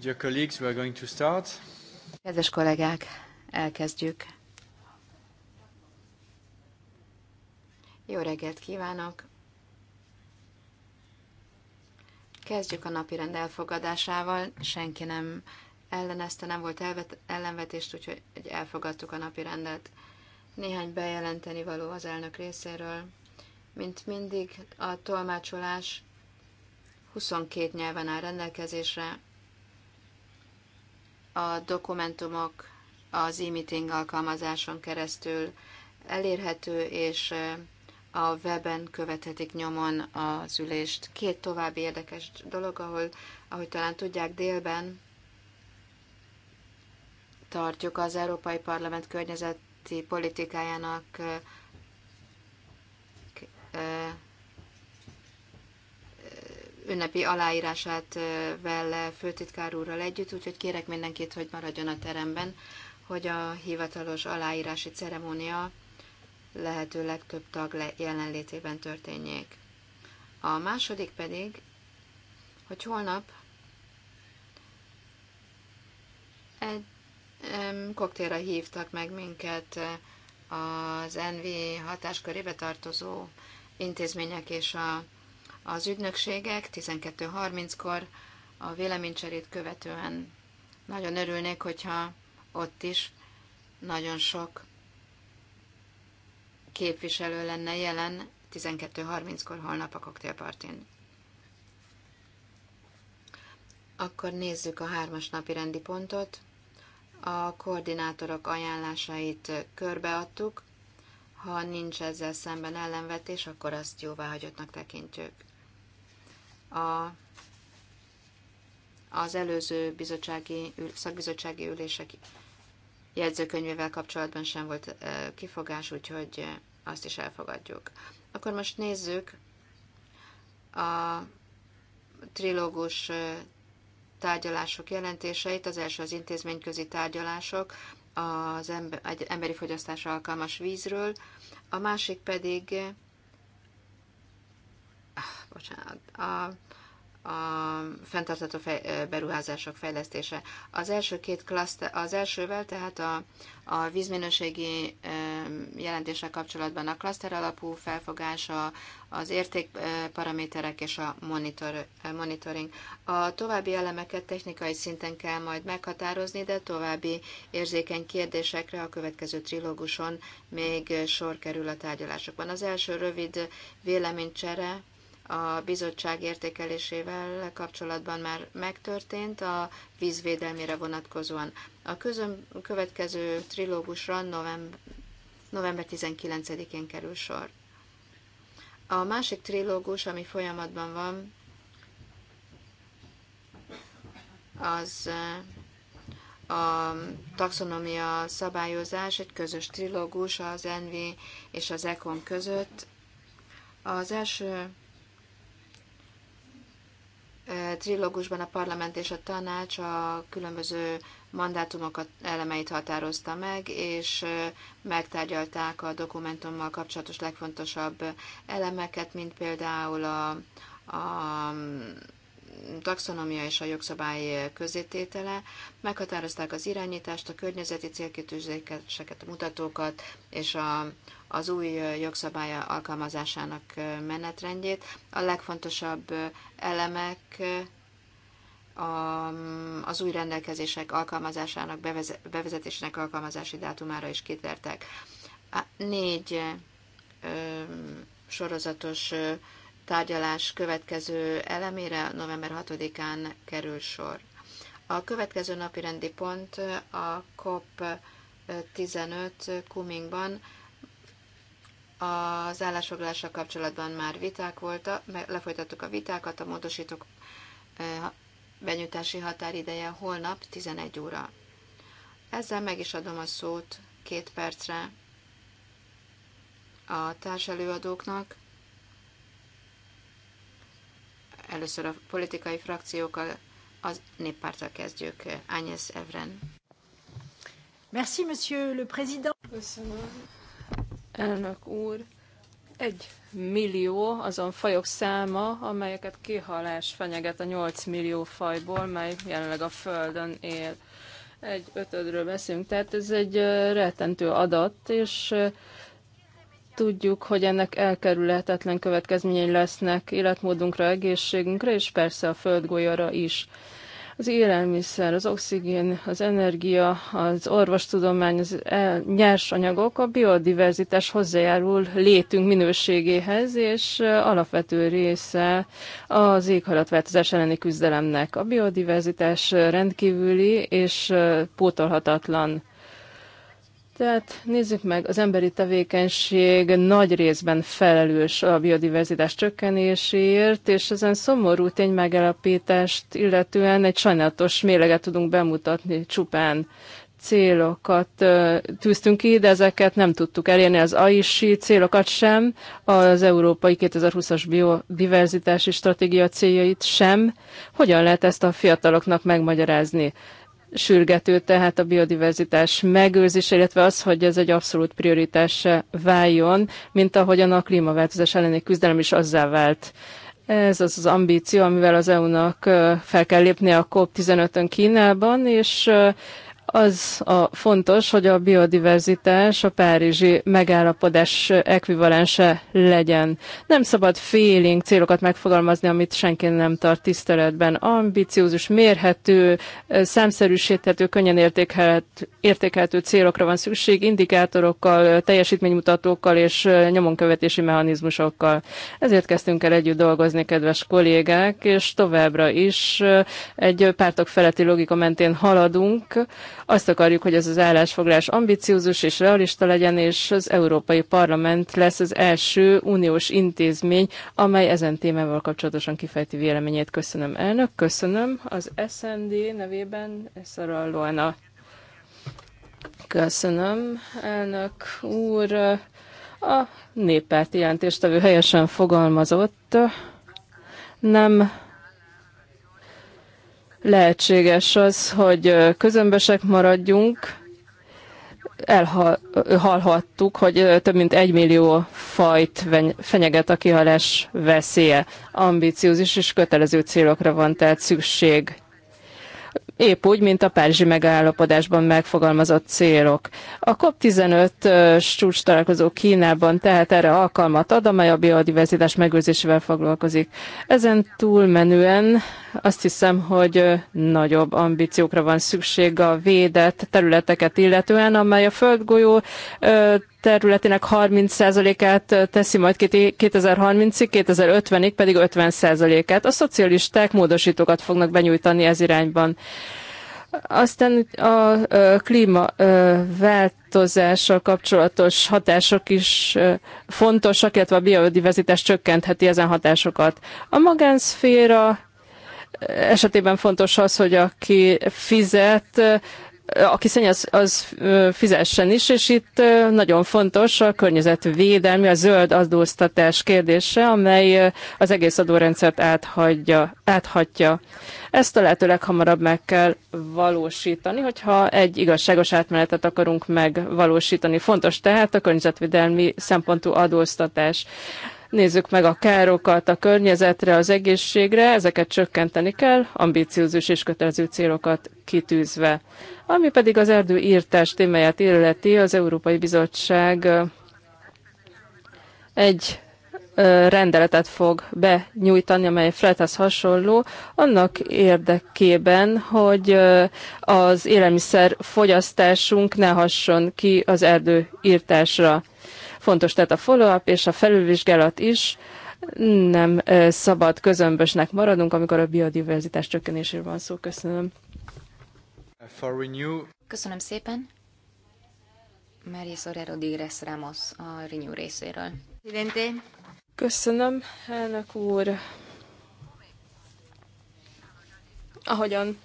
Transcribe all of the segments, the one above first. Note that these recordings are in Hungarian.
Dear colleagues, we are going to start. Kedves kollégák, elkezdjük. Jó reggelt kívánok! Kezdjük a napi rend elfogadásával. Senki nem ellenezte, nem volt elvet, ellenvetést, úgyhogy elfogadtuk a napi rendet. Néhány bejelenteni való az elnök részéről. Mint mindig, a tolmácsolás 22 nyelven áll rendelkezésre, a dokumentumok az e-meeting alkalmazáson keresztül elérhető, és eh, a weben követhetik nyomon az ülést. Két további érdekes dolog, ahol, ahogy talán tudják, délben tartjuk az Európai Parlament környezeti politikájának eh, eh, ünnepi aláírását vele főtitkár úrral együtt, úgyhogy kérek mindenkit, hogy maradjon a teremben, hogy a hivatalos aláírási ceremónia lehető legtöbb tag jelenlétében történjék. A második pedig, hogy holnap egy koktélra hívtak meg minket az NV hatáskörébe tartozó intézmények és a az ügynökségek 12.30-kor a véleménycserét követően nagyon örülnék, hogyha ott is nagyon sok képviselő lenne jelen 12.30-kor holnap a koktélpartin. Akkor nézzük a hármas napi rendi pontot. A koordinátorok ajánlásait körbeadtuk. Ha nincs ezzel szemben ellenvetés, akkor azt jóváhagyottnak tekintjük a, az előző bizottsági, szakbizottsági ülések jegyzőkönyvével kapcsolatban sem volt kifogás, úgyhogy azt is elfogadjuk. Akkor most nézzük a trilógus tárgyalások jelentéseit. Az első az intézményközi tárgyalások az emberi fogyasztásra alkalmas vízről, a másik pedig ah, bocsánat, a a fenntartható fej, beruházások fejlesztése. Az első két klaszter, az elsővel, tehát a, a vízminőségi jelentéssel kapcsolatban a klaszter alapú felfogása, az értékparaméterek és a monitor, monitoring. A további elemeket technikai szinten kell majd meghatározni, de további érzékeny kérdésekre a következő trilóguson még sor kerül a tárgyalásokban. Az első rövid véleménycsere a bizottság értékelésével kapcsolatban már megtörtént a vízvédelmére vonatkozóan. A közön következő trilógusra november, november 19-én kerül sor. A másik trilógus, ami folyamatban van, az eh, a taxonomia szabályozás, egy közös trilógus az ENVI és az ECON között. Az első trilógusban a parlament és a tanács a különböző mandátumokat elemeit határozta meg, és megtárgyalták a dokumentummal kapcsolatos legfontosabb elemeket, mint például a, a mm, taxonomia és a jogszabály közététele, meghatározták az irányítást, a környezeti célkitűzéseket, a mutatókat és a, az új jogszabály alkalmazásának menetrendjét. A legfontosabb elemek az új rendelkezések alkalmazásának, bevezetésének alkalmazási dátumára is kitértek. Négy sorozatos tárgyalás következő elemére november 6-án kerül sor. A következő napi rendi pont a COP 15 Kumingban az állásfoglalással kapcsolatban már viták voltak, lefolytattuk a vitákat, a módosítók benyújtási határideje holnap 11 óra. Ezzel meg is adom a szót két percre a társelőadóknak. Először a politikai frakciókkal, az néppárttal kezdjük. Ányes Evren. Merci, monsieur le président. Köszönöm. Elnök úr, egy millió azon fajok száma, amelyeket kihalás fenyeget a 8 millió fajból, mely jelenleg a Földön él. Egy ötödről beszélünk, tehát ez egy rettentő adat, és tudjuk, hogy ennek elkerülhetetlen következményei lesznek életmódunkra, egészségünkre, és persze a földgolyóra is. Az élelmiszer, az oxigén, az energia, az orvostudomány, az e, nyersanyagok, a biodiverzitás hozzájárul létünk minőségéhez, és e, alapvető része az éghajlatváltozás elleni küzdelemnek. A biodiverzitás rendkívüli és e, pótolhatatlan tehát nézzük meg, az emberi tevékenység nagy részben felelős a biodiverzitás csökkenéséért, és ezen szomorú tény illetően egy sajnálatos méleget tudunk bemutatni csupán célokat tűztünk ki, de ezeket nem tudtuk elérni, az AISI célokat sem, az Európai 2020-as biodiverzitási stratégia céljait sem. Hogyan lehet ezt a fiataloknak megmagyarázni? sürgető tehát a biodiverzitás megőrzése, illetve az, hogy ez egy abszolút prioritás váljon, mint ahogyan a klímaváltozás elleni küzdelem is azzá vált. Ez az az ambíció, amivel az EU-nak fel kell lépnie a COP15-ön Kínában, és az a fontos, hogy a biodiverzitás a párizsi megállapodás ekvivalense legyen. Nem szabad félénk célokat megfogalmazni, amit senki nem tart tiszteletben. Ambiciózus, mérhető, számszerűsíthető, könnyen értékelhető célokra van szükség, indikátorokkal, teljesítménymutatókkal és nyomonkövetési mechanizmusokkal. Ezért kezdtünk el együtt dolgozni, kedves kollégák, és továbbra is egy pártok feletti logika mentén haladunk, azt akarjuk, hogy ez az állásfoglás ambiciózus és realista legyen, és az Európai Parlament lesz az első uniós intézmény, amely ezen témával kapcsolatosan kifejti véleményét. Köszönöm, elnök, köszönöm az SND nevében, Eszara Loana. Köszönöm, elnök úr. A néppárti jelentéstevő helyesen fogalmazott. Nem lehetséges az, hogy közömbösek maradjunk. Elhallhattuk, hogy több mint egy millió fajt fenyeget a kihalás veszélye. Ambiciózus és kötelező célokra van tehát szükség épp úgy, mint a Párizsi megállapodásban megfogalmazott célok. A COP15 csúcs találkozó Kínában tehát erre alkalmat ad, amely a biodiverzitás megőrzésével foglalkozik. Ezen túlmenően azt hiszem, hogy nagyobb ambíciókra van szükség a védett területeket illetően, amely a földgolyó területének 30%-át teszi majd 2030-ig, 2050-ig pedig 50%-át. A szocialisták módosítókat fognak benyújtani ez irányban. Aztán a klímaváltozással kapcsolatos hatások is fontosak, illetve a biodiverzitás csökkentheti ezen hatásokat. A magánszféra esetében fontos az, hogy aki fizet, aki szennyez, az fizessen is, és itt nagyon fontos a környezetvédelmi, a zöld adóztatás kérdése, amely az egész adórendszert áthagyja, áthatja. Ezt a lehető leghamarabb meg kell valósítani, hogyha egy igazságos átmenetet akarunk megvalósítani. Fontos tehát a környezetvédelmi szempontú adóztatás nézzük meg a károkat a környezetre, az egészségre, ezeket csökkenteni kell, ambíciózus és kötelező célokat kitűzve. Ami pedig az erdő írtás témáját illeti, az Európai Bizottság egy rendeletet fog benyújtani, amely Fredhez hasonló, annak érdekében, hogy az élelmiszer fogyasztásunk ne hasson ki az erdő írtásra. Fontos tehát a follow-up és a felülvizsgálat is. Nem szabad közömbösnek maradunk, amikor a biodiverzitás csökkenéséről van szó. Köszönöm. For renew... Köszönöm szépen. Mária Sorero Dígres Ramos a Renew részéről. Köszönöm, elnök úr. Ahogyan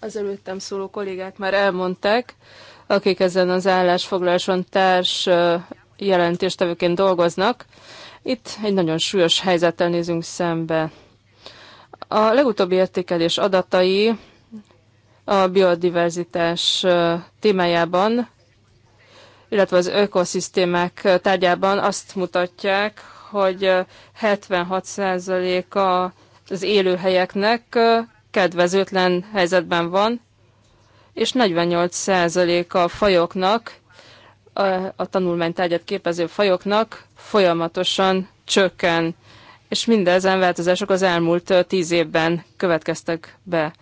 az előttem szóló kollégák már elmondták, akik ezen az állásfoglaláson társ jelentéstevőként dolgoznak. Itt egy nagyon súlyos helyzettel nézünk szembe. A legutóbbi értékelés adatai a biodiverzitás témájában, illetve az ökoszisztémák tárgyában azt mutatják, hogy 76%-a az élőhelyeknek kedvezőtlen helyzetben van, és 48% a fajoknak, a tanulmánytárgyat képező fajoknak folyamatosan csökken, és mindezen változások az elmúlt tíz évben következtek be.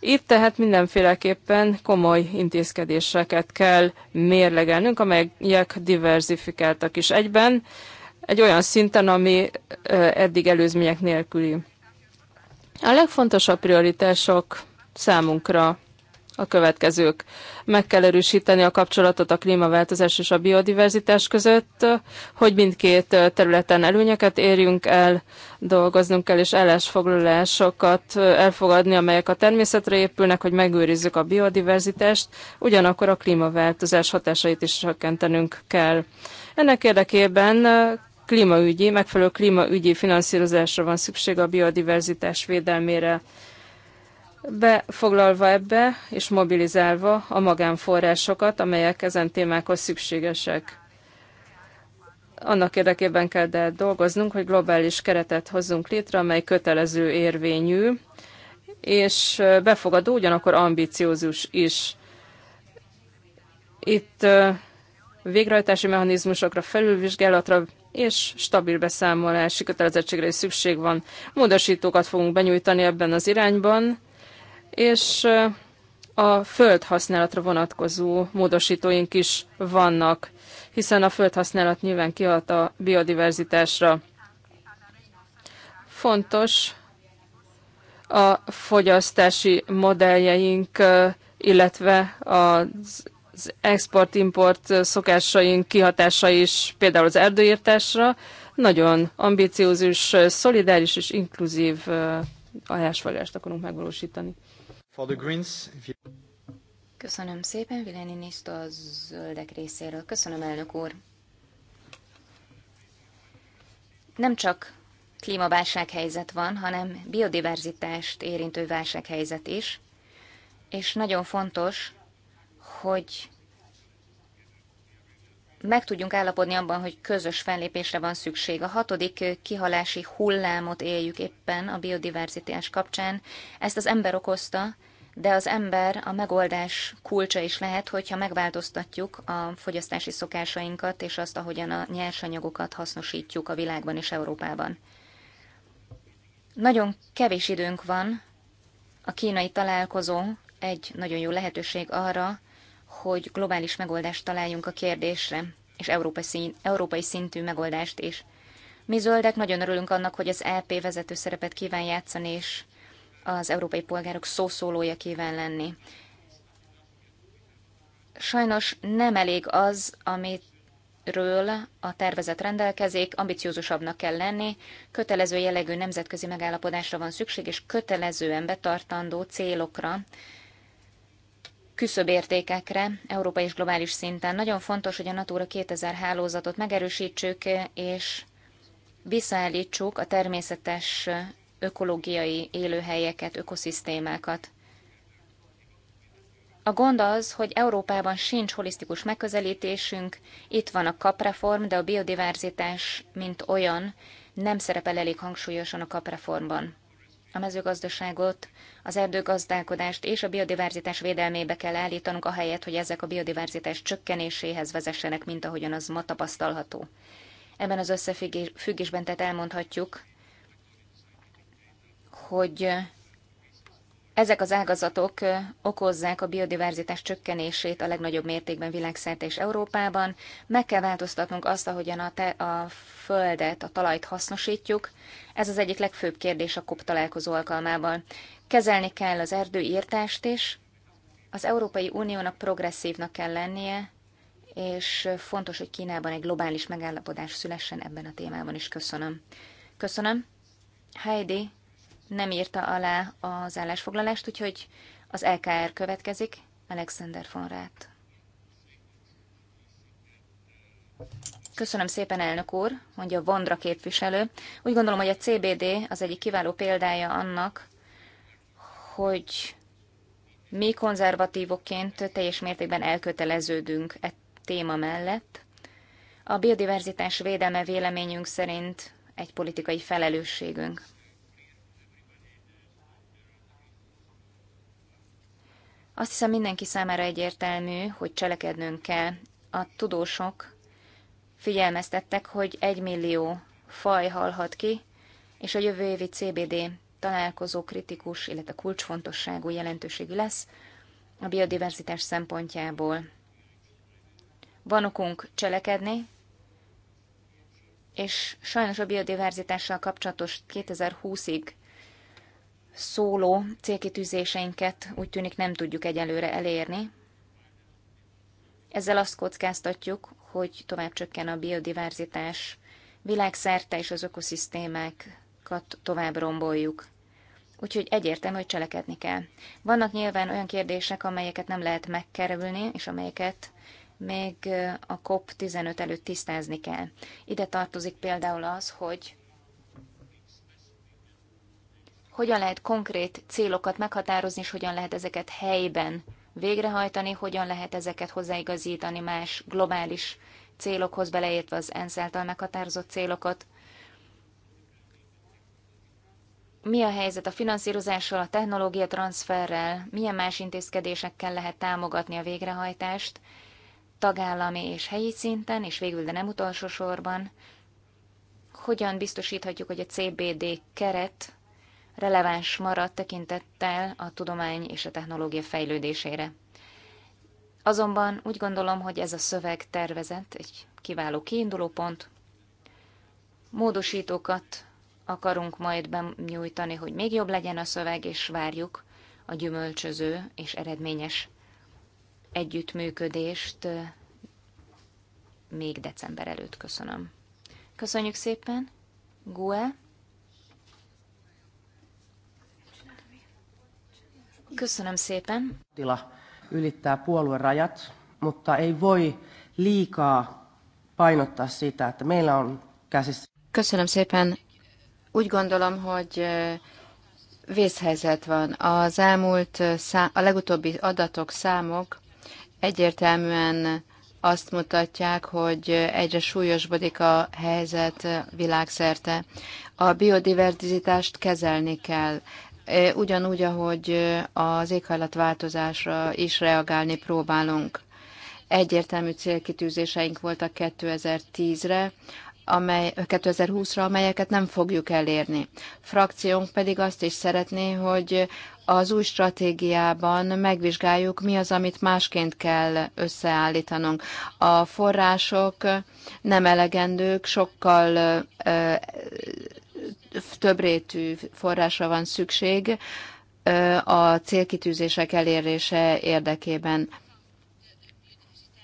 Itt tehát mindenféleképpen komoly intézkedéseket kell mérlegelnünk, amelyek diversifikáltak is egyben, egy olyan szinten, ami eddig előzmények nélküli. A legfontosabb prioritások számunkra a következők. Meg kell erősíteni a kapcsolatot a klímaváltozás és a biodiverzitás között, hogy mindkét területen előnyeket érjünk el, dolgoznunk kell és ellásfoglalásokat elfogadni, amelyek a természetre épülnek, hogy megőrizzük a biodiverzitást, ugyanakkor a klímaváltozás hatásait is csökkentenünk kell. Ennek érdekében klímaügyi, megfelelő klímaügyi finanszírozásra van szükség a biodiverzitás védelmére befoglalva ebbe és mobilizálva a magánforrásokat, amelyek ezen témákhoz szükségesek. Annak érdekében kell de dolgoznunk, hogy globális keretet hozzunk létre, amely kötelező érvényű, és befogadó, ugyanakkor ambiciózus is. Itt végrehajtási mechanizmusokra, felülvizsgálatra és stabil beszámolási kötelezettségre is szükség van. Módosítókat fogunk benyújtani ebben az irányban, és a földhasználatra vonatkozó módosítóink is vannak, hiszen a földhasználat nyilván kihat a biodiverzitásra. Fontos a fogyasztási modelljeink, illetve az export-import szokásaink kihatása is például az erdőírtásra. Nagyon ambiciózus, szolidáris és inkluzív ajánlásfogást akarunk megvalósítani. For the Greens, if you... Köszönöm szépen, Vileni Nista a zöldek részéről. Köszönöm, elnök úr. Nem csak klímaválsághelyzet van, hanem biodiverzitást érintő válsághelyzet is, és nagyon fontos, hogy meg tudjunk állapodni abban, hogy közös fellépésre van szükség. A hatodik kihalási hullámot éljük éppen a biodiverzitás kapcsán. Ezt az ember okozta, de az ember a megoldás kulcsa is lehet, hogyha megváltoztatjuk a fogyasztási szokásainkat és azt, ahogyan a nyersanyagokat hasznosítjuk a világban és Európában. Nagyon kevés időnk van, a kínai találkozó egy nagyon jó lehetőség arra, hogy globális megoldást találjunk a kérdésre, és európai, szín, európai szintű megoldást is. Mi zöldek nagyon örülünk annak, hogy az EP vezető szerepet kíván játszani, és az európai polgárok szószólója kíván lenni. Sajnos nem elég az, amit ről a tervezet rendelkezik, ambiciózusabbnak kell lenni, kötelező jellegű nemzetközi megállapodásra van szükség, és kötelezően betartandó célokra, küszöbértékekre, európai és globális szinten. Nagyon fontos, hogy a Natura 2000 hálózatot megerősítsük, és visszaállítsuk a természetes ökológiai élőhelyeket, ökoszisztémákat. A gond az, hogy Európában sincs holisztikus megközelítésünk, itt van a kapreform, de a biodiverzitás, mint olyan, nem szerepel elég hangsúlyosan a kapreformban. A mezőgazdaságot, az erdőgazdálkodást és a biodiverzitás védelmébe kell állítanunk, ahelyett, hogy ezek a biodiverzitás csökkenéséhez vezessenek, mint ahogyan az ma tapasztalható. Ebben az összefüggésben tehát elmondhatjuk, hogy ezek az ágazatok okozzák a biodiverzitás csökkenését a legnagyobb mértékben világszerte és Európában. Meg kell változtatnunk azt, ahogyan a, te, a földet, a talajt hasznosítjuk. Ez az egyik legfőbb kérdés a COP találkozó alkalmával. Kezelni kell az erdőírtást is. Az Európai Uniónak progresszívnak kell lennie, és fontos, hogy Kínában egy globális megállapodás szülessen ebben a témában is. Köszönöm. Köszönöm. Heidi, nem írta alá az állásfoglalást, úgyhogy az LKR következik, Alexander von Rát. Köszönöm szépen, elnök úr, mondja Vondra képviselő. Úgy gondolom, hogy a CBD az egyik kiváló példája annak, hogy mi konzervatívokként teljes mértékben elköteleződünk e téma mellett. A biodiverzitás védelme véleményünk szerint egy politikai felelősségünk. Azt hiszem mindenki számára egyértelmű, hogy cselekednünk kell. A tudósok figyelmeztettek, hogy egy millió faj halhat ki, és a jövő évi CBD találkozó kritikus, illetve kulcsfontosságú jelentőségű lesz a biodiverzitás szempontjából. Van okunk cselekedni, és sajnos a biodiverzitással kapcsolatos 2020-ig szóló célkitűzéseinket úgy tűnik nem tudjuk egyelőre elérni. Ezzel azt kockáztatjuk, hogy tovább csökken a biodiverzitás világszerte, és az ökoszisztémákat tovább romboljuk. Úgyhogy egyértelmű, hogy cselekedni kell. Vannak nyilván olyan kérdések, amelyeket nem lehet megkerülni, és amelyeket még a COP15 előtt tisztázni kell. Ide tartozik például az, hogy hogyan lehet konkrét célokat meghatározni, és hogyan lehet ezeket helyben végrehajtani, hogyan lehet ezeket hozzáigazítani más globális célokhoz, beleértve az ENSZ által meghatározott célokat. Mi a helyzet a finanszírozással, a technológia transferrel, milyen más intézkedésekkel lehet támogatni a végrehajtást, tagállami és helyi szinten, és végül, de nem utolsó sorban, hogyan biztosíthatjuk, hogy a CBD keret releváns maradt tekintettel a tudomány és a technológia fejlődésére. Azonban úgy gondolom, hogy ez a szöveg tervezett egy kiváló kiindulópont. Módosítókat akarunk majd benyújtani, hogy még jobb legyen a szöveg, és várjuk a gyümölcsöző és eredményes együttműködést még december előtt köszönöm. Köszönjük szépen! Gue! Köszönöm szépen. Tila ylittää puoluerajat, mutta ei voi liikaa painottaa sitä, että meillä on käsissä. Köszönöm szépen. Úgy gondolom, hogy vészhelyzet van. Az elmúlt, a legutóbbi adatok, számok egyértelműen azt mutatják, hogy egyre súlyosbodik a helyzet világszerte. A biodiverzitást kezelni kell ugyanúgy, ahogy az éghajlatváltozásra is reagálni próbálunk. Egyértelmű célkitűzéseink voltak 2010-re, amely, 2020-ra, amelyeket nem fogjuk elérni. Frakciónk pedig azt is szeretné, hogy az új stratégiában megvizsgáljuk, mi az, amit másként kell összeállítanunk. A források nem elegendők, sokkal többrétű forrásra van szükség a célkitűzések elérése érdekében.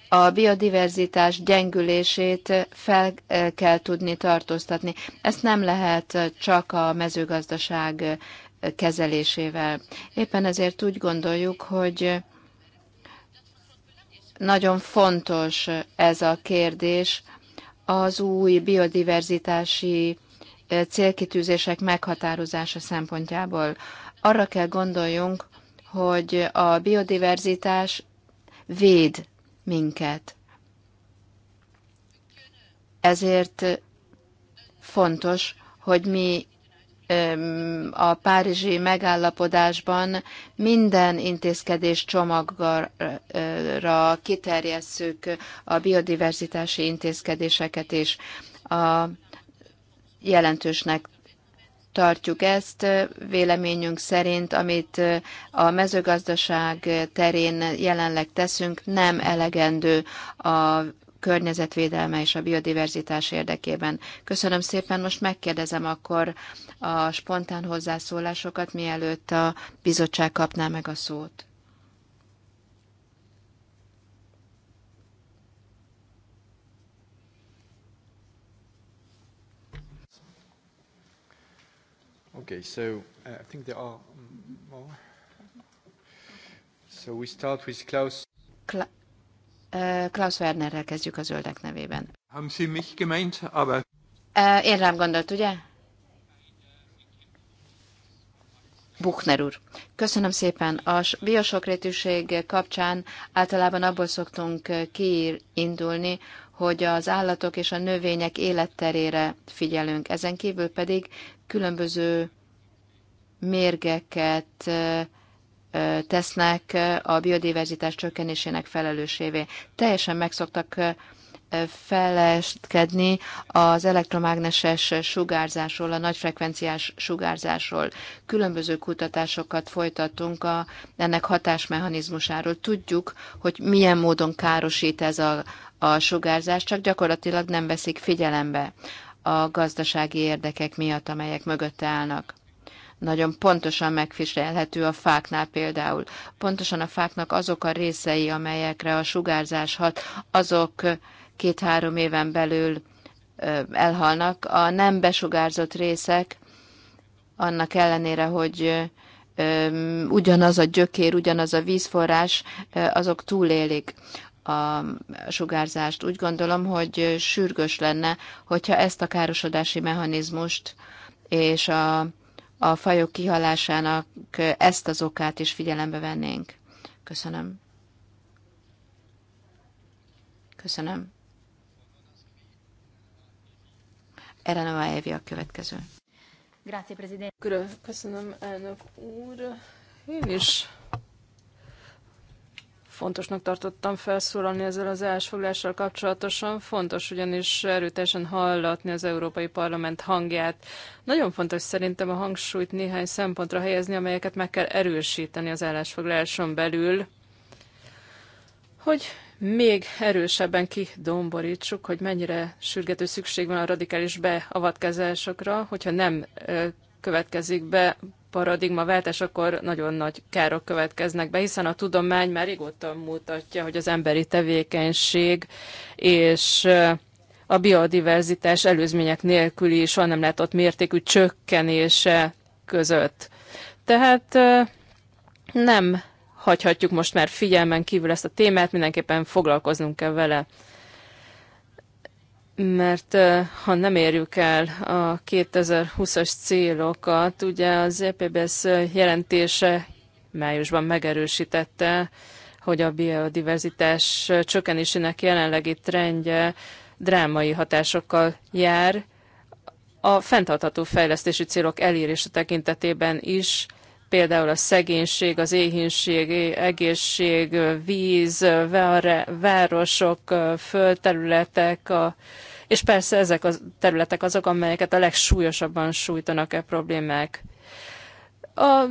A biodiverzitás gyengülését fel kell tudni tartóztatni. Ezt nem lehet csak a mezőgazdaság kezelésével. Éppen ezért úgy gondoljuk, hogy nagyon fontos ez a kérdés az új biodiverzitási célkitűzések meghatározása szempontjából. Arra kell gondoljunk, hogy a biodiverzitás véd minket. Ezért fontos, hogy mi a párizsi megállapodásban minden intézkedés csomagra kiterjesszük a biodiverzitási intézkedéseket is. A jelentősnek tartjuk ezt. Véleményünk szerint, amit a mezőgazdaság terén jelenleg teszünk, nem elegendő a környezetvédelme és a biodiverzitás érdekében. Köszönöm szépen, most megkérdezem akkor a spontán hozzászólásokat, mielőtt a bizottság kapná meg a szót. Okay, so uh, I think there are more. So we start with Klaus. Kla uh, Klaus Wernerrel kezdjük a zöldek nevében. Haben Sie mich gemeint, aber... Uh, én rám gondolt, ugye? Buchner úr. Köszönöm szépen. A biosokrétűség kapcsán általában abból szoktunk uh, kiindulni, hogy az állatok és a növények életterére figyelünk. Ezen kívül pedig különböző mérgeket tesznek a biodiverzitás csökkenésének felelősévé. Teljesen megszoktak feleskedni az elektromágneses sugárzásról, a nagyfrekvenciás sugárzásról. Különböző kutatásokat folytatunk a, ennek hatásmechanizmusáról. Tudjuk, hogy milyen módon károsít ez a, a sugárzást, csak gyakorlatilag nem veszik figyelembe a gazdasági érdekek miatt, amelyek mögötte állnak. Nagyon pontosan megfiselhető a fáknál például. Pontosan a fáknak azok a részei, amelyekre a sugárzás hat, azok két-három éven belül elhalnak. A nem besugárzott részek, annak ellenére, hogy ugyanaz a gyökér, ugyanaz a vízforrás, azok túlélik a sugárzást. Úgy gondolom, hogy sürgős lenne, hogyha ezt a károsodási mechanizmust és a, a fajok kihalásának ezt az okát is figyelembe vennénk. Köszönöm. Köszönöm. Elena Evi a következő. Presidente. Köszönöm, elnök úr. Én is fontosnak tartottam felszólalni ezzel az elsfoglással kapcsolatosan. Fontos ugyanis erőteljesen hallatni az Európai Parlament hangját. Nagyon fontos szerintem a hangsúlyt néhány szempontra helyezni, amelyeket meg kell erősíteni az állásfogláson belül, hogy még erősebben kidomborítsuk, hogy mennyire sürgető szükség van a radikális beavatkozásokra, hogyha nem következik be paradigmaváltás, akkor nagyon nagy károk következnek be, hiszen a tudomány már régóta mutatja, hogy az emberi tevékenység és a biodiverzitás előzmények is van nem látott mértékű csökkenése között. Tehát nem hagyhatjuk most már figyelmen kívül ezt a témát, mindenképpen foglalkoznunk kell vele mert ha nem érjük el a 2020-as célokat, ugye az EPBS jelentése májusban megerősítette, hogy a biodiverzitás csökkenésének jelenlegi trendje drámai hatásokkal jár, a fenntartható fejlesztési célok elérése tekintetében is, például a szegénység, az éhínség, egészség, víz, városok, földterületek, a, és persze ezek a területek azok, amelyeket a legsúlyosabban sújtanak e problémák. A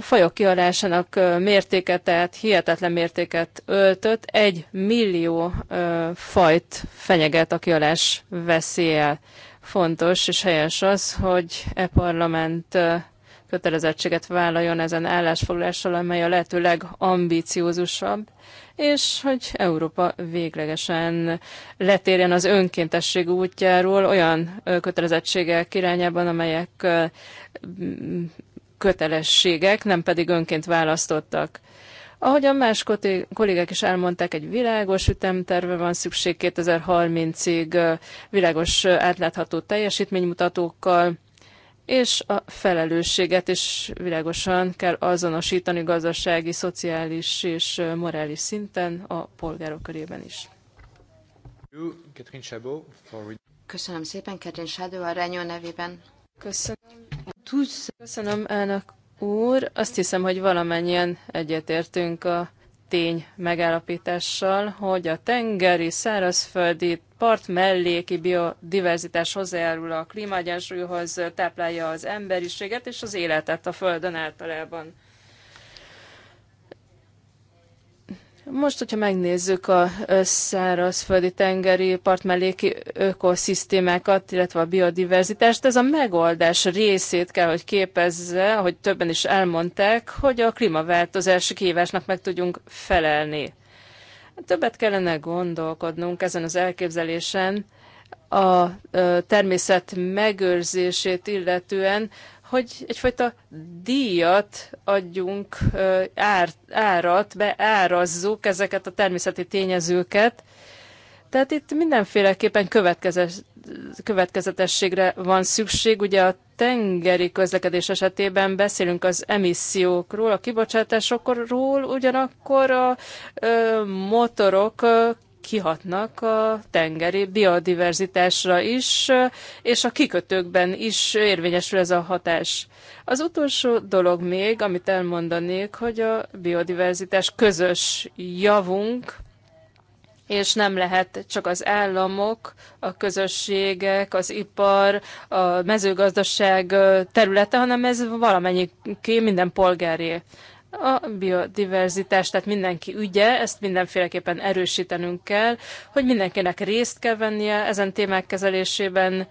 fajok kialásának mértéke, tehát hihetetlen mértéket öltött, egy millió fajt fenyeget a kialás veszélye. Fontos és helyes az, hogy e parlament kötelezettséget vállaljon ezen állásfoglással, amely a lehető legambiciózusabb, és hogy Európa véglegesen letérjen az önkéntesség útjáról olyan kötelezettségek irányában, amelyek kötelességek, nem pedig önként választottak. Ahogyan más kollégák is elmondták, egy világos ütemterve van szükség 2030-ig, világos átlátható teljesítménymutatókkal, és a felelősséget is világosan kell azonosítani gazdasági, szociális és morális szinten a polgárok körében is. Köszönöm szépen, Kedrin Sádó, a Renyó nevében. Köszönöm. Köszönöm, elnök úr. Azt hiszem, hogy valamennyien egyetértünk a tény megállapítással, hogy a tengeri, szárazföldi part melléki biodiverzitás hozzájárul a klímaegyensúlyhoz, táplálja az emberiséget és az életet a Földön általában. Most, hogyha megnézzük a szárazföldi tengeri partmelléki ökoszisztémákat, illetve a biodiverzitást, ez a megoldás részét kell, hogy képezze, ahogy többen is elmondták, hogy a klímaváltozási kihívásnak meg tudjunk felelni. Többet kellene gondolkodnunk ezen az elképzelésen a természet megőrzését illetően, hogy egyfajta díjat adjunk, árat, beárazzuk ezeket a természeti tényezőket, tehát itt mindenféleképpen következetességre van szükség. Ugye a tengeri közlekedés esetében beszélünk az emissziókról, a kibocsátásokról, ugyanakkor a ö, motorok kihatnak a tengeri biodiverzitásra is, és a kikötőkben is érvényesül ez a hatás. Az utolsó dolog még, amit elmondanék, hogy a biodiverzitás közös javunk, és nem lehet csak az államok, a közösségek, az ipar, a mezőgazdaság területe, hanem ez valamennyi minden polgáré. A biodiverzitás, tehát mindenki ügye, ezt mindenféleképpen erősítenünk kell, hogy mindenkinek részt kell vennie ezen témák kezelésében,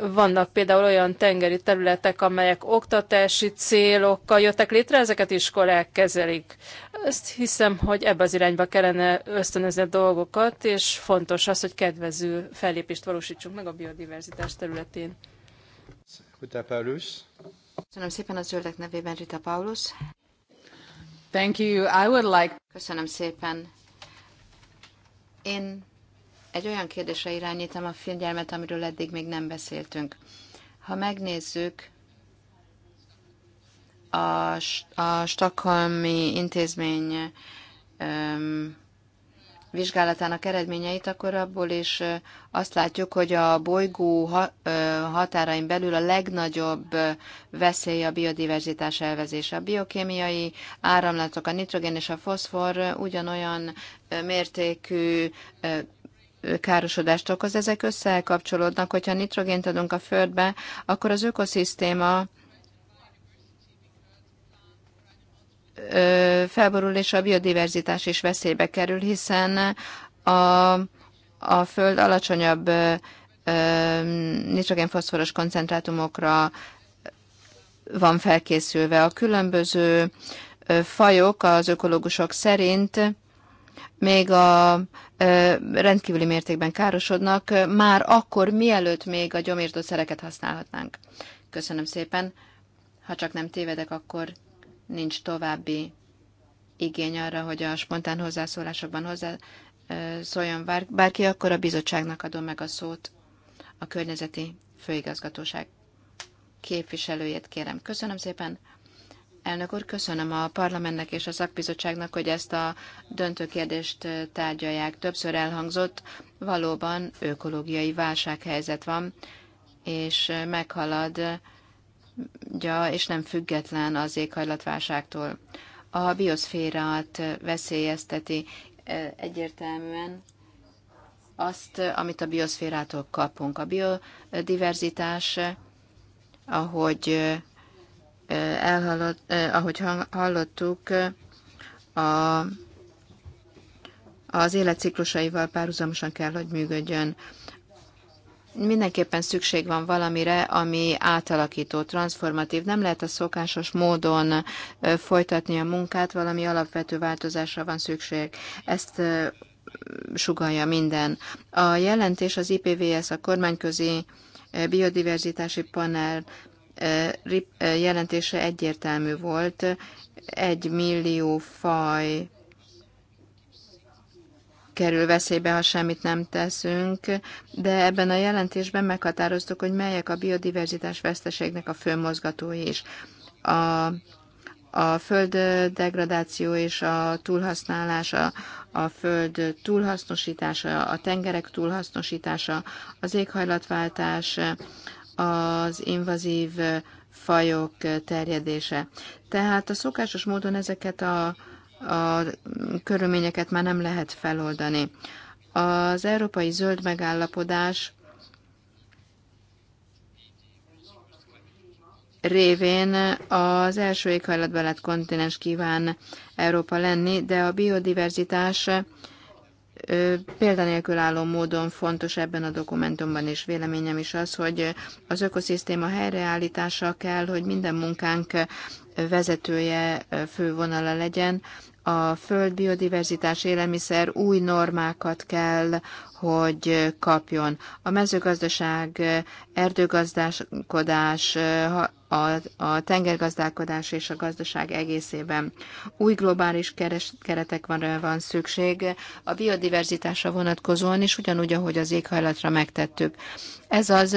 vannak például olyan tengeri területek, amelyek oktatási célokkal jöttek létre, ezeket iskolák kezelik. Ezt hiszem, hogy ebbe az irányba kellene ösztönözni a dolgokat, és fontos az, hogy kedvező fellépést valósítsunk meg a biodiverzitás területén. Rita Paulus. Köszönöm szépen a zöldek nevében, Rita Paulus. Thank you. I would like... Köszönöm szépen. Én egy olyan kérdésre irányítom a figyelmet, amiről eddig még nem beszéltünk. Ha megnézzük a, a Stockholmi intézmény um, vizsgálatának eredményeit, akkor abból is azt látjuk, hogy a bolygó határain belül a legnagyobb veszély a biodiverzitás elvezése. A biokémiai áramlatok, a nitrogén és a foszfor ugyanolyan mértékű károsodást okoz. Ezek összekapcsolódnak, hogyha nitrogént adunk a földbe, akkor az ökoszisztéma felborul, és a biodiverzitás is veszélybe kerül, hiszen a, a föld alacsonyabb nitrogén-foszforos koncentrátumokra van felkészülve. A különböző fajok az ökológusok szerint még a rendkívüli mértékben károsodnak, már akkor mielőtt még a szereket használhatnánk. Köszönöm szépen. Ha csak nem tévedek, akkor nincs további igény arra, hogy a spontán hozzászólásokban hozzá szóljon bárki, akkor a bizottságnak adom meg a szót. A környezeti főigazgatóság képviselőjét kérem. Köszönöm szépen. Elnök úr, köszönöm a parlamentnek és a szakbizottságnak, hogy ezt a döntő kérdést tárgyalják. Többször elhangzott, valóban ökológiai válsághelyzet van, és meghalad ja, és nem független az éghajlatválságtól. A bioszférát veszélyezteti egyértelműen azt, amit a bioszférától kapunk. A biodiverzitás, ahogy elhallott, ahogy hallottuk, a, az életciklusaival párhuzamosan kell, hogy működjön. Mindenképpen szükség van valamire, ami átalakító, transformatív. Nem lehet a szokásos módon folytatni a munkát, valami alapvető változásra van szükség. Ezt sugalja minden. A jelentés az IPVS, a kormányközi biodiverzitási panel jelentése egyértelmű volt. Egy millió faj kerül veszélybe, ha semmit nem teszünk, de ebben a jelentésben meghatároztuk, hogy melyek a biodiverzitás veszteségnek a fő mozgatói is. A, a föld degradáció és a túlhasználása, a föld túlhasznosítása, a tengerek túlhasznosítása, az éghajlatváltás, az invazív fajok terjedése. Tehát a szokásos módon ezeket a, a körülményeket már nem lehet feloldani. Az európai zöld megállapodás révén az első éghajlatbarát kontinens kíván Európa lenni, de a biodiverzitás példanélkül álló módon fontos ebben a dokumentumban is véleményem is az, hogy az ökoszisztéma helyreállítása kell, hogy minden munkánk vezetője, fővonala legyen. A föld biodiverzitás élelmiszer új normákat kell, hogy kapjon. A mezőgazdaság, erdőgazdálkodás, a, a tengergazdálkodás és a gazdaság egészében. Új globális keres, keretekre van szükség a biodiverzitásra vonatkozóan, és ugyanúgy, ahogy az éghajlatra megtettük. Ez az,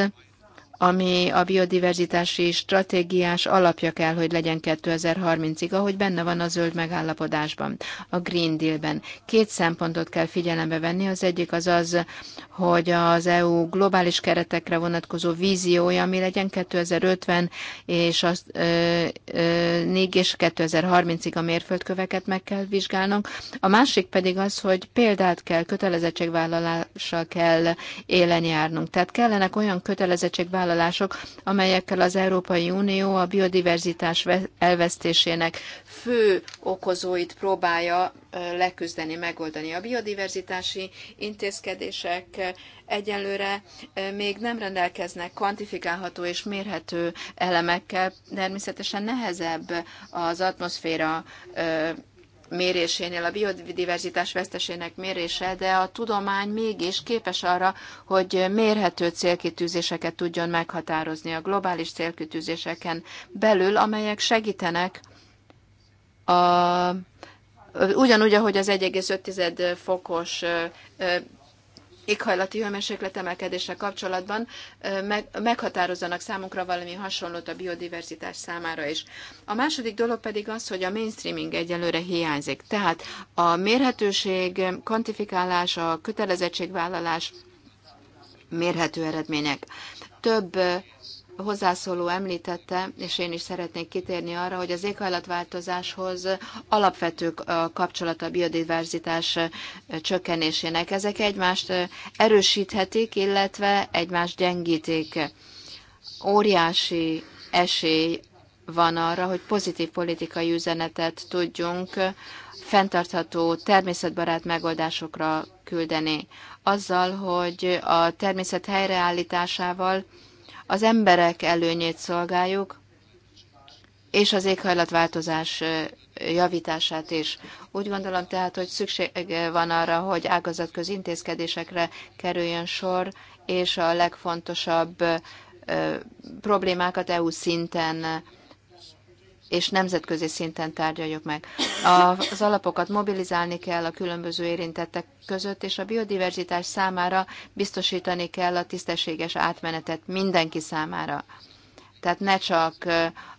ami a biodiverzitási stratégiás alapja kell, hogy legyen 2030-ig, ahogy benne van a zöld megállapodásban, a Green Deal-ben. Két szempontot kell figyelembe venni, az egyik az az, hogy az EU globális keretekre vonatkozó víziója, ami legyen 2050 és az, ö, ö, 4 és 2030-ig a mérföldköveket meg kell vizsgálnunk. A másik pedig az, hogy példát kell, kötelezettségvállalással kell élen járnunk. Tehát kellenek olyan kötelezettségvállalások, vállalások, amelyekkel az Európai Unió a biodiverzitás elvesztésének fő okozóit próbálja leküzdeni, megoldani. A biodiverzitási intézkedések egyenlőre még nem rendelkeznek kvantifikálható és mérhető elemekkel, természetesen nehezebb az atmoszféra mérésénél, a biodiverzitás vesztesének mérése, de a tudomány mégis képes arra, hogy mérhető célkitűzéseket tudjon meghatározni a globális célkitűzéseken belül, amelyek segítenek a, ugyanúgy, ahogy az 1,5 fokos éghajlati hőmérséklet emelkedése kapcsolatban meg, meghatározzanak számunkra valami hasonlót a biodiverzitás számára is. A második dolog pedig az, hogy a mainstreaming egyelőre hiányzik. Tehát a mérhetőség, kvantifikálás, a kötelezettségvállalás, mérhető eredmények. Több hozzászóló említette, és én is szeretnék kitérni arra, hogy az éghajlatváltozáshoz alapvető a kapcsolata a biodiverzitás csökkenésének. Ezek egymást erősíthetik, illetve egymást gyengítik. Óriási esély van arra, hogy pozitív politikai üzenetet tudjunk fenntartható, természetbarát megoldásokra küldeni. Azzal, hogy a természet helyreállításával az emberek előnyét szolgáljuk, és az éghajlatváltozás javítását is. Úgy gondolom tehát, hogy szükség van arra, hogy ágazatközi intézkedésekre kerüljön sor, és a legfontosabb problémákat EU szinten és nemzetközi szinten tárgyaljuk meg. Az alapokat mobilizálni kell a különböző érintettek között, és a biodiverzitás számára biztosítani kell a tisztességes átmenetet mindenki számára. Tehát ne csak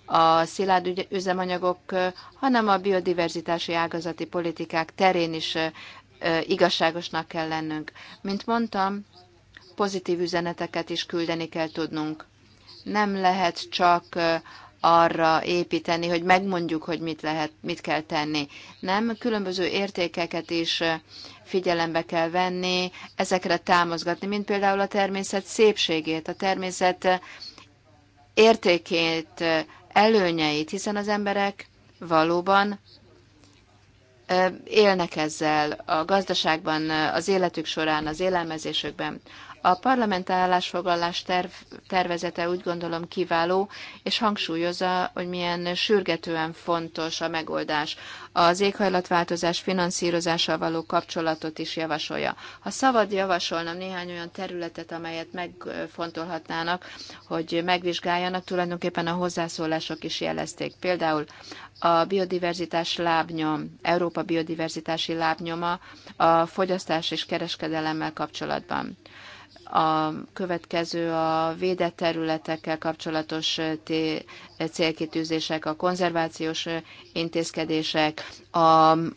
a szilárd üzemanyagok, hanem a biodiverzitási ágazati politikák terén is igazságosnak kell lennünk. Mint mondtam, pozitív üzeneteket is küldeni kell tudnunk. Nem lehet csak arra építeni, hogy megmondjuk, hogy mit, lehet, mit kell tenni. Nem, különböző értékeket is figyelembe kell venni, ezekre támozgatni, mint például a természet szépségét, a természet értékét, előnyeit, hiszen az emberek valóban élnek ezzel a gazdaságban, az életük során, az élelmezésükben. A parlament állásfoglalás terv, tervezete úgy gondolom kiváló, és hangsúlyozza, hogy milyen sürgetően fontos a megoldás. Az éghajlatváltozás finanszírozással való kapcsolatot is javasolja. Ha szabad javasolnom néhány olyan területet, amelyet megfontolhatnának, hogy megvizsgáljanak, tulajdonképpen a hozzászólások is jelezték. Például a biodiverzitás lábnyom, Európa biodiverzitási lábnyoma a fogyasztás és kereskedelemmel kapcsolatban. A következő a védett területekkel kapcsolatos eh, eh, célkitűzések, a konzervációs eh, intézkedések, a,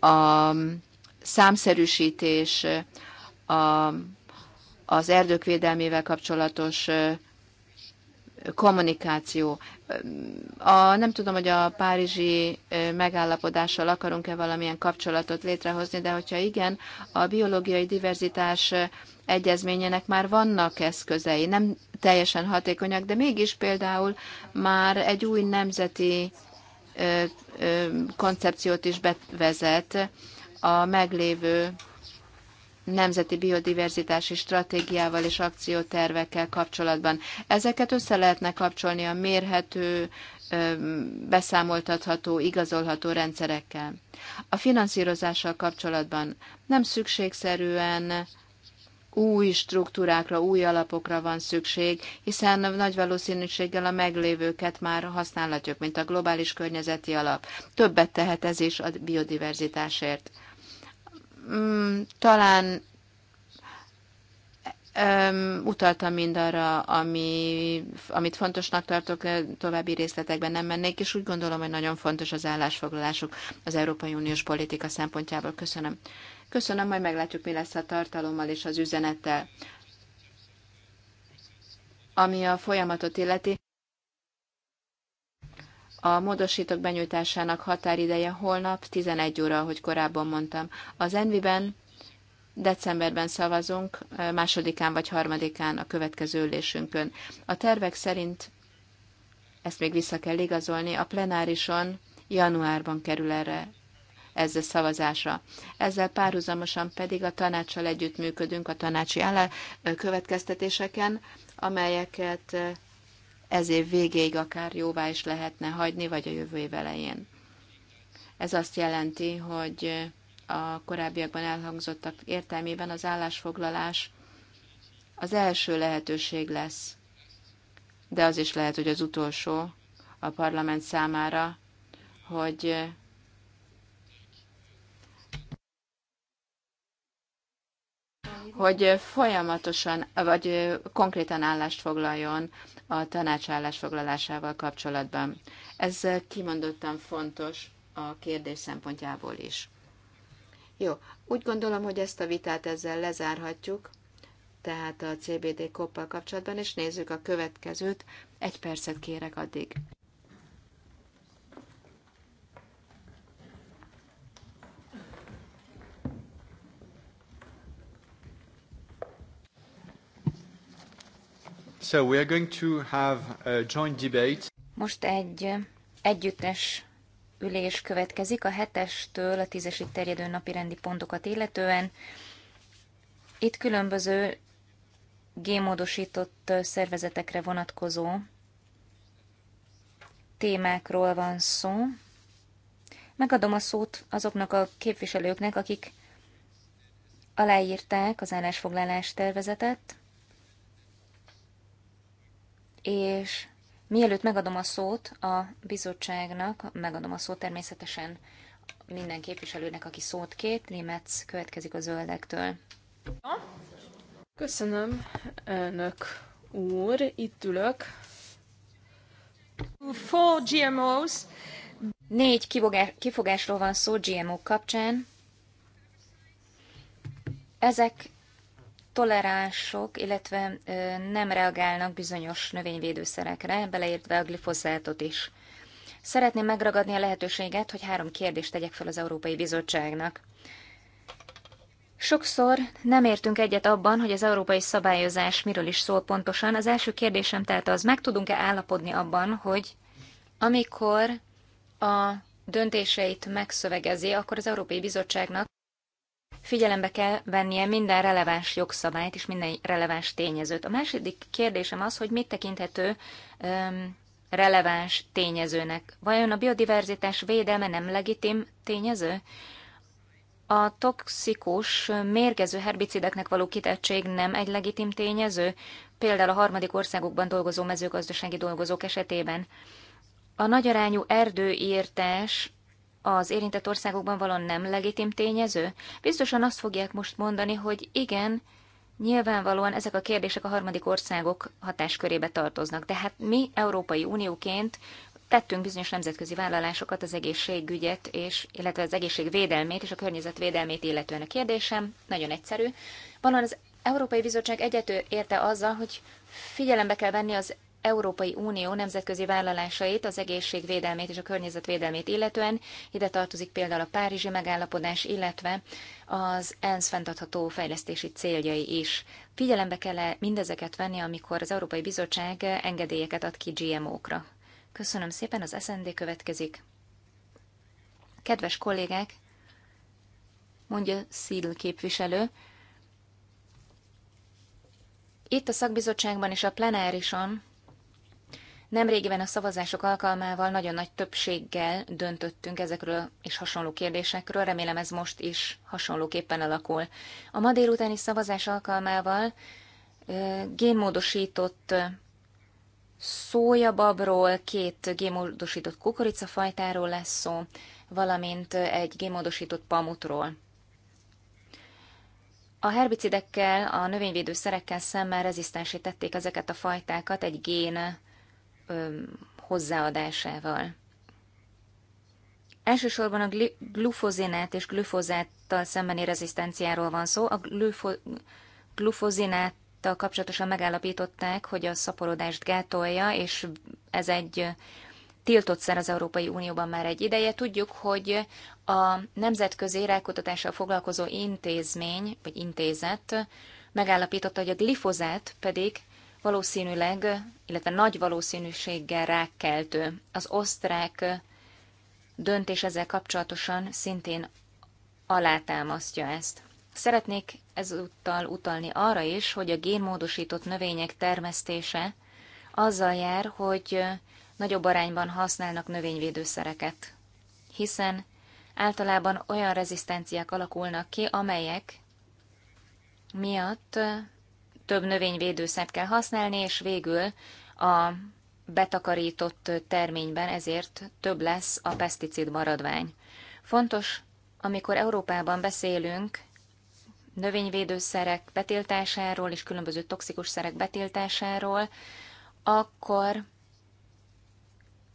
a számszerűsítés, a, az erdők védelmével kapcsolatos kommunikáció. A, nem tudom, hogy a párizsi megállapodással akarunk-e valamilyen kapcsolatot létrehozni, de hogyha igen, a biológiai diverzitás egyezményének már vannak eszközei, nem teljesen hatékonyak, de mégis például már egy új nemzeti ö, ö, koncepciót is bevezet a meglévő nemzeti biodiverzitási stratégiával és akciótervekkel kapcsolatban. Ezeket össze lehetne kapcsolni a mérhető, beszámoltatható, igazolható rendszerekkel. A finanszírozással kapcsolatban nem szükségszerűen új struktúrákra, új alapokra van szükség, hiszen nagy valószínűséggel a meglévőket már használhatjuk, mint a globális környezeti alap. Többet tehet ez is a biodiverzitásért. Mm, talán utaltam mindarra, ami, amit fontosnak tartok, további részletekben nem mennék, és úgy gondolom, hogy nagyon fontos az állásfoglalásuk az Európai Uniós politika szempontjából. Köszönöm. Köszönöm, majd meglátjuk, mi lesz a tartalommal és az üzenettel. Ami a folyamatot illeti, a módosítók benyújtásának határideje holnap 11 óra, ahogy korábban mondtam. Az Enviben decemberben szavazunk, másodikán vagy harmadikán a következő ülésünkön. A tervek szerint, ezt még vissza kell igazolni, a plenárison januárban kerül erre ezzel szavazásra. Ezzel párhuzamosan pedig a tanácssal együttműködünk a tanácsi állá következtetéseken, amelyeket ez év végéig akár jóvá is lehetne hagyni, vagy a jövő év elején. Ez azt jelenti, hogy a korábbiakban elhangzottak értelmében az állásfoglalás az első lehetőség lesz, de az is lehet, hogy az utolsó a parlament számára, hogy hogy folyamatosan, vagy konkrétan állást foglaljon a tanács állásfoglalásával kapcsolatban. Ez kimondottan fontos a kérdés szempontjából is. Jó, úgy gondolom, hogy ezt a vitát ezzel lezárhatjuk, tehát a CBD koppal kapcsolatban, és nézzük a következőt. Egy percet kérek addig. So we are going to have a joint debate. Most egy együttes ülés következik a hetestől a tízesig terjedő napi rendi pontokat illetően. Itt különböző gémódosított szervezetekre vonatkozó témákról van szó. Megadom a szót azoknak a képviselőknek, akik aláírták az állásfoglalás tervezetet, és mielőtt megadom a szót a bizottságnak, megadom a szót természetesen minden képviselőnek, aki szót két Németz következik a zöldektől. Köszönöm, elnök úr, itt ülök. Four GMOs. Négy kifogásról van szó GMO kapcsán. Ezek toleránsok, illetve nem reagálnak bizonyos növényvédőszerekre, beleértve a glifoszátot is. Szeretném megragadni a lehetőséget, hogy három kérdést tegyek fel az Európai Bizottságnak. Sokszor nem értünk egyet abban, hogy az európai szabályozás miről is szól pontosan. Az első kérdésem tehát az, meg tudunk-e állapodni abban, hogy amikor a döntéseit megszövegezi, akkor az Európai Bizottságnak Figyelembe kell vennie minden releváns jogszabályt és minden releváns tényezőt. A második kérdésem az, hogy mit tekinthető um, releváns tényezőnek. Vajon a biodiverzitás védelme nem legitim tényező? A toxikus, mérgező herbicideknek való kitettség nem egy legitim tényező, például a harmadik országokban dolgozó mezőgazdasági dolgozók esetében. A nagyarányú erdőírtás az érintett országokban való nem legitim tényező? Biztosan azt fogják most mondani, hogy igen, nyilvánvalóan ezek a kérdések a harmadik országok hatáskörébe tartoznak, de hát mi Európai Unióként tettünk bizonyos nemzetközi vállalásokat az egészségügyet, és, illetve az egészségvédelmét és a környezetvédelmét illetően a kérdésem, nagyon egyszerű. Valóan az Európai Bizottság egyető érte azzal, hogy figyelembe kell venni az Európai Unió nemzetközi vállalásait az egészségvédelmét és a környezetvédelmét illetően. Ide tartozik például a Párizsi megállapodás, illetve az ENSZ fenntartható fejlesztési céljai is. Figyelembe kell -e mindezeket venni, amikor az Európai Bizottság engedélyeket ad ki GMO-kra. Köszönöm szépen, az SND következik. Kedves kollégák, mondja Szil képviselő, itt a szakbizottságban és a plenárison Nemrégiben a szavazások alkalmával nagyon nagy többséggel döntöttünk ezekről és hasonló kérdésekről, remélem ez most is hasonlóképpen alakul. A ma délutáni szavazás alkalmával génmódosított szójababról, két génmódosított kukoricafajtáról lesz szó, valamint egy génmódosított pamutról. A herbicidekkel, a növényvédőszerekkel szemmel rezisztensé tették ezeket a fajtákat egy gén hozzáadásával. Elsősorban a glufozinát és glufozáttal szembeni rezisztenciáról van szó. A glufo- glufozináttal kapcsolatosan megállapították, hogy a szaporodást gátolja, és ez egy tiltott szer az Európai Unióban már egy ideje. Tudjuk, hogy a Nemzetközi Rákutatással Foglalkozó Intézmény, vagy Intézet megállapította, hogy a glifozát pedig valószínűleg, illetve nagy valószínűséggel rákkeltő. Az osztrák döntés ezzel kapcsolatosan szintén alátámasztja ezt. Szeretnék ezúttal utalni arra is, hogy a génmódosított növények termesztése azzal jár, hogy nagyobb arányban használnak növényvédőszereket, hiszen általában olyan rezisztenciák alakulnak ki, amelyek miatt több növényvédőszert kell használni, és végül a betakarított terményben ezért több lesz a peszticid maradvány. Fontos, amikor Európában beszélünk növényvédőszerek betiltásáról és különböző toxikus szerek betiltásáról, akkor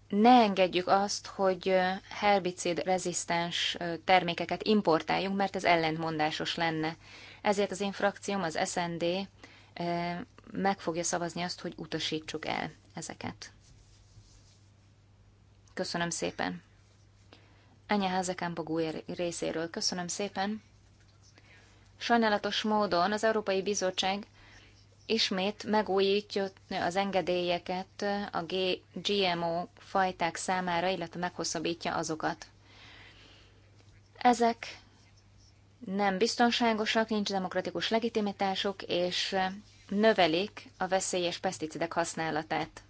ne engedjük azt, hogy herbicid rezisztens termékeket importáljunk, mert ez ellentmondásos lenne. Ezért az én frakcióm, az SND meg fogja szavazni azt, hogy utasítsuk el ezeket. Köszönöm szépen. Anya Házekámpogú részéről köszönöm szépen. Sajnálatos módon az Európai Bizottság ismét megújítja az engedélyeket a GMO fajták számára, illetve meghosszabbítja azokat. Ezek nem biztonságosak, nincs demokratikus legitimitásuk, és növelik a veszélyes peszticidek használatát.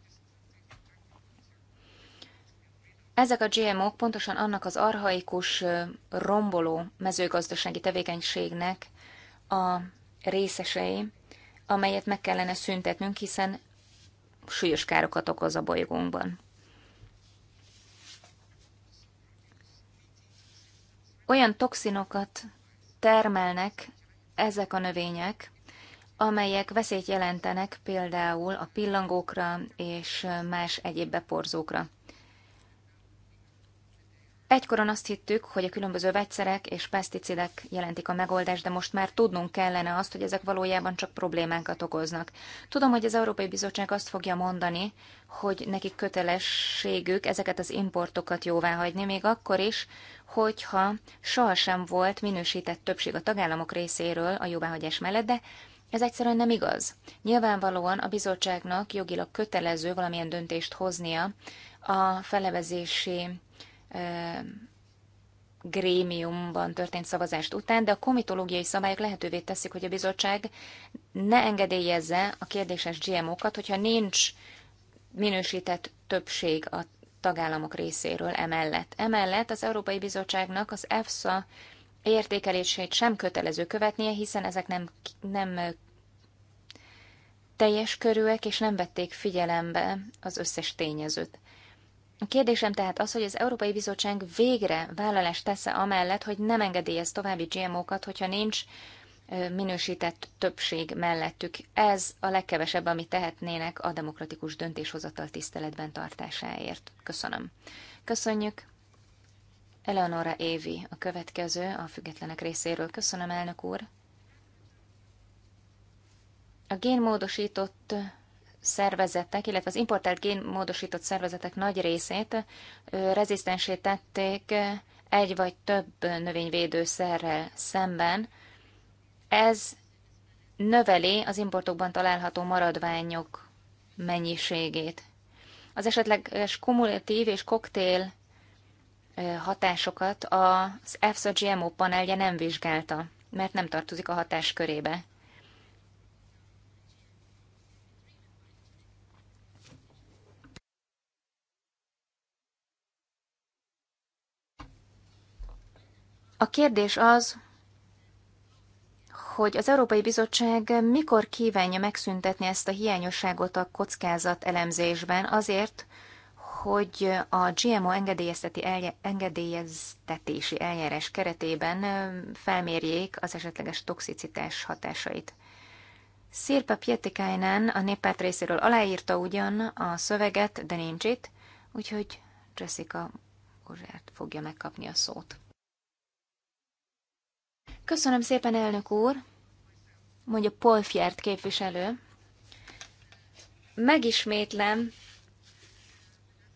Ezek a GMO-k pontosan annak az arhaikus, romboló mezőgazdasági tevékenységnek a részesei, amelyet meg kellene szüntetnünk, hiszen súlyos károkat okoz a bolygónkban. Olyan toxinokat termelnek ezek a növények, amelyek veszélyt jelentenek például a pillangókra és más egyéb beporzókra. Egykoron azt hittük, hogy a különböző vegyszerek és peszticidek jelentik a megoldást, de most már tudnunk kellene azt, hogy ezek valójában csak problémákat okoznak. Tudom, hogy az Európai Bizottság azt fogja mondani, hogy nekik kötelességük ezeket az importokat jóvá hagyni, még akkor is, hogyha sohasem volt minősített többség a tagállamok részéről a jóváhagyás mellett, de ez egyszerűen nem igaz. Nyilvánvalóan a bizottságnak jogilag kötelező valamilyen döntést hoznia a felevezési grémiumban történt szavazást után, de a komitológiai szabályok lehetővé teszik, hogy a bizottság ne engedélyezze a kérdéses GMO-kat, hogyha nincs minősített többség a tagállamok részéről emellett. Emellett az Európai Bizottságnak az EFSA értékelését sem kötelező követnie, hiszen ezek nem, nem teljes körűek, és nem vették figyelembe az összes tényezőt. A kérdésem tehát az, hogy az Európai Bizottság végre vállalást tesz-e amellett, hogy nem engedélyez további GMO-kat, hogyha nincs minősített többség mellettük. Ez a legkevesebb, amit tehetnének a demokratikus döntéshozatal tiszteletben tartásáért. Köszönöm. Köszönjük. Eleonora Évi, a következő, a függetlenek részéről. Köszönöm, elnök úr. A génmódosított szervezetek, illetve az importált génmódosított szervezetek nagy részét rezisztensé tették egy vagy több növényvédőszerrel szemben, ez növeli az importokban található maradványok mennyiségét. Az esetleges kumulatív és koktél hatásokat az EFSA GMO panelje nem vizsgálta, mert nem tartozik a hatás körébe. A kérdés az, hogy az Európai Bizottság mikor kívánja megszüntetni ezt a hiányosságot a kockázat elemzésben azért, hogy a GMO engedélyeztetési eljárás keretében felmérjék az esetleges toxicitás hatásait. Szirpa Pietikainen a néppárt részéről aláírta ugyan a szöveget, de nincs itt, úgyhogy Jessica Bozsát fogja megkapni a szót. Köszönöm szépen, elnök úr, mondja Polfjert képviselő. Megismétlem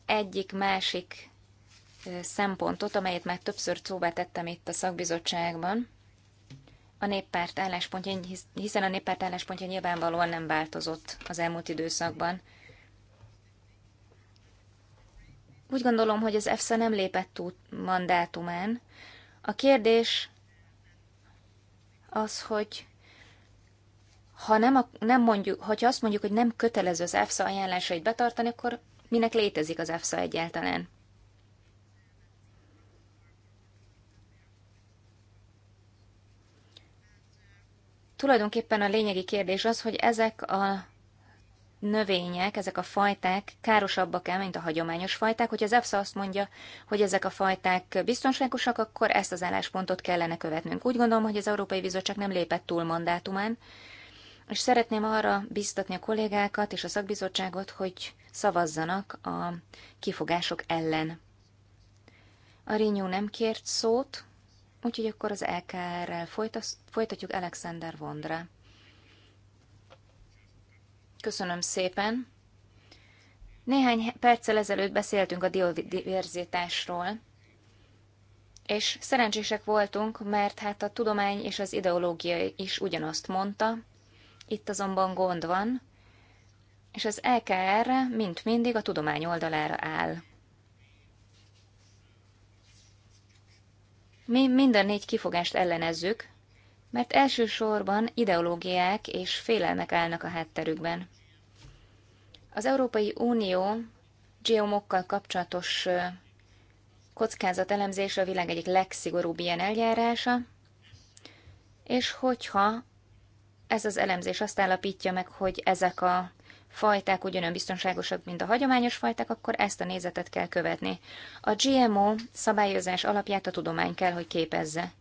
egyik-másik szempontot, amelyet már többször szóvá tettem itt a szakbizottságban, a néppárt álláspontja, hiszen a néppárt álláspontja nyilvánvalóan nem változott az elmúlt időszakban. Úgy gondolom, hogy az EFSA nem lépett túl mandátumán. A kérdés az, hogy ha nem, nem mondjuk, hogyha azt mondjuk, hogy nem kötelező az EFSA ajánlásait betartani, akkor minek létezik az EFSA egyáltalán? Tulajdonképpen a lényegi kérdés az, hogy ezek a növények, ezek a fajták károsabbak-e, mint a hagyományos fajták. Hogyha az EFSA azt mondja, hogy ezek a fajták biztonságosak, akkor ezt az álláspontot kellene követnünk. Úgy gondolom, hogy az Európai Bizottság nem lépett túl mandátumán, és szeretném arra biztatni a kollégákat és a szakbizottságot, hogy szavazzanak a kifogások ellen. A Rinyó nem kért szót, úgyhogy akkor az LKR-rel e folytatjuk Alexander Vondra. Köszönöm szépen. Néhány perccel ezelőtt beszéltünk a diodiverzitásról, és szerencsések voltunk, mert hát a tudomány és az ideológia is ugyanazt mondta, itt azonban gond van, és az EKR mint mindig a tudomány oldalára áll. Mi minden négy kifogást ellenezzük, mert elsősorban ideológiák és félelmek állnak a hátterükben. Az Európai Unió geomokkal kapcsolatos kockázatelemzés a világ egyik legszigorúbb ilyen eljárása, és hogyha ez az elemzés azt állapítja meg, hogy ezek a fajták ugyanolyan biztonságosak, mint a hagyományos fajták, akkor ezt a nézetet kell követni. A GMO szabályozás alapját a tudomány kell, hogy képezze.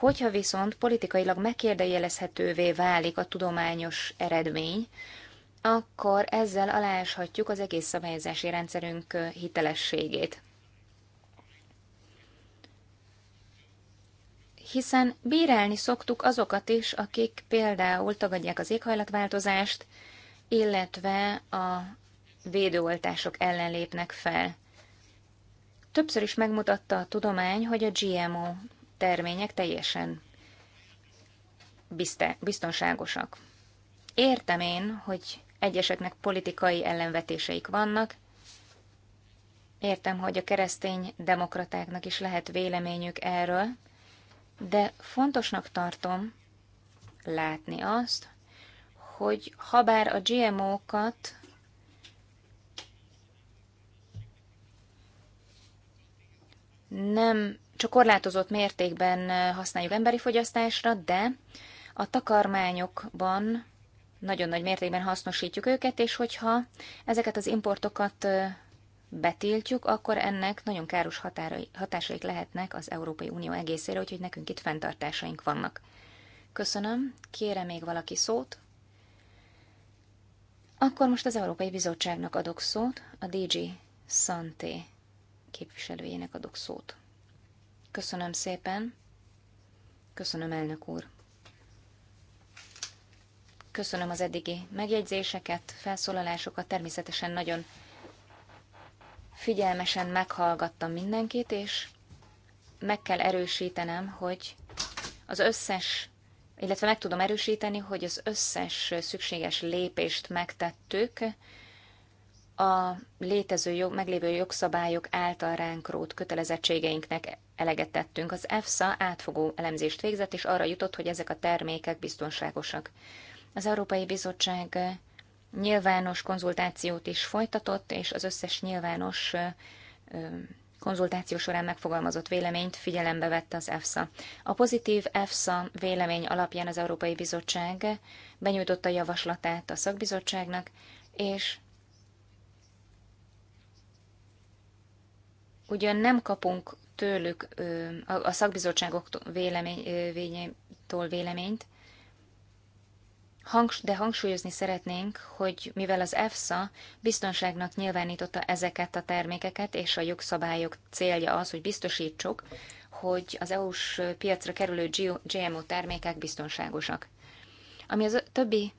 Hogyha viszont politikailag megkérdőjelezhetővé válik a tudományos eredmény, akkor ezzel aláshatjuk az egész szabályozási rendszerünk hitelességét. Hiszen bírálni szoktuk azokat is, akik például tagadják az éghajlatváltozást, illetve a védőoltások ellen lépnek fel. Többször is megmutatta a tudomány, hogy a GMO termények teljesen biztonságosak. Értem én, hogy egyeseknek politikai ellenvetéseik vannak, értem, hogy a keresztény demokratáknak is lehet véleményük erről, de fontosnak tartom látni azt, hogy habár a GMO-kat nem csak korlátozott mértékben használjuk emberi fogyasztásra, de a takarmányokban nagyon nagy mértékben hasznosítjuk őket, és hogyha ezeket az importokat betiltjuk, akkor ennek nagyon káros hatásaik lehetnek az Európai Unió egészére, úgyhogy nekünk itt fenntartásaink vannak. Köszönöm. Kérem, még valaki szót? Akkor most az Európai Bizottságnak adok szót, a DG Santé képviselőjének adok szót. Köszönöm szépen. Köszönöm, elnök úr. Köszönöm az eddigi megjegyzéseket, felszólalásokat. Természetesen nagyon figyelmesen meghallgattam mindenkit, és meg kell erősítenem, hogy az összes, illetve meg tudom erősíteni, hogy az összes szükséges lépést megtettük a létező, jog, meglévő jogszabályok által ránk rót kötelezettségeinknek eleget tettünk. Az EFSA átfogó elemzést végzett, és arra jutott, hogy ezek a termékek biztonságosak. Az Európai Bizottság nyilvános konzultációt is folytatott, és az összes nyilvános konzultáció során megfogalmazott véleményt figyelembe vette az EFSA. A pozitív EFSA vélemény alapján az Európai Bizottság benyújtotta a javaslatát a szakbizottságnak, és ugyan nem kapunk tőlük, a szakbizottságoktól véleménytől véleményt, de hangsúlyozni szeretnénk, hogy mivel az EFSA biztonságnak nyilvánította ezeket a termékeket, és a jogszabályok célja az, hogy biztosítsuk, hogy az EU-s piacra kerülő GMO termékek biztonságosak. Ami az többi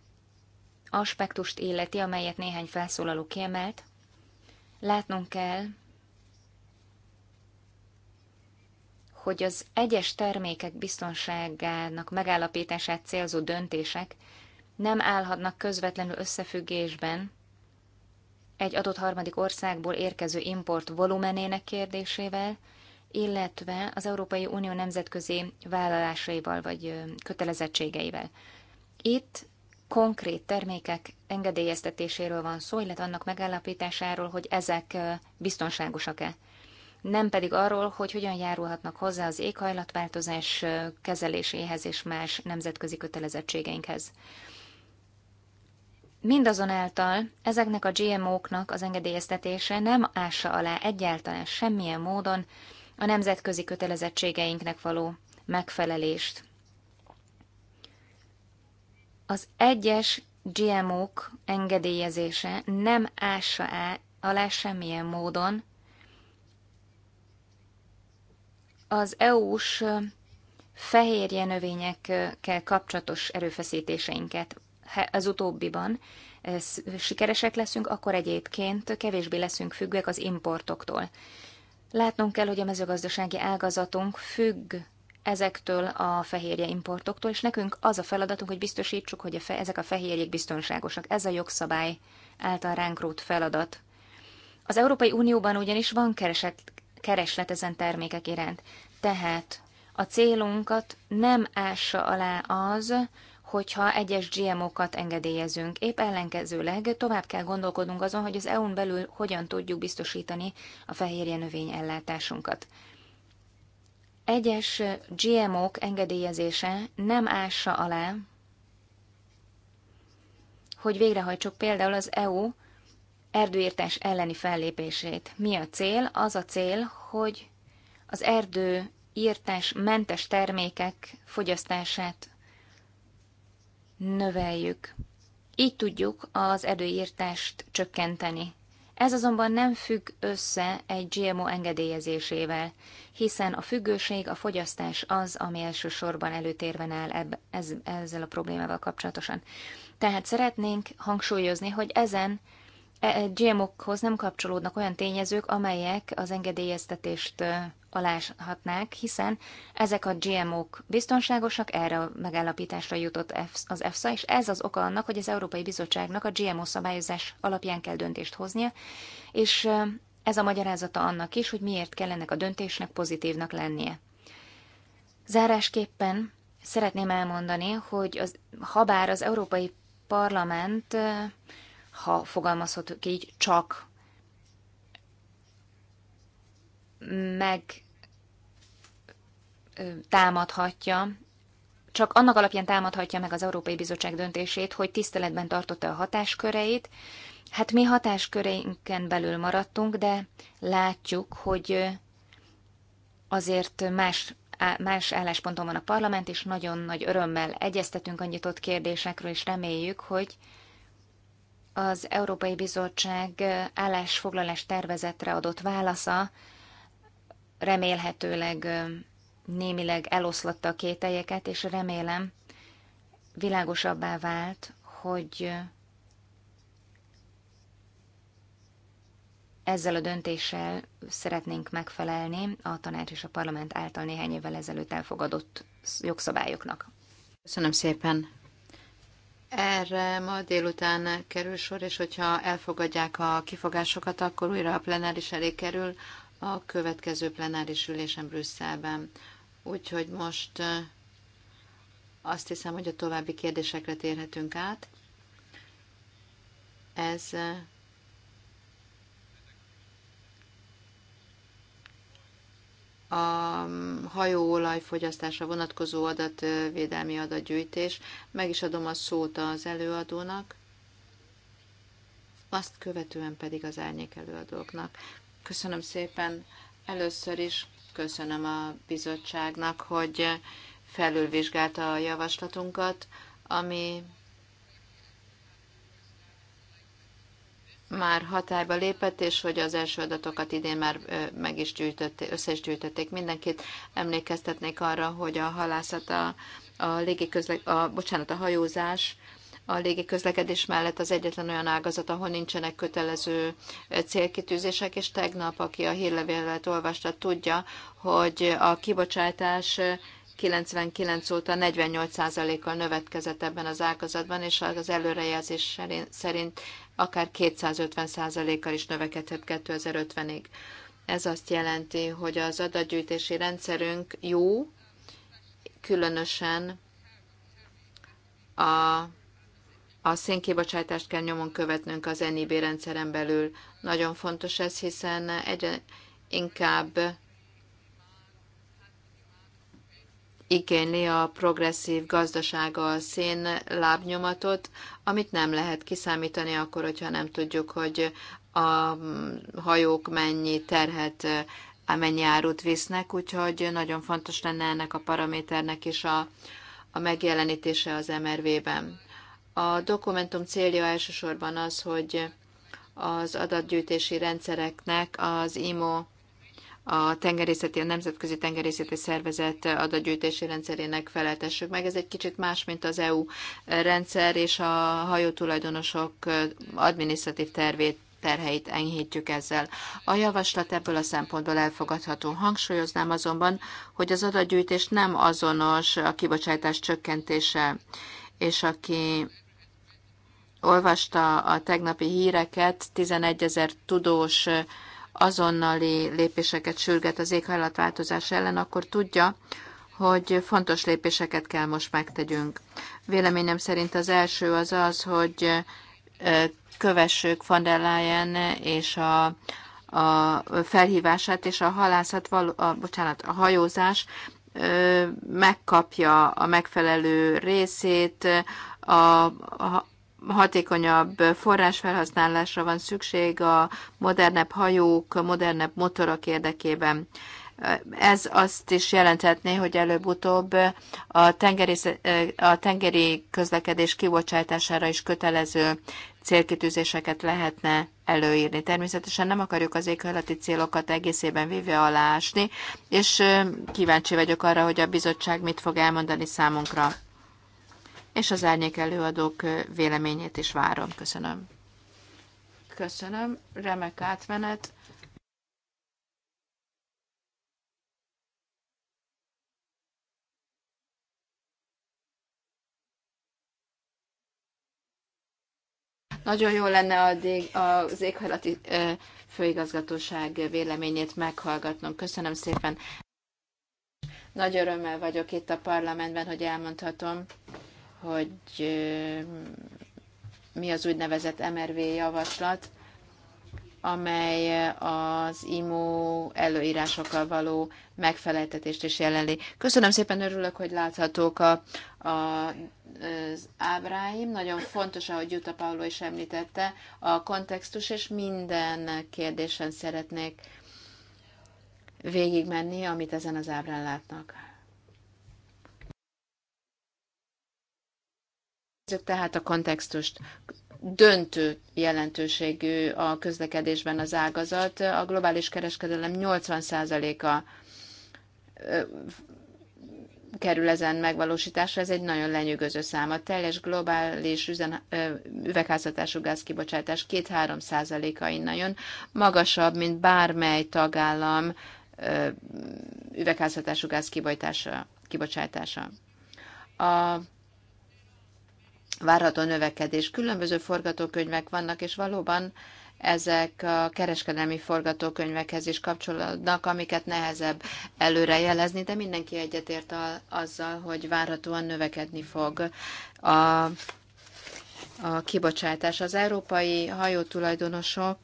aspektust illeti, amelyet néhány felszólaló kiemelt, látnunk kell, hogy az egyes termékek biztonságának megállapítását célzó döntések nem állhatnak közvetlenül összefüggésben egy adott harmadik országból érkező import volumenének kérdésével, illetve az Európai Unió nemzetközi vállalásaival vagy kötelezettségeivel. Itt konkrét termékek engedélyeztetéséről van szó, illetve annak megállapításáról, hogy ezek biztonságosak-e nem pedig arról, hogy hogyan járulhatnak hozzá az éghajlatváltozás kezeléséhez és más nemzetközi kötelezettségeinkhez. Mindazonáltal ezeknek a GMO-knak az engedélyeztetése nem ássa alá egyáltalán semmilyen módon a nemzetközi kötelezettségeinknek való megfelelést. Az egyes GMO-k engedélyezése nem ássa alá semmilyen módon az EU-s fehérje növényekkel kapcsolatos erőfeszítéseinket. Ha az utóbbiban sikeresek leszünk, akkor egyébként kevésbé leszünk függőek az importoktól. Látnunk kell, hogy a mezőgazdasági ágazatunk függ ezektől a fehérje importoktól, és nekünk az a feladatunk, hogy biztosítsuk, hogy a fe, ezek a fehérjék biztonságosak. Ez a jogszabály által ránk rót feladat. Az Európai Unióban ugyanis van kereset, kereslet ezen termékek iránt. Tehát a célunkat nem ássa alá az, hogyha egyes GMO-kat engedélyezünk. Épp ellenkezőleg tovább kell gondolkodnunk azon, hogy az EU-n belül hogyan tudjuk biztosítani a fehérje növény ellátásunkat. Egyes GMO-k engedélyezése nem ássa alá, hogy végrehajtsuk például az EU erdőírtás elleni fellépését. Mi a cél? Az a cél, hogy az erdő írtás mentes termékek fogyasztását növeljük. Így tudjuk az erdőírtást csökkenteni. Ez azonban nem függ össze egy GMO engedélyezésével, hiszen a függőség, a fogyasztás az, ami elsősorban előtérben áll ebb, ez, ezzel a problémával kapcsolatosan. Tehát szeretnénk hangsúlyozni, hogy ezen E, e, GMO-khoz nem kapcsolódnak olyan tényezők, amelyek az engedélyeztetést aláshatnák, hiszen ezek a GMO-k biztonságosak, erre a megállapításra jutott az EFSA, és ez az oka annak, hogy az Európai Bizottságnak a GMO szabályozás alapján kell döntést hoznia, és ez a magyarázata annak is, hogy miért kell ennek a döntésnek pozitívnak lennie. Zárásképpen szeretném elmondani, hogy az, habár az Európai Parlament ha fogalmazhatok így, csak meg támadhatja, csak annak alapján támadhatja meg az Európai Bizottság döntését, hogy tiszteletben tartotta a hatásköreit. Hát mi hatásköreinken belül maradtunk, de látjuk, hogy azért más, más állásponton van a parlament, és nagyon nagy örömmel egyeztetünk a nyitott kérdésekről, és reméljük, hogy az Európai Bizottság állásfoglalás tervezetre adott válasza remélhetőleg némileg eloszlatta a kételyeket, és remélem világosabbá vált, hogy ezzel a döntéssel szeretnénk megfelelni a tanács és a parlament által néhány évvel ezelőtt elfogadott jogszabályoknak. Köszönöm szépen! Erre ma délután kerül sor, és hogyha elfogadják a kifogásokat, akkor újra a plenáris elé kerül a következő plenáris ülésen Brüsszelben. Úgyhogy most azt hiszem, hogy a további kérdésekre térhetünk át. Ez a hajóolajfogyasztásra vonatkozó adatvédelmi adatgyűjtés. Meg is adom a szót az előadónak, azt követően pedig az árnyék előadóknak. Köszönöm szépen először is, köszönöm a bizottságnak, hogy felülvizsgálta a javaslatunkat, ami már hatályba lépett, és hogy az első adatokat idén már meg is gyűjtötték, össze is gyűjtötték mindenkit. Emlékeztetnék arra, hogy a halászat, a, a, légiközle, a, bocsánat, a hajózás, a légiközlekedés mellett az egyetlen olyan ágazat, ahol nincsenek kötelező célkitűzések, és tegnap, aki a hírlevélet olvasta, tudja, hogy a kibocsátás 99 óta 48%-kal növetkezett ebben az ágazatban, és az előrejelzés szerint akár 250%-kal is növekedhet 2050-ig. Ez azt jelenti, hogy az adatgyűjtési rendszerünk jó, különösen a, a szénkibocsátást kell nyomon követnünk az NIB rendszeren belül. Nagyon fontos ez, hiszen egyre inkább igényli a progresszív gazdasága a szén lábnyomatot, amit nem lehet kiszámítani akkor, hogyha nem tudjuk, hogy a hajók mennyi terhet, mennyi árut visznek, úgyhogy nagyon fontos lenne ennek a paraméternek is a, a megjelenítése az MRV-ben. A dokumentum célja elsősorban az, hogy az adatgyűjtési rendszereknek az IMO a tengerészeti, a Nemzetközi Tengerészeti Szervezet adatgyűjtési rendszerének feleltessük meg. Ez egy kicsit más, mint az EU rendszer, és a hajótulajdonosok adminisztratív tervét terheit enyhítjük ezzel. A javaslat ebből a szempontból elfogadható. Hangsúlyoznám azonban, hogy az adatgyűjtés nem azonos a kibocsátás csökkentése, és aki olvasta a tegnapi híreket, 11 ezer tudós azonnali lépéseket sürget az éghajlatváltozás ellen, akkor tudja, hogy fontos lépéseket kell most megtegyünk. Véleményem szerint az első az az, hogy kövessük van der Leyen és a, a felhívását és a halászat, való, a, bocsánat, a hajózás megkapja a megfelelő részét, a hatékonyabb forrásfelhasználásra van szükség a modernebb hajók, modernebb motorok érdekében. Ez azt is jelenthetné, hogy előbb-utóbb a tengeri, a tengeri közlekedés kibocsátására is kötelező célkitűzéseket lehetne előírni. Természetesen nem akarjuk az éghajlati célokat egészében véve alásni, és kíváncsi vagyok arra, hogy a bizottság mit fog elmondani számunkra és az árnyék előadók véleményét is várom. Köszönöm. Köszönöm, remek átmenet. Nagyon jó lenne addig az éghajlati főigazgatóság véleményét meghallgatnom. Köszönöm szépen. Nagy örömmel vagyok itt a parlamentben, hogy elmondhatom, hogy mi az úgynevezett MRV javaslat, amely az IMO előírásokkal való megfeleltetést is jelenli. Köszönöm szépen, örülök, hogy láthatók a, a, az ábráim. Nagyon fontos, ahogy Jutta Paulo is említette, a kontextus, és minden kérdésen szeretnék végigmenni, amit ezen az ábrán látnak. tehát a kontextust döntő jelentőségű a közlekedésben az ágazat. A globális kereskedelem 80%-a kerül ezen megvalósításra, ez egy nagyon lenyűgöző szám. A teljes globális üzen, üvegházhatású gázkibocsátás 2-3 százaléka innen jön, magasabb, mint bármely tagállam üvegházhatású gáz kibocsátása. A várható növekedés. Különböző forgatókönyvek vannak, és valóban ezek a kereskedelmi forgatókönyvekhez is kapcsolódnak, amiket nehezebb előrejelezni, de mindenki egyetért a, azzal, hogy várhatóan növekedni fog a, a kibocsátás. Az európai hajótulajdonosok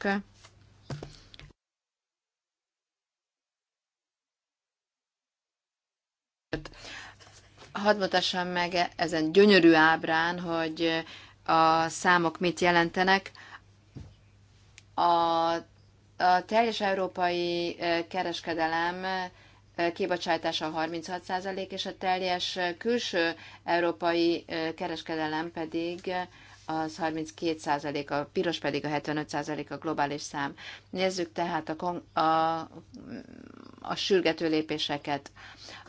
hadd mutassam meg ezen gyönyörű ábrán, hogy a számok mit jelentenek. A, a teljes európai kereskedelem kibocsátása 36% és a teljes külső európai kereskedelem pedig az 32 százalék, a piros pedig a 75 százalék a globális szám. Nézzük tehát a, a, a sürgető lépéseket.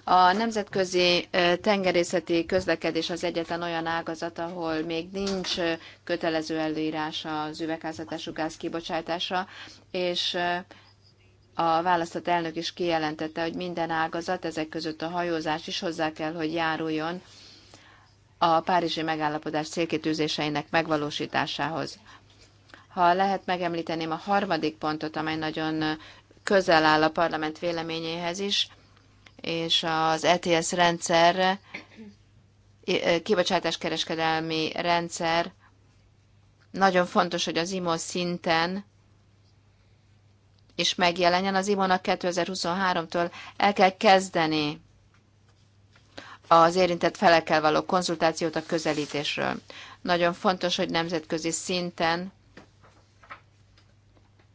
A nemzetközi tengerészeti közlekedés az egyetlen olyan ágazat, ahol még nincs kötelező előírás az üvegházatású gáz kibocsátása, és a választott elnök is kijelentette, hogy minden ágazat, ezek között a hajózás is hozzá kell, hogy járuljon a Párizsi megállapodás célkitűzéseinek megvalósításához. Ha lehet, megemlíteném a harmadik pontot, amely nagyon közel áll a parlament véleményéhez is, és az ETS rendszer, kibocsátáskereskedelmi rendszer, nagyon fontos, hogy az IMO szinten is megjelenjen. Az IMO-nak 2023-tól el kell kezdeni az érintett felekkel való konzultációt a közelítésről. Nagyon fontos, hogy nemzetközi szinten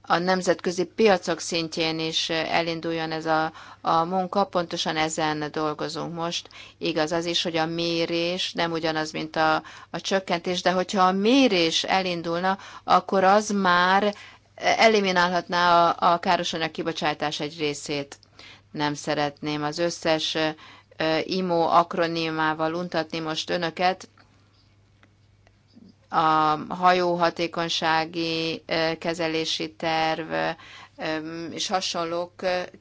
a nemzetközi piacok szintjén is elinduljon ez a, a munka, pontosan ezen dolgozunk most. Igaz az is, hogy a mérés nem ugyanaz, mint a, a csökkentés, de hogyha a mérés elindulna, akkor az már eliminálhatná a, a károsanyag kibocsátás egy részét. Nem szeretném az összes IMO akronimával untatni most önöket, a hajóhatékonysági kezelési terv és hasonlók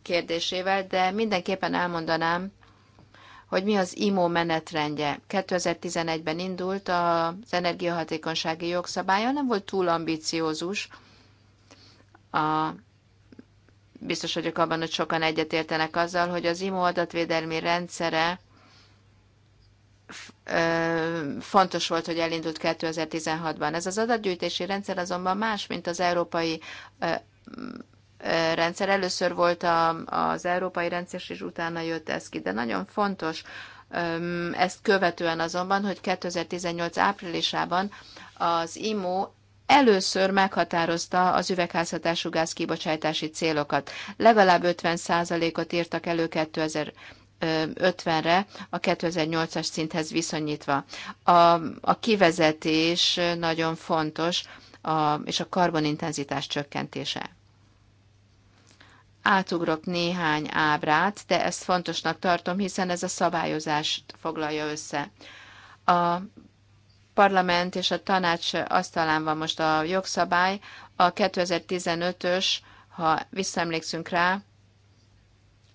kérdésével, de mindenképpen elmondanám, hogy mi az IMO menetrendje. 2011-ben indult az energiahatékonysági jogszabálya, nem volt túl ambiciózus a biztos vagyok abban, hogy sokan egyetértenek azzal, hogy az IMO adatvédelmi rendszere fontos volt, hogy elindult 2016-ban. Ez az adatgyűjtési rendszer azonban más, mint az európai rendszer. Először volt a, az európai rendszer, és utána jött ez ki, de nagyon fontos ezt követően azonban, hogy 2018 áprilisában az IMO először meghatározta az üvegházhatású gáz kibocsátási célokat. Legalább 50%-ot írtak elő 2000 50-re a 2008-as szinthez viszonyítva. A, a kivezetés nagyon fontos, a, és a karbonintenzitás csökkentése. Átugrok néhány ábrát, de ezt fontosnak tartom, hiszen ez a szabályozást foglalja össze. A parlament és a tanács asztalán van most a jogszabály, a 2015-ös, ha visszaemlékszünk rá,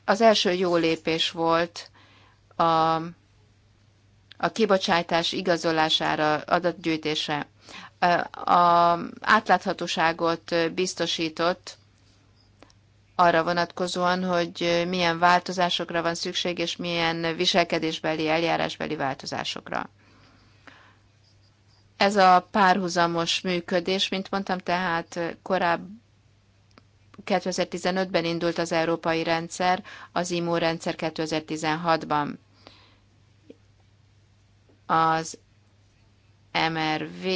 az első jó lépés volt a, a kibocsátás igazolására, adatgyűjtésre. A átláthatóságot biztosított arra vonatkozóan, hogy milyen változásokra van szükség, és milyen viselkedésbeli, eljárásbeli változásokra. Ez a párhuzamos működés, mint mondtam, tehát korábban 2015-ben indult az európai rendszer, az IMO rendszer 2016-ban. Az MRV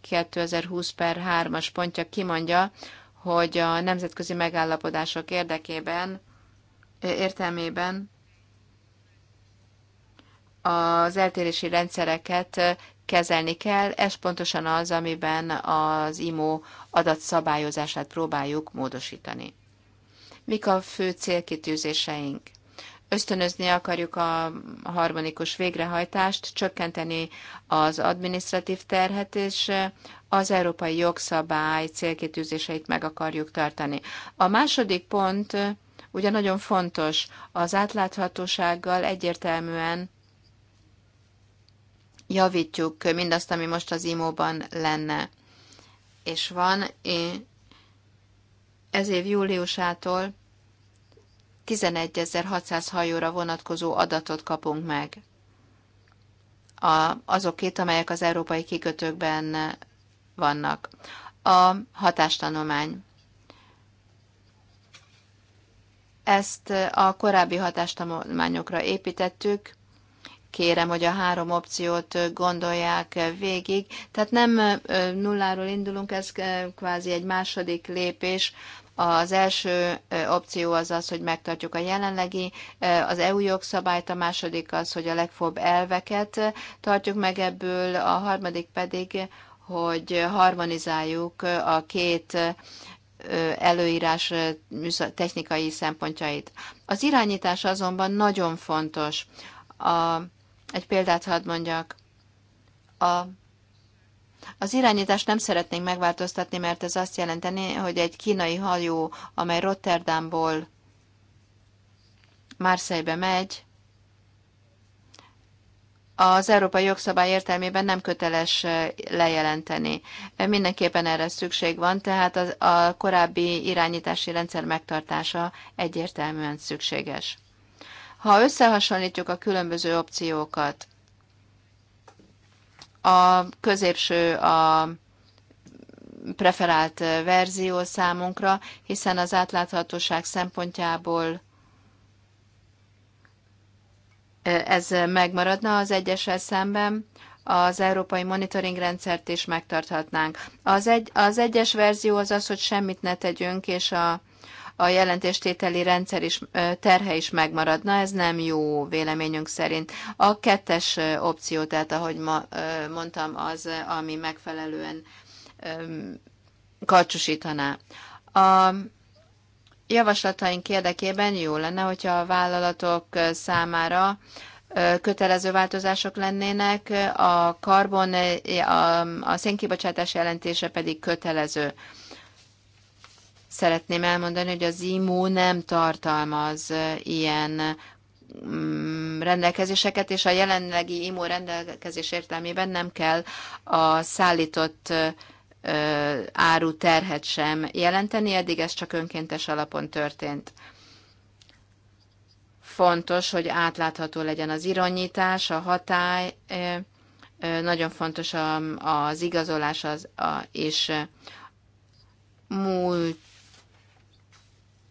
2020 per 3-as pontja kimondja, hogy a nemzetközi megállapodások érdekében, értelmében az eltérési rendszereket kezelni kell. Ez pontosan az, amiben az IMO adatszabályozását próbáljuk módosítani. Mik a fő célkitűzéseink? Ösztönözni akarjuk a harmonikus végrehajtást, csökkenteni az adminisztratív terhet, és az európai jogszabály célkitűzéseit meg akarjuk tartani. A második pont ugye nagyon fontos, az átláthatósággal egyértelműen javítjuk mindazt, ami most az imóban lenne. És van ez év júliusától 11.600 hajóra vonatkozó adatot kapunk meg. A, azokét, amelyek az európai kikötőkben vannak. A hatástanulmány. Ezt a korábbi hatástanulmányokra építettük, kérem, hogy a három opciót gondolják végig. Tehát nem nulláról indulunk, ez kvázi egy második lépés. Az első opció az az, hogy megtartjuk a jelenlegi, az EU jogszabályt, a második az, hogy a legfőbb elveket tartjuk meg ebből, a harmadik pedig, hogy harmonizáljuk a két előírás technikai szempontjait. Az irányítás azonban nagyon fontos. A, egy példát hadd mondjak. A az irányítást nem szeretnénk megváltoztatni, mert ez azt jelenteni, hogy egy kínai hajó, amely Rotterdamból Marseille-be megy, az európai jogszabály értelmében nem köteles lejelenteni. Mindenképpen erre szükség van, tehát a korábbi irányítási rendszer megtartása egyértelműen szükséges. Ha összehasonlítjuk a különböző opciókat, a középső a preferált verzió számunkra, hiszen az átláthatóság szempontjából ez megmaradna az egyesel szemben, az európai monitoring rendszert is megtarthatnánk. Az, egy, az egyes verzió az az, hogy semmit ne tegyünk, és a, a jelentéstételi rendszer is terhe is megmaradna, ez nem jó véleményünk szerint. A kettes opció, tehát ahogy ma, mondtam, az, ami megfelelően karcsúsítaná. A javaslataink érdekében jó lenne, hogyha a vállalatok számára kötelező változások lennének, a karbon, a, a szénkibocsátás jelentése pedig kötelező. Szeretném elmondani, hogy az IMU nem tartalmaz ilyen mm, rendelkezéseket, és a jelenlegi IMO rendelkezés értelmében nem kell a szállított áru terhet sem jelenteni, eddig ez csak önkéntes alapon történt. Fontos, hogy átlátható legyen az irányítás, a hatály, nagyon fontos az igazolás az, a, és múlt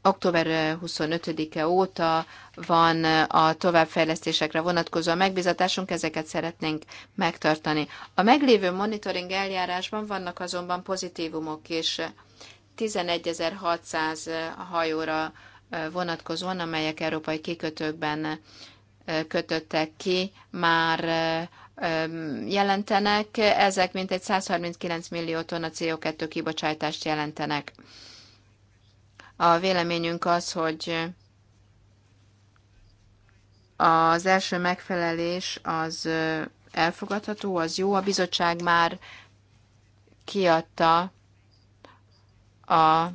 október 25-e óta van a továbbfejlesztésekre vonatkozó a megbizatásunk, ezeket szeretnénk megtartani. A meglévő monitoring eljárásban vannak azonban pozitívumok is. 11.600 hajóra vonatkozóan, amelyek európai kikötőkben kötöttek ki, már jelentenek. Ezek mintegy 139 millió tonna CO2 kibocsátást jelentenek. A véleményünk az, hogy az első megfelelés az elfogadható, az jó. A bizottság már kiadta a,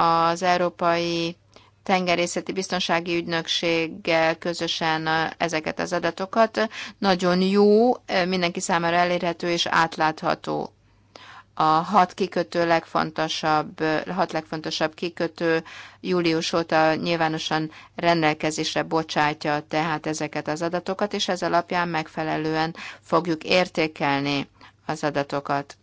az Európai Tengerészeti Biztonsági Ügynökséggel közösen ezeket az adatokat. Nagyon jó, mindenki számára elérhető és átlátható a hat kikötő legfontosabb, hat legfontosabb kikötő július óta nyilvánosan rendelkezésre bocsátja tehát ezeket az adatokat, és ez alapján megfelelően fogjuk értékelni az adatokat.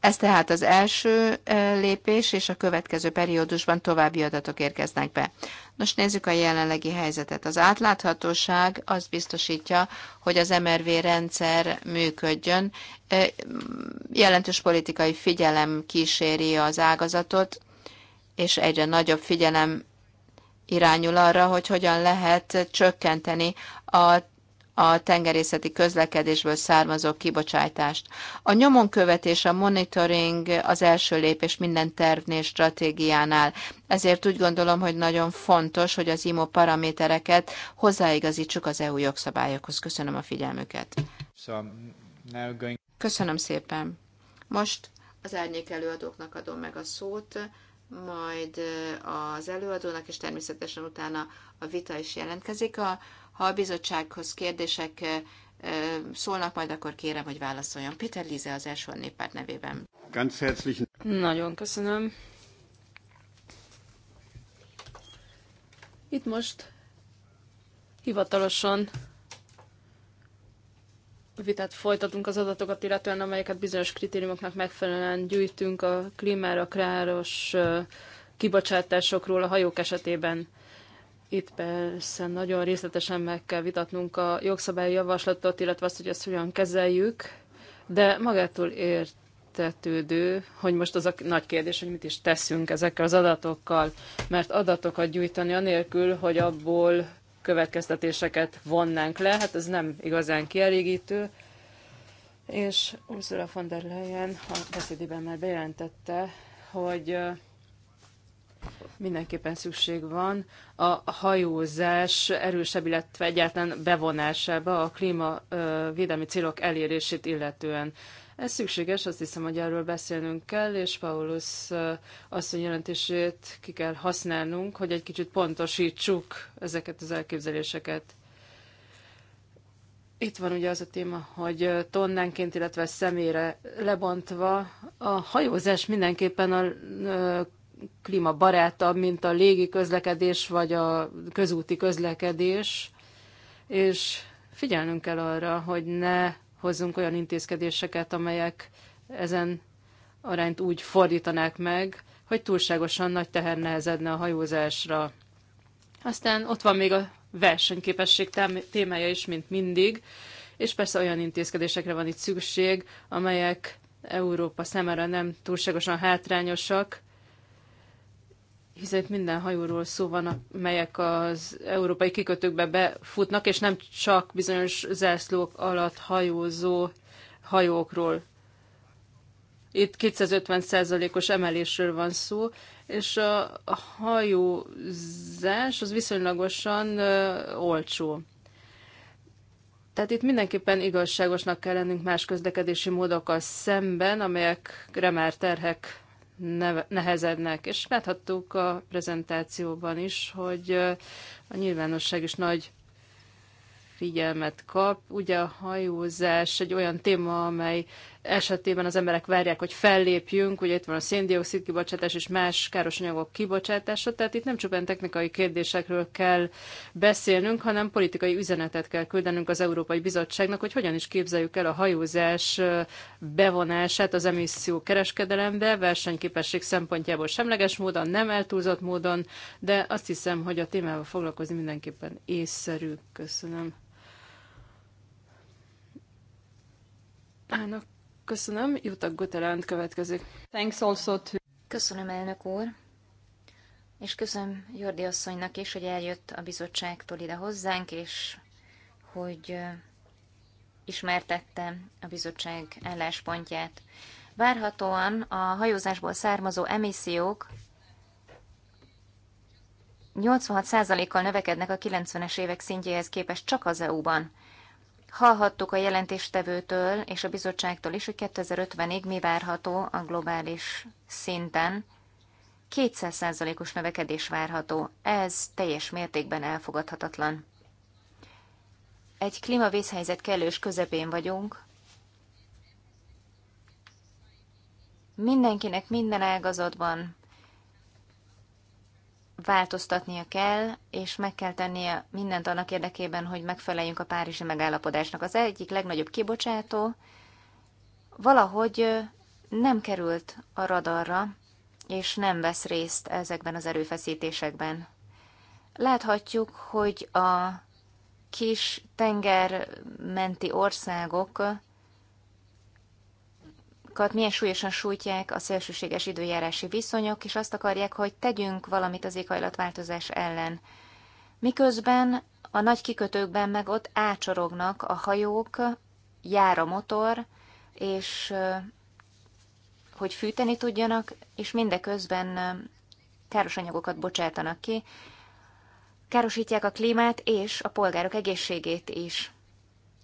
Ez tehát az első eh, lépés, és a következő periódusban további adatok érkeznek be. Nos, nézzük a jelenlegi helyzetet. Az átláthatóság azt biztosítja, hogy az MRV rendszer működjön. Jelentős politikai figyelem kíséri az ágazatot, és egyre nagyobb figyelem irányul arra, hogy hogyan lehet csökkenteni a a tengerészeti közlekedésből származó kibocsátást. A nyomon követés, a monitoring az első lépés minden tervnél, stratégiánál. Ezért úgy gondolom, hogy nagyon fontos, hogy az IMO paramétereket hozzáigazítsuk az EU jogszabályokhoz. Köszönöm a figyelmüket. Köszönöm szépen. Most az árnyék előadóknak adom meg a szót, majd az előadónak, és természetesen utána a vita is jelentkezik. A, ha a bizottsághoz kérdések szólnak majd, akkor kérem, hogy válaszoljon. Péter Líze az első néppárt nevében. Ganz herzlichen. Nagyon köszönöm. Itt most hivatalosan vitát folytatunk az adatokat, illetően amelyeket bizonyos kritériumoknak megfelelően gyűjtünk a klímára káros kibocsátásokról a hajók esetében. Itt persze nagyon részletesen meg kell vitatnunk a jogszabályi javaslatot, illetve azt, hogy ezt hogyan kezeljük, de magától értetődő, hogy most az a nagy kérdés, hogy mit is teszünk ezekkel az adatokkal, mert adatokat gyűjteni anélkül, hogy abból következtetéseket vonnánk le, hát ez nem igazán kielégítő. És Ursula von der Leyen a beszédében már bejelentette, hogy mindenképpen szükség van a hajózás erősebb, illetve egyáltalán bevonásába a klímavédelmi célok elérését illetően. Ez szükséges, azt hiszem, hogy erről beszélnünk kell, és Paulus asszony jelentését ki kell használnunk, hogy egy kicsit pontosítsuk ezeket az elképzeléseket. Itt van ugye az a téma, hogy tonnánként, illetve személyre lebontva a hajózás mindenképpen a klímabarátabb, mint a légi közlekedés vagy a közúti közlekedés, és figyelnünk kell arra, hogy ne hozzunk olyan intézkedéseket, amelyek ezen arányt úgy fordítanák meg, hogy túlságosan nagy teher nehezedne a hajózásra. Aztán ott van még a versenyképesség témája is, mint mindig, és persze olyan intézkedésekre van itt szükség, amelyek Európa számára nem túlságosan hátrányosak, hiszen itt minden hajóról szó van, melyek az európai kikötőkbe befutnak, és nem csak bizonyos zászlók alatt hajózó hajókról. Itt 250%-os emelésről van szó, és a hajózás az viszonylagosan olcsó. Tehát itt mindenképpen igazságosnak kell lennünk más közlekedési módokkal szemben, amelyekre már terhek nehezednek. És láthattuk a prezentációban is, hogy a nyilvánosság is nagy figyelmet kap. Ugye a hajózás egy olyan téma, amely esetében az emberek várják, hogy fellépjünk, ugye itt van a széndiokszid kibocsátás és más káros anyagok kibocsátása, tehát itt nem csupán technikai kérdésekről kell beszélnünk, hanem politikai üzenetet kell küldenünk az Európai Bizottságnak, hogy hogyan is képzeljük el a hajózás bevonását az emisszió kereskedelembe, versenyképesség szempontjából semleges módon, nem eltúlzott módon, de azt hiszem, hogy a témával foglalkozni mindenképpen észszerű. Köszönöm. Ának Köszönöm, Jutak Guteland következik. Thanks also to... Köszönöm, elnök úr. És köszönöm Jordi asszonynak is, hogy eljött a bizottságtól ide hozzánk, és hogy ismertette a bizottság álláspontját. Várhatóan a hajózásból származó emissziók 86%-kal növekednek a 90-es évek szintjéhez képest csak az EU-ban. Hallhattuk a jelentéstevőtől és a bizottságtól is, hogy 2050-ig mi várható a globális szinten. 200%-os növekedés várható. Ez teljes mértékben elfogadhatatlan. Egy klímavészhelyzet kellős közepén vagyunk. Mindenkinek minden ágazatban változtatnia kell, és meg kell tennie mindent annak érdekében, hogy megfeleljünk a Párizsi megállapodásnak. Az egyik legnagyobb kibocsátó valahogy nem került a radarra, és nem vesz részt ezekben az erőfeszítésekben. Láthatjuk, hogy a kis tengermenti országok polgárokat milyen súlyosan sújtják a szélsőséges időjárási viszonyok, és azt akarják, hogy tegyünk valamit az éghajlatváltozás ellen. Miközben a nagy kikötőkben meg ott ácsorognak a hajók, jár a motor, és hogy fűteni tudjanak, és mindeközben káros anyagokat bocsátanak ki, károsítják a klímát és a polgárok egészségét is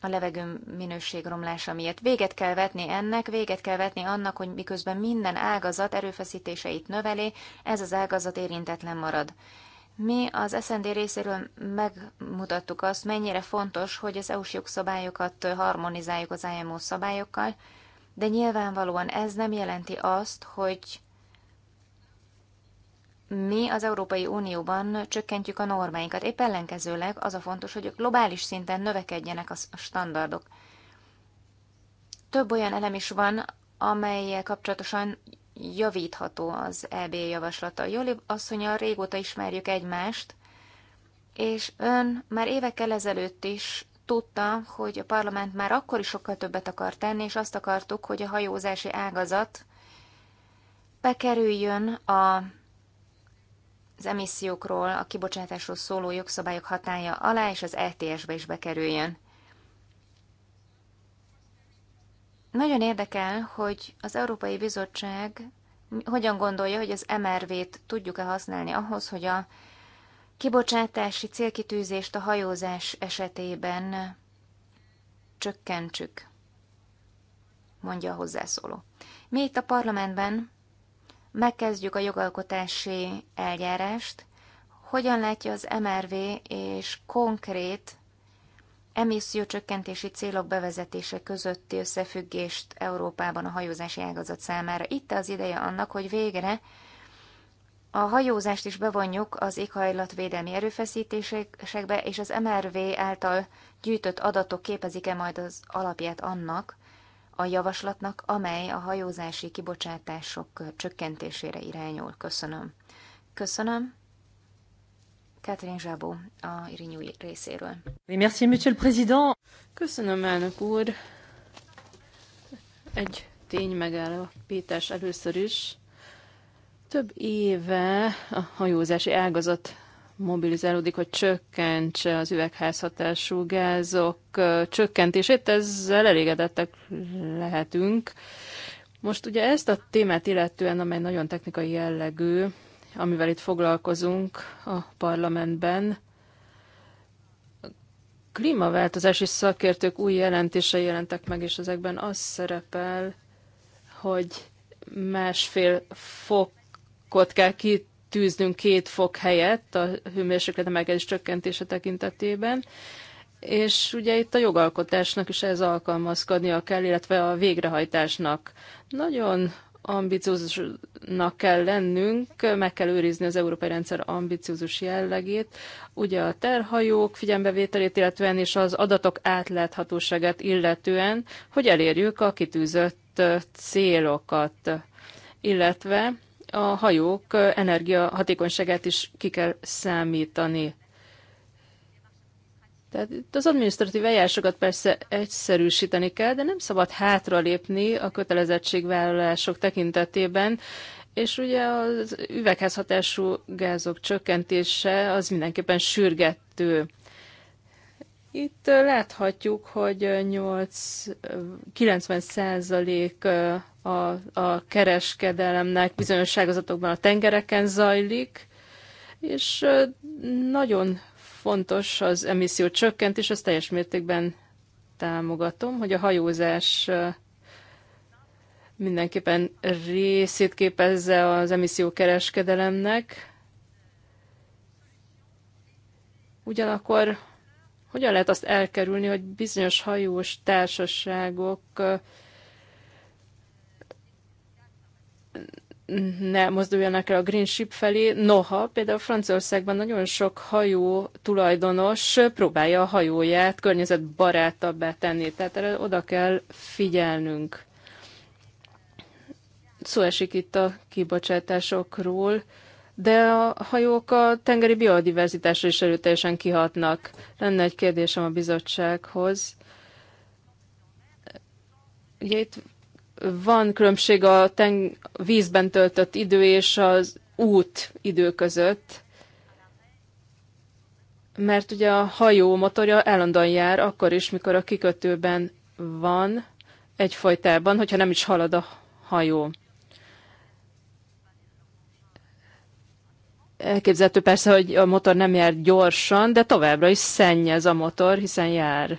a levegő minőség romlása miatt. Véget kell vetni ennek, véget kell vetni annak, hogy miközben minden ágazat erőfeszítéseit növeli, ez az ágazat érintetlen marad. Mi az SND részéről megmutattuk azt, mennyire fontos, hogy az EU-s jogszabályokat harmonizáljuk az IMO szabályokkal, de nyilvánvalóan ez nem jelenti azt, hogy mi az Európai Unióban csökkentjük a normáinkat. Épp ellenkezőleg az a fontos, hogy globális szinten növekedjenek a standardok. Több olyan elem is van, amelyek kapcsolatosan javítható az EB javaslata. Jóli asszonya, régóta ismerjük egymást, és ön már évekkel ezelőtt is tudta, hogy a parlament már akkor is sokkal többet akar tenni, és azt akartuk, hogy a hajózási ágazat bekerüljön a az emissziókról, a kibocsátásról szóló jogszabályok hatája alá, és az ETS-be is bekerüljön. Nagyon érdekel, hogy az Európai Bizottság hogyan gondolja, hogy az MRV-t tudjuk-e használni ahhoz, hogy a kibocsátási célkitűzést a hajózás esetében csökkentsük, mondja a hozzászóló. Mi itt a parlamentben megkezdjük a jogalkotási eljárást, hogyan látja az MRV és konkrét emissziócsökkentési célok bevezetése közötti összefüggést Európában a hajózási ágazat számára. Itt az ideje annak, hogy végre a hajózást is bevonjuk az éghajlatvédelmi erőfeszítésekbe, és az MRV által gyűjtött adatok képezik-e majd az alapját annak, a javaslatnak, amely a hajózási kibocsátások csökkentésére irányul. Köszönöm. Köszönöm. Catherine Zsábó a Irinyúi részéről. Merci, monsieur le président. Köszönöm, elnök úr. Egy tény megállapítás először is. Több éve a hajózási ágazat mobilizálódik, hogy csökkentse az üvegházhatású gázok csökkentését. Ezzel elégedettek lehetünk. Most ugye ezt a témát illetően, amely nagyon technikai jellegű, amivel itt foglalkozunk a parlamentben, klímaváltozási szakértők új jelentése jelentek meg, és ezekben az szerepel, hogy másfél fokot kell kit kitűznünk két fok helyett a hőmérséklet emelkedés csökkentése tekintetében, és ugye itt a jogalkotásnak is ez alkalmazkodnia kell, illetve a végrehajtásnak. Nagyon ambiciózusnak kell lennünk, meg kell őrizni az európai rendszer ambiciózus jellegét, ugye a terhajók figyelmevételét illetően és az adatok átláthatóságát illetően, hogy elérjük a kitűzött célokat, illetve a hajók energiahatékonyságát is ki kell számítani. Tehát itt az adminisztratív eljárásokat persze egyszerűsíteni kell, de nem szabad hátralépni a kötelezettségvállalások tekintetében, és ugye az üvegházhatású gázok csökkentése az mindenképpen sürgető. Itt láthatjuk, hogy 8, 90 százalék a, a kereskedelemnek bizonyos ágazatokban a tengereken zajlik, és nagyon fontos az emisszió csökkentés, ezt teljes mértékben támogatom, hogy a hajózás mindenképpen részét képezze az emissziókereskedelemnek. Ugyanakkor hogyan lehet azt elkerülni, hogy bizonyos hajós társaságok ne mozduljanak el a green ship felé. Noha például Franciaországban nagyon sok hajó tulajdonos próbálja a hajóját környezetbarátabbá tenni, tehát erre oda kell figyelnünk. Szó esik itt a kibocsátásokról, de a hajók a tengeri biodiverzitásra is erőteljesen kihatnak. Lenne egy kérdésem a bizottsághoz. Ugye itt van különbség a teng vízben töltött idő és az út idő között, mert ugye a hajó motorja állandóan jár, akkor is, mikor a kikötőben van egyfajtában, hogyha nem is halad a hajó. Elképzelhető persze, hogy a motor nem jár gyorsan, de továbbra is szennyez a motor, hiszen jár.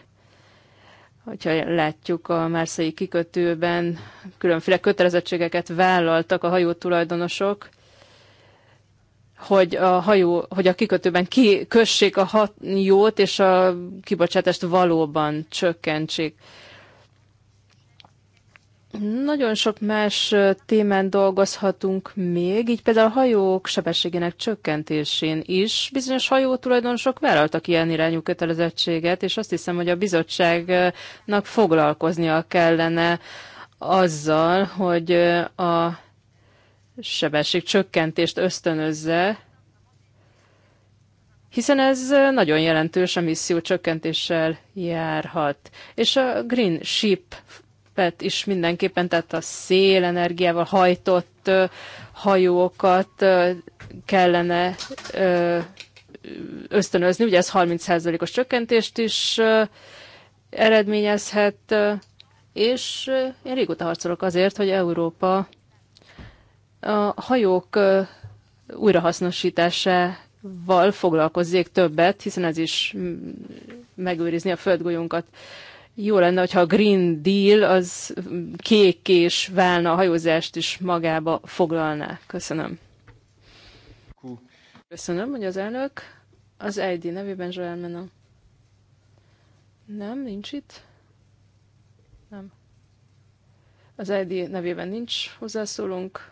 Hogyha látjuk a Márszai kikötőben, különféle kötelezettségeket vállaltak a hajó tulajdonosok, hogy a hajó, hogy a kikötőben kikössék a hajót, és a kibocsátást valóban csökkentsék. Nagyon sok más témán dolgozhatunk még, így például a hajók sebességének csökkentésén is. Bizonyos hajó tulajdonosok vállaltak ilyen irányú kötelezettséget, és azt hiszem, hogy a bizottságnak foglalkoznia kellene azzal, hogy a sebesség csökkentést ösztönözze, hiszen ez nagyon jelentős emisszió csökkentéssel járhat. És a Green Ship szerepet is mindenképpen, tehát a szélenergiával hajtott hajókat kellene ösztönözni, ugye ez 30%-os csökkentést is eredményezhet, és én régóta harcolok azért, hogy Európa a hajók újrahasznosításával foglalkozzék többet, hiszen ez is megőrizni a földgolyónkat. Jó lenne, hogyha a Green Deal az kék és válna a hajózást is magába foglalná. Köszönöm. Köszönöm, hogy az elnök. Az ID nevében Zsoel Menon. Nem, nincs itt. Nem. Az ID nevében nincs hozzászólunk.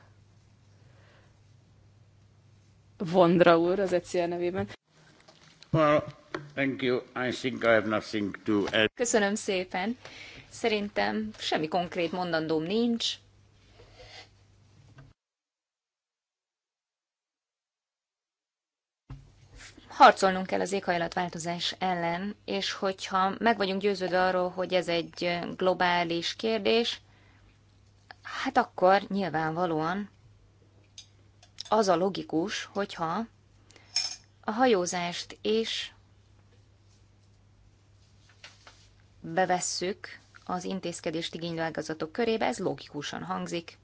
Vondra úr az ECR nevében. Well, Köszönöm szépen. Szerintem semmi konkrét mondandóm nincs. harcolnunk kell az éghajlatváltozás ellen, és hogyha meg vagyunk győződve arról, hogy ez egy globális kérdés, hát akkor nyilvánvalóan az a logikus, hogyha a hajózást és bevesszük az intézkedést igénylő ágazatok körébe, ez logikusan hangzik,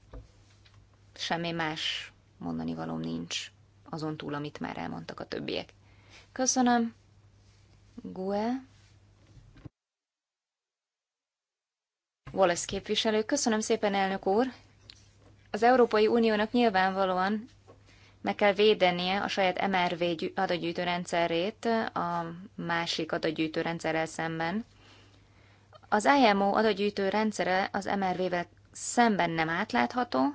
semmi más mondani valóm nincs, azon túl, amit már elmondtak a többiek. Köszönöm, Gue. Wallace képviselő, köszönöm szépen, elnök úr. Az Európai Uniónak nyilvánvalóan meg kell védenie a saját MRV adagyűjtő rendszerét a másik adagyűjtő rendszerrel szemben. Az IMO adagyűjtő rendszere az MRV-vel szemben nem átlátható,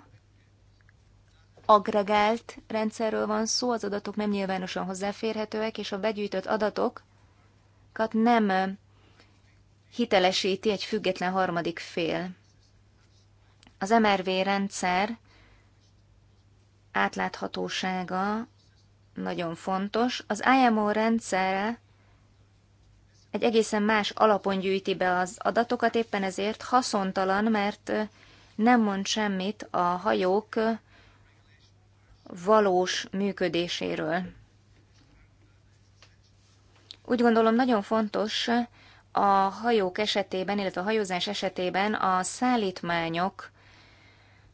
agregált rendszerről van szó, az adatok nem nyilvánosan hozzáférhetőek, és a begyűjtött adatokat nem hitelesíti egy független harmadik fél. Az MRV rendszer átláthatósága nagyon fontos. Az IMO rendszerre egy egészen más alapon gyűjti be az adatokat, éppen ezért haszontalan, mert nem mond semmit a hajók valós működéséről. Úgy gondolom nagyon fontos a hajók esetében, illetve a hajózás esetében a szállítmányok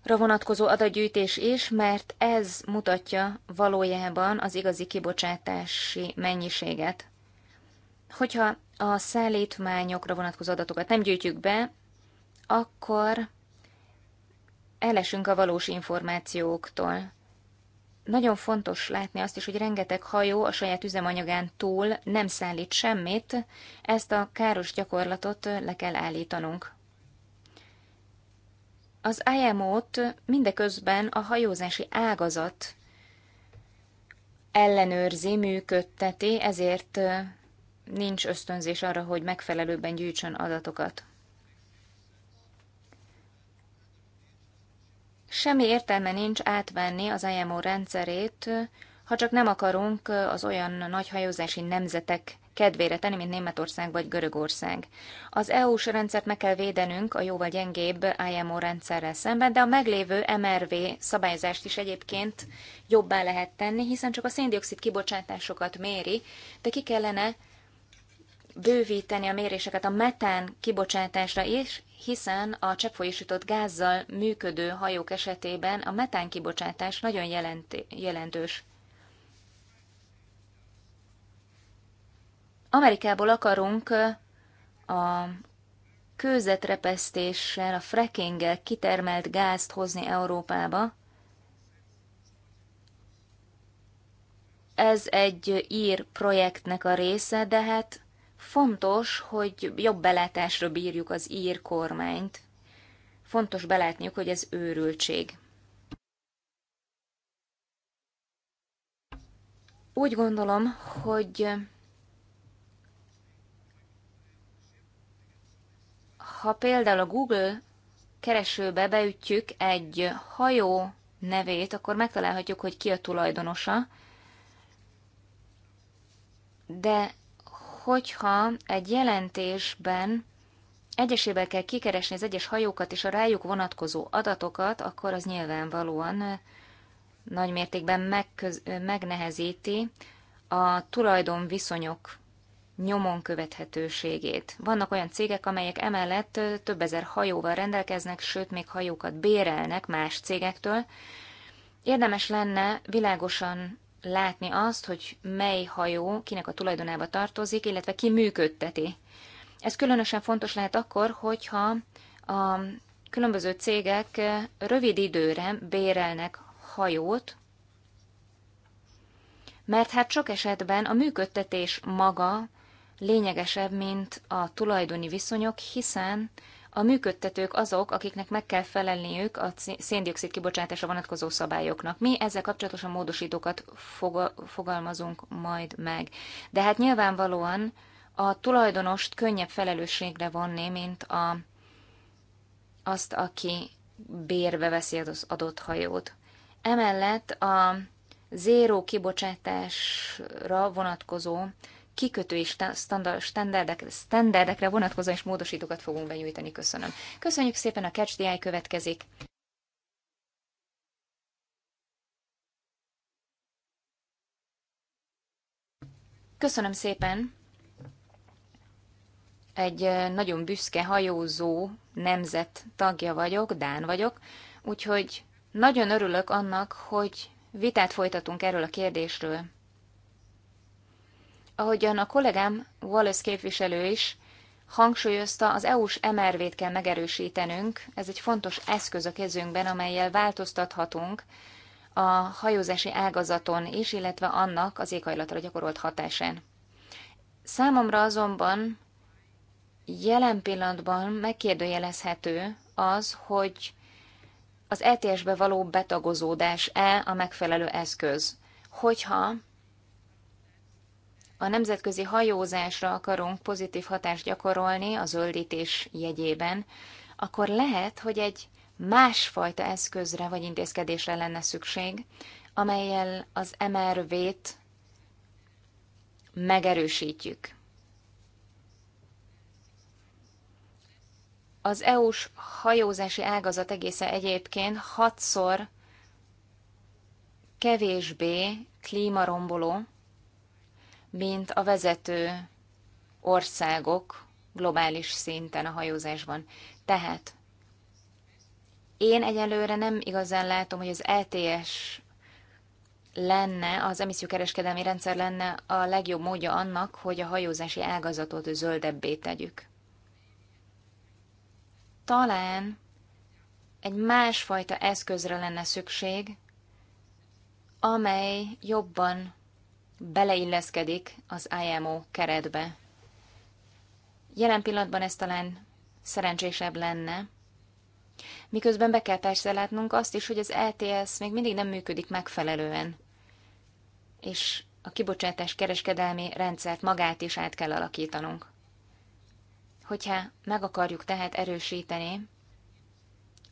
vonatkozó adatgyűjtés is, mert ez mutatja valójában az igazi kibocsátási mennyiséget. Hogyha a szállítmányokra vonatkozó adatokat nem gyűjtjük be, akkor elesünk a valós információktól. Nagyon fontos látni azt is, hogy rengeteg hajó a saját üzemanyagán túl nem szállít semmit, ezt a káros gyakorlatot le kell állítanunk. Az IMO-t mindeközben a hajózási ágazat ellenőrzi, működteti, ezért nincs ösztönzés arra, hogy megfelelőben gyűjtsön adatokat. Semmi értelme nincs átvenni az IMO rendszerét, ha csak nem akarunk az olyan nagy hajózási nemzetek kedvére tenni, mint Németország vagy Görögország. Az EU-s rendszert meg kell védenünk a jóval gyengébb IMO rendszerrel szemben, de a meglévő MRV szabályzást is egyébként jobbá lehet tenni, hiszen csak a széndiokszid kibocsátásokat méri, de ki kellene bővíteni a méréseket a metán kibocsátásra is, hiszen a cseppfolyósított gázzal működő hajók esetében a metán kibocsátás nagyon jelent, jelentős. Amerikából akarunk a kőzetrepesztéssel, a frackinggel kitermelt gázt hozni Európába. Ez egy ír projektnek a része, de hát Fontos, hogy jobb belátásra bírjuk az ír kormányt. Fontos belátniuk, hogy ez őrültség. Úgy gondolom, hogy ha például a Google keresőbe beütjük egy hajó nevét, akkor megtalálhatjuk, hogy ki a tulajdonosa, de hogyha egy jelentésben egyesével kell kikeresni az egyes hajókat és a rájuk vonatkozó adatokat, akkor az nyilvánvalóan nagy mértékben megköz, megnehezíti a tulajdonviszonyok nyomon követhetőségét. Vannak olyan cégek, amelyek emellett több ezer hajóval rendelkeznek, sőt, még hajókat bérelnek más cégektől. Érdemes lenne világosan látni azt, hogy mely hajó kinek a tulajdonába tartozik, illetve ki működteti. Ez különösen fontos lehet akkor, hogyha a különböző cégek rövid időre bérelnek hajót, mert hát sok esetben a működtetés maga lényegesebb, mint a tulajdoni viszonyok, hiszen a működtetők azok, akiknek meg kell felelniük a széndiokszid kibocsátása vonatkozó szabályoknak. Mi ezzel kapcsolatosan módosítókat fogalmazunk majd meg. De hát nyilvánvalóan a tulajdonost könnyebb felelősségre vonni, mint a, azt, aki bérbe veszi az adott hajót. Emellett a zéró kibocsátásra vonatkozó kikötői standardekre, standardekre vonatkozó és módosítókat fogunk benyújtani. Köszönöm. Köszönjük szépen, a Catch the Eye következik. Köszönöm szépen. Egy nagyon büszke hajózó nemzet tagja vagyok, Dán vagyok, úgyhogy nagyon örülök annak, hogy vitát folytatunk erről a kérdésről. Ahogyan a kollégám Wallace képviselő is hangsúlyozta, az EU-s MRV-t kell megerősítenünk, ez egy fontos eszköz a kezünkben, amelyel változtathatunk a hajózási ágazaton is, illetve annak az éghajlatra gyakorolt hatásán. Számomra azonban jelen pillanatban megkérdőjelezhető az, hogy az ETS-be való betagozódás-e a megfelelő eszköz. Hogyha a nemzetközi hajózásra akarunk pozitív hatást gyakorolni a zöldítés jegyében, akkor lehet, hogy egy másfajta eszközre vagy intézkedésre lenne szükség, amelyel az MRV-t megerősítjük. Az EU-s hajózási ágazat egészen egyébként hatszor kevésbé klímaromboló, mint a vezető országok globális szinten a hajózásban. Tehát én egyelőre nem igazán látom, hogy az ETS lenne, az emissziókereskedelmi rendszer lenne a legjobb módja annak, hogy a hajózási ágazatot zöldebbé tegyük. Talán egy másfajta eszközre lenne szükség, amely jobban beleilleszkedik az IMO keretbe. Jelen pillanatban ez talán szerencsésebb lenne, miközben be kell persze látnunk azt is, hogy az ETS még mindig nem működik megfelelően, és a kibocsátás kereskedelmi rendszert magát is át kell alakítanunk. Hogyha meg akarjuk tehát erősíteni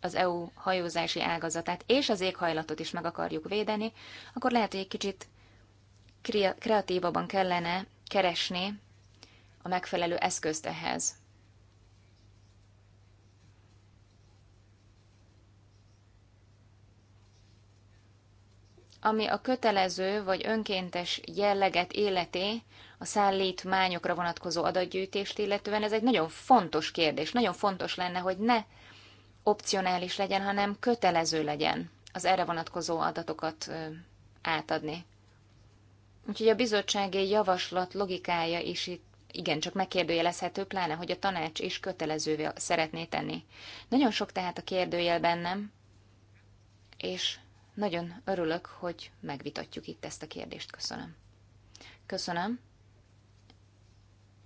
az EU hajózási ágazatát és az éghajlatot is meg akarjuk védeni, akkor lehet, hogy egy kicsit kreatívabban kellene keresni a megfelelő eszközt ehhez. Ami a kötelező vagy önkéntes jelleget életé, a szállítmányokra vonatkozó adatgyűjtést illetően, ez egy nagyon fontos kérdés. Nagyon fontos lenne, hogy ne opcionális legyen, hanem kötelező legyen az erre vonatkozó adatokat átadni. Úgyhogy a bizottsági javaslat logikája is itt csak megkérdőjelezhető, pláne, hogy a tanács is kötelezővé szeretné tenni. Nagyon sok tehát a kérdőjel bennem, és nagyon örülök, hogy megvitatjuk itt ezt a kérdést. Köszönöm. Köszönöm.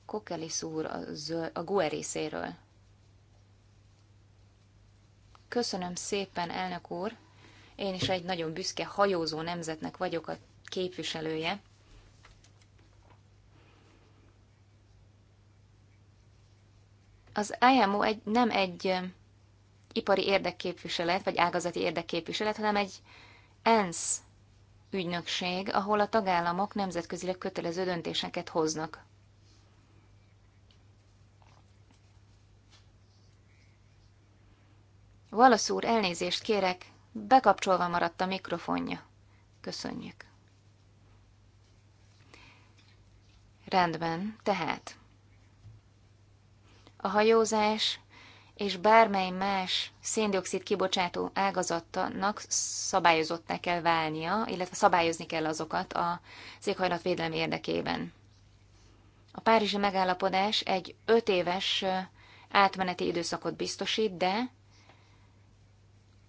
Kokelis úr a, zöld, a GUE részéről. Köszönöm szépen, elnök úr. Én is egy nagyon büszke hajózó nemzetnek vagyok a képviselője. Az IMO egy, nem egy ipari érdekképviselet, vagy ágazati érdekképviselet, hanem egy ENSZ ügynökség, ahol a tagállamok nemzetközileg kötelező döntéseket hoznak. Valasz úr, elnézést kérek, bekapcsolva maradt a mikrofonja. Köszönjük. Rendben, tehát a hajózás és bármely más széndiokszid kibocsátó ágazatnak szabályozottnak kell válnia, illetve szabályozni kell azokat a székhajlatvédelem érdekében. A Párizsi megállapodás egy öt éves átmeneti időszakot biztosít, de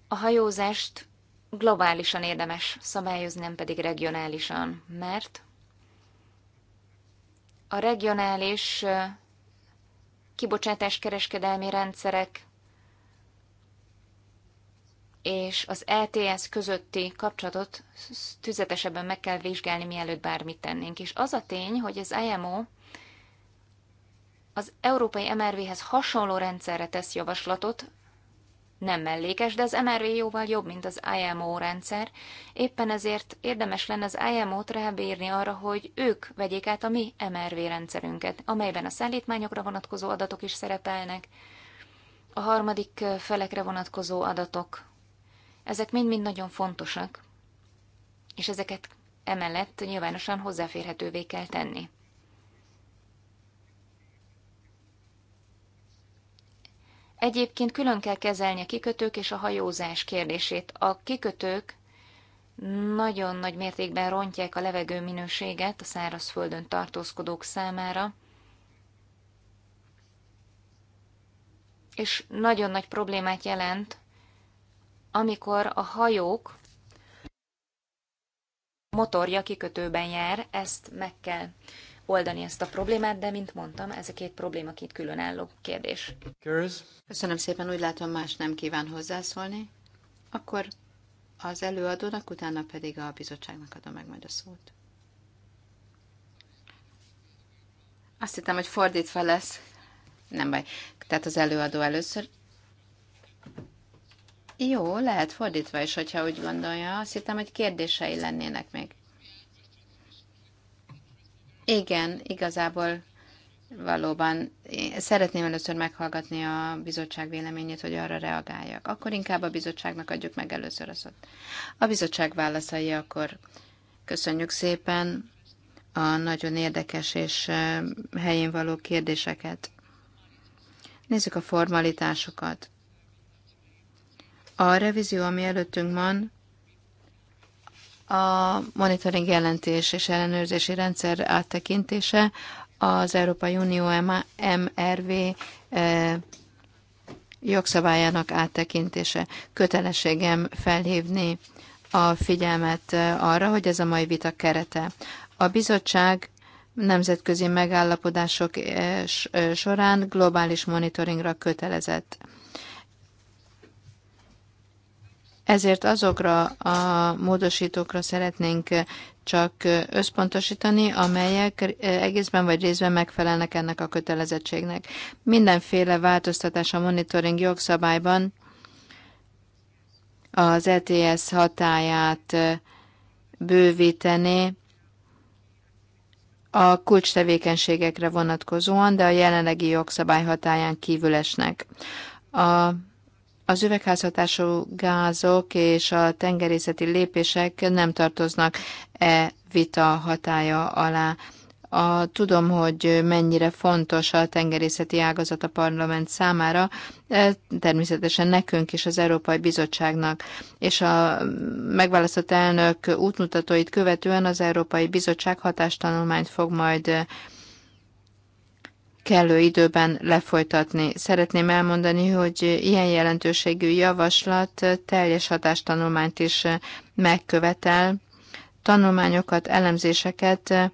a hajózást globálisan érdemes szabályozni, nem pedig regionálisan, mert a regionális kibocsátáskereskedelmi rendszerek és az ETS közötti kapcsolatot tüzetesebben meg kell vizsgálni, mielőtt bármit tennénk. És az a tény, hogy az IMO az európai MRV-hez hasonló rendszerre tesz javaslatot, nem mellékes, de az MRV er jóval jobb, mint az IMO rendszer, éppen ezért érdemes lenne az IMO-t rábírni arra, hogy ők vegyék át a mi MRV er rendszerünket, amelyben a szállítmányokra vonatkozó adatok is szerepelnek, a harmadik felekre vonatkozó adatok. Ezek mind-mind nagyon fontosak, és ezeket emellett nyilvánosan hozzáférhetővé kell tenni. Egyébként külön kell kezelni a kikötők és a hajózás kérdését. A kikötők nagyon nagy mértékben rontják a levegő minőséget a szárazföldön tartózkodók számára, és nagyon nagy problémát jelent, amikor a hajók motorja kikötőben jár, ezt meg kell oldani ezt a problémát, de mint mondtam, ez a két probléma két különálló kérdés. Köszönöm szépen, úgy látom más nem kíván hozzászólni. Akkor az előadónak, utána pedig a bizottságnak adom meg majd a szót. Azt hittem, hogy fordítva lesz. Nem baj. Tehát az előadó először. Jó, lehet fordítva is, hogyha úgy gondolja. Azt hittem, hogy kérdései lennének még. Igen, igazából valóban szeretném először meghallgatni a bizottság véleményét, hogy arra reagáljak. Akkor inkább a bizottságnak adjuk meg először a szót. A bizottság válaszai akkor köszönjük szépen a nagyon érdekes és helyén való kérdéseket. Nézzük a formalitásokat. A revízió, ami előttünk van, a monitoring jelentés és ellenőrzési rendszer áttekintése az Európai Unió MRV eh, jogszabályának áttekintése. Kötelességem felhívni a figyelmet eh, arra, hogy ez a mai vita kerete. A bizottság nemzetközi megállapodások eh, során globális monitoringra kötelezett. Ezért azokra a módosítókra szeretnénk csak összpontosítani, amelyek egészben vagy részben megfelelnek ennek a kötelezettségnek. Mindenféle változtatás a monitoring jogszabályban az ETS hatáját bővíteni a kulcs tevékenységekre vonatkozóan, de a jelenlegi jogszabály hatáján kívül esnek. A az üvegházhatású gázok és a tengerészeti lépések nem tartoznak e vita hatája alá. A, tudom, hogy mennyire fontos a tengerészeti ágazat a parlament számára, természetesen nekünk is, az Európai Bizottságnak. És a megválasztott elnök útmutatóit követően az Európai Bizottság hatástanulmányt fog majd kellő időben lefolytatni. Szeretném elmondani, hogy ilyen jelentőségű javaslat teljes hatástanulmányt is megkövetel, tanulmányokat, elemzéseket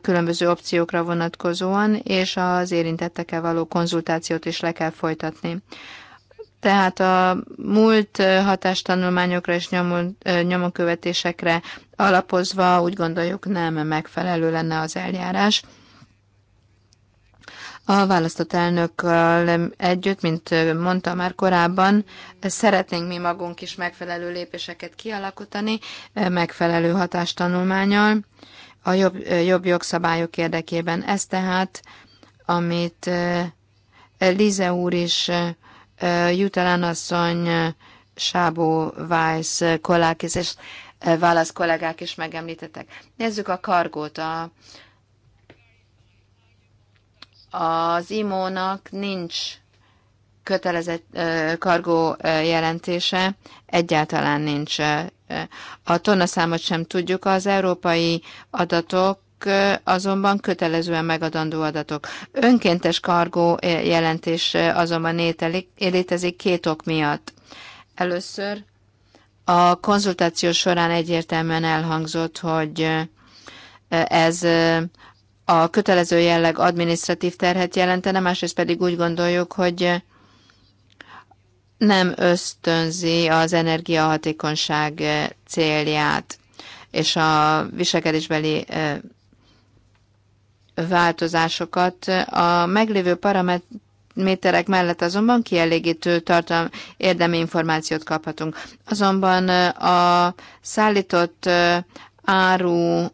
különböző opciókra vonatkozóan, és az érintettekkel való konzultációt is le kell folytatni. Tehát a múlt hatástanulmányokra és nyomon, nyomonkövetésekre alapozva úgy gondoljuk nem megfelelő lenne az eljárás. A választott elnökkel együtt, mint mondta már korábban, szeretnénk mi magunk is megfelelő lépéseket kialakítani, megfelelő hatástanulmányal a jobb, jobb jogszabályok érdekében. Ez tehát, amit eh, Lize úr is, eh, Jutalán asszony, eh, Sábó Vájsz, Kolákis és válasz kollégák is megemlítettek. Nézzük a kargót, a, az imónak nincs kötelezett kargó jelentése, egyáltalán nincs. A tonnaszámot sem tudjuk, az európai adatok azonban kötelezően megadandó adatok. Önkéntes kargó jelentés azonban létezik két ok miatt. Először a konzultáció során egyértelműen elhangzott, hogy ez a kötelező jelleg adminisztratív terhet jelentene, másrészt pedig úgy gondoljuk, hogy nem ösztönzi az energiahatékonyság célját és a viselkedésbeli változásokat. A meglévő paraméterek mellett azonban kielégítő tartalom érdemi információt kaphatunk. Azonban a szállított áru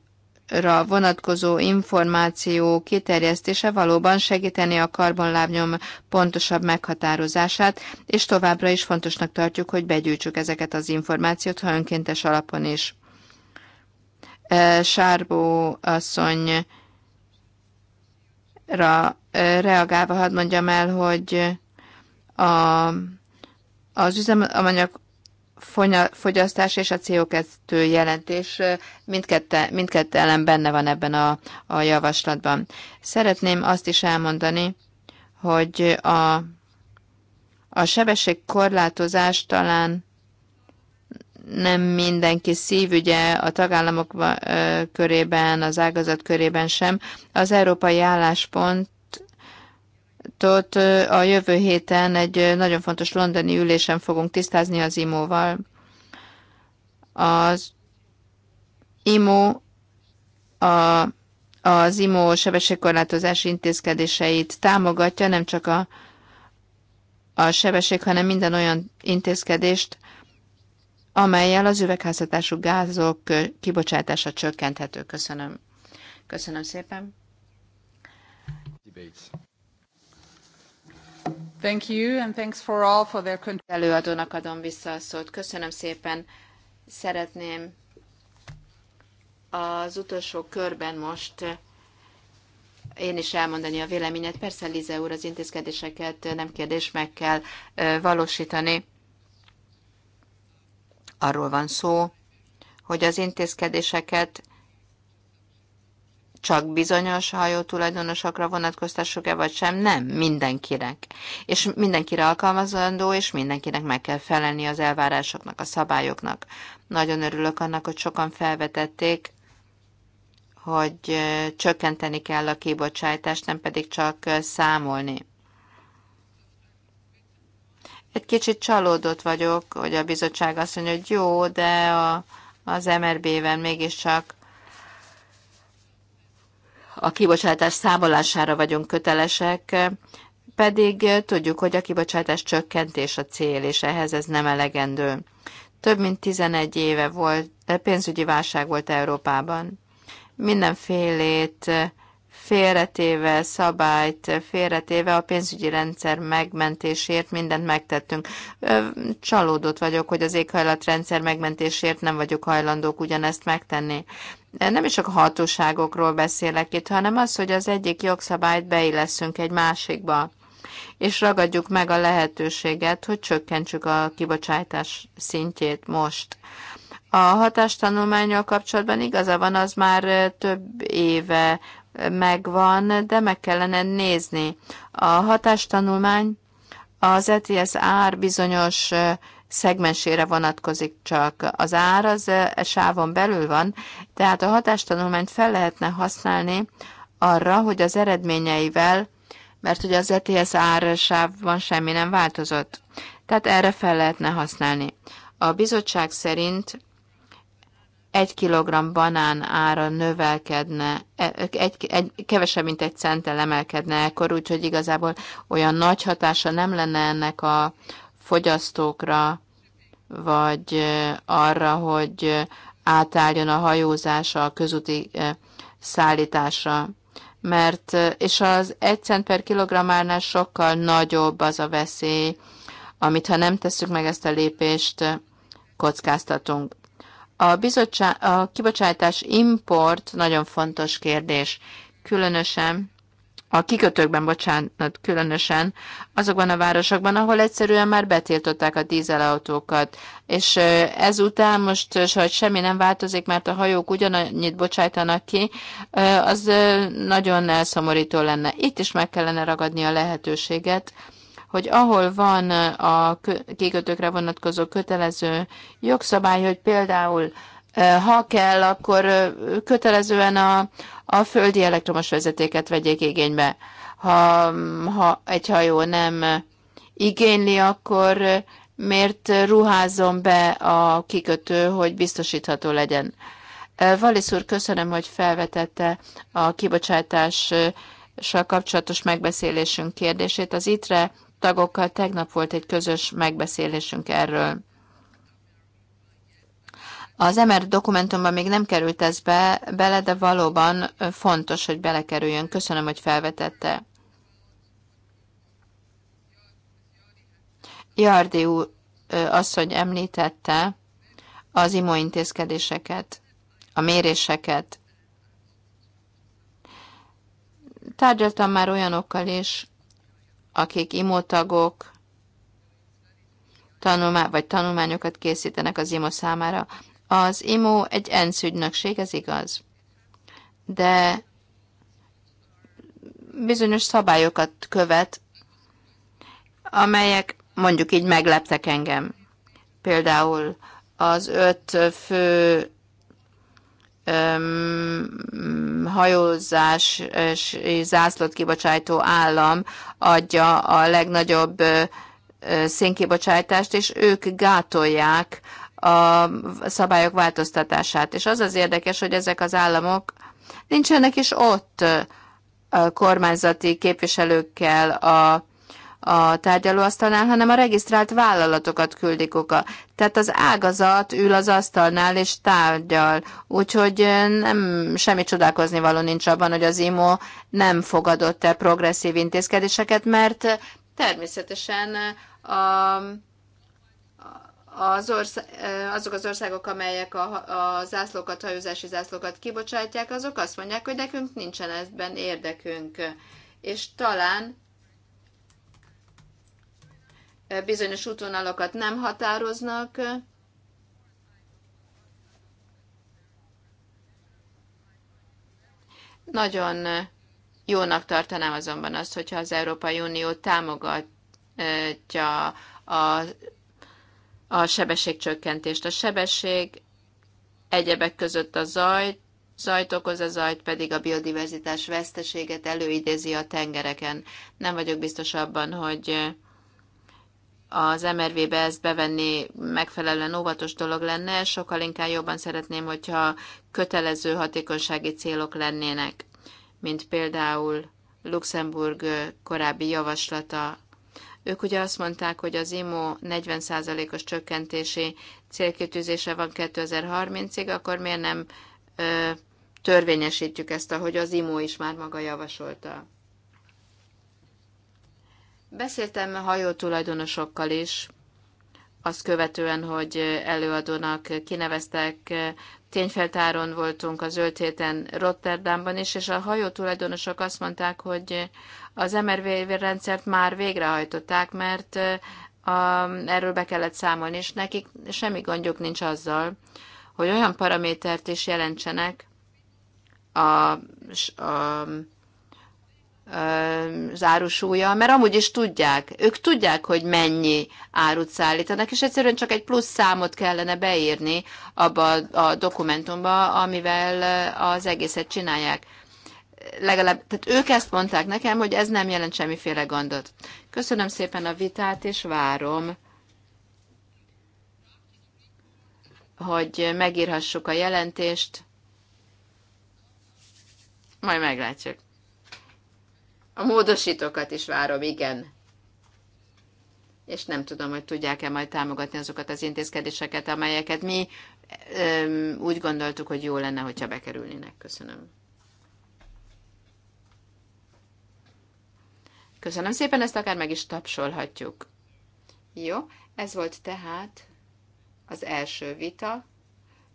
ra vonatkozó információ kiterjesztése valóban segíteni a karbonlábnyom pontosabb meghatározását, és továbbra is fontosnak tartjuk, hogy begyűjtsük ezeket az információt, ha önkéntes alapon is. Sárbó asszonyra reagálva hadd mondjam el, hogy a, az üzemanyag fogyasztás és a CO2 jelentés mindkette, mindkette ellen benne van ebben a, a javaslatban. Szeretném azt is elmondani, hogy a, a sebességkorlátozás talán nem mindenki szívügye a tagállamok körében, az ágazat körében sem. Az európai álláspont pontot a jövő héten egy nagyon fontos londoni ülésen fogunk tisztázni az IMO-val. Az IMO a, az IMO sebességkorlátozási intézkedéseit támogatja, nem csak a, a sebesség, hanem minden olyan intézkedést, amelyel az üvegházhatású gázok kibocsátása csökkenthető. Köszönöm. Köszönöm szépen. Debates. Thank you, and thanks for all for their Előadónak adom vissza a szót. Köszönöm szépen. Szeretném az utolsó körben most én is elmondani a véleményet. Persze, Lize úr, az intézkedéseket nem kérdés, meg kell valósítani. Arról van szó, hogy az intézkedéseket csak bizonyos hajó tulajdonosokra vonatkoztassuk-e, vagy sem? Nem, mindenkinek. És mindenkire alkalmazandó, és mindenkinek meg kell felelni az elvárásoknak, a szabályoknak. Nagyon örülök annak, hogy sokan felvetették, hogy csökkenteni kell a kibocsátást, nem pedig csak számolni. Egy kicsit csalódott vagyok, hogy a bizottság azt mondja, hogy jó, de a, az MRB-ben mégiscsak a kibocsátás számolására vagyunk kötelesek, pedig tudjuk, hogy a kibocsátás csökkentés a cél, és ehhez ez nem elegendő. Több mint 11 éve volt, eh, pénzügyi válság volt Európában. Mindenfélét félretéve szabályt, félretéve a pénzügyi rendszer megmentésért mindent megtettünk. Csalódott vagyok, hogy az éghajlatrendszer megmentésért nem vagyok hajlandók ugyanezt megtenni. Nem is csak a hatóságokról beszélek itt, hanem az, hogy az egyik jogszabályt beilleszünk egy másikba és ragadjuk meg a lehetőséget, hogy csökkentsük a kibocsátás szintjét most. A hatástanulmányok kapcsolatban igaza van, az már több éve megvan, de meg kellene nézni. A hatástanulmány az ETS ár bizonyos szegmensére vonatkozik csak. Az ár az e sávon belül van, tehát a hatástanulmányt fel lehetne használni arra, hogy az eredményeivel, mert ugye az ETS ár sávban semmi nem változott. Tehát erre fel lehetne használni. A bizottság szerint egy kilogramm banán ára növelkedne, e, egy, egy, kevesebb, mint egy centtel emelkedne ekkor, úgyhogy igazából olyan nagy hatása nem lenne ennek a fogyasztókra, vagy arra, hogy átálljon a hajózása a közúti szállításra. Mert, és az egy cent per kilogrammárnál sokkal nagyobb az a veszély, amit ha nem tesszük meg ezt a lépést, kockáztatunk. A, a kibocsátás import nagyon fontos kérdés, különösen a kikötőkben, bocsánat, különösen azokban a városokban, ahol egyszerűen már betiltották a dízelautókat, és ezután most, hogy semmi nem változik, mert a hajók ugyanannyit bocsájtanak ki, az nagyon elszomorító lenne. Itt is meg kellene ragadni a lehetőséget, hogy ahol van a kikötőkre vonatkozó kötelező jogszabály, hogy például ha kell, akkor kötelezően a, a földi elektromos vezetéket vegyék igénybe. Ha, ha egy hajó nem igényli, akkor miért ruházom be a kikötő, hogy biztosítható legyen. Valisz úr, köszönöm, hogy felvetette a kibocsátással kapcsolatos megbeszélésünk kérdését. Az ITRE tagokkal tegnap volt egy közös megbeszélésünk erről. Az MR dokumentumban még nem került ez be, bele, de valóban fontos, hogy belekerüljön. Köszönöm, hogy felvetette. Jardi úr, asszony említette az imóintézkedéseket, a méréseket. Tárgyaltam már olyanokkal is, akik imótagok, tanulmá vagy tanulmányokat készítenek az IMO számára. Az IMO egy ENSZ ügynökség, ez igaz. De bizonyos szabályokat követ, amelyek mondjuk így megleptek engem. Például az öt fő hajózás és zászlót kibocsátó állam adja a legnagyobb szénkibocsátást, és ők gátolják a szabályok változtatását. És az az érdekes, hogy ezek az államok nincsenek is ott a kormányzati képviselőkkel a a tárgyalóasztalnál, hanem a regisztrált vállalatokat küldik oka. Tehát az ágazat ül az asztalnál és tárgyal. Úgyhogy nem semmi csodálkozni való nincs abban, hogy az IMO nem fogadott el progresszív intézkedéseket, mert természetesen a, az ország, azok az országok, amelyek a, a zászlókat, hajózási zászlókat kibocsátják, azok azt mondják, hogy nekünk nincsen ebben érdekünk. És talán bizonyos útvonalakat nem határoznak, Nagyon jónak tartanám azonban azt, hogyha az Európai Unió támogatja a, a sebességcsökkentést. A sebesség egyebek között a zajt, zajt okoz, a zajt pedig a biodiverzitás veszteséget előidézi a tengereken. Nem vagyok biztos abban, hogy az MRV-be ezt bevenni megfelelően óvatos dolog lenne, sokkal inkább jobban szeretném, hogyha kötelező hatékonysági célok lennének, mint például Luxemburg korábbi javaslata. Ők ugye azt mondták, hogy az IMO 40%-os csökkentési célkitűzése van 2030-ig, akkor miért nem ö, törvényesítjük ezt, ahogy az IMO is már maga javasolta. Beszéltem hajó tulajdonosokkal is, azt követően, hogy előadónak kineveztek, tényfeltáron voltunk az zöld héten Rotterdamban is, és a hajó tulajdonosok azt mondták, hogy az MRV rendszert már végrehajtották, mert a, erről be kellett számolni, és nekik semmi gondjuk nincs azzal, hogy olyan paramétert is jelentsenek a, a zárusúja, mert amúgy is tudják, ők tudják, hogy mennyi árut szállítanak, és egyszerűen csak egy plusz számot kellene beírni abba a dokumentumba, amivel az egészet csinálják. Legalább, tehát ők ezt mondták nekem, hogy ez nem jelent semmiféle gondot. Köszönöm szépen a vitát, és várom, hogy megírhassuk a jelentést. Majd meglátjuk. A módosítókat is várom, igen. És nem tudom, hogy tudják-e majd támogatni azokat az intézkedéseket, amelyeket mi öm, úgy gondoltuk, hogy jó lenne, hogyha bekerülnének. Köszönöm. Köszönöm szépen, ezt akár meg is tapsolhatjuk. Jó, ez volt tehát az első vita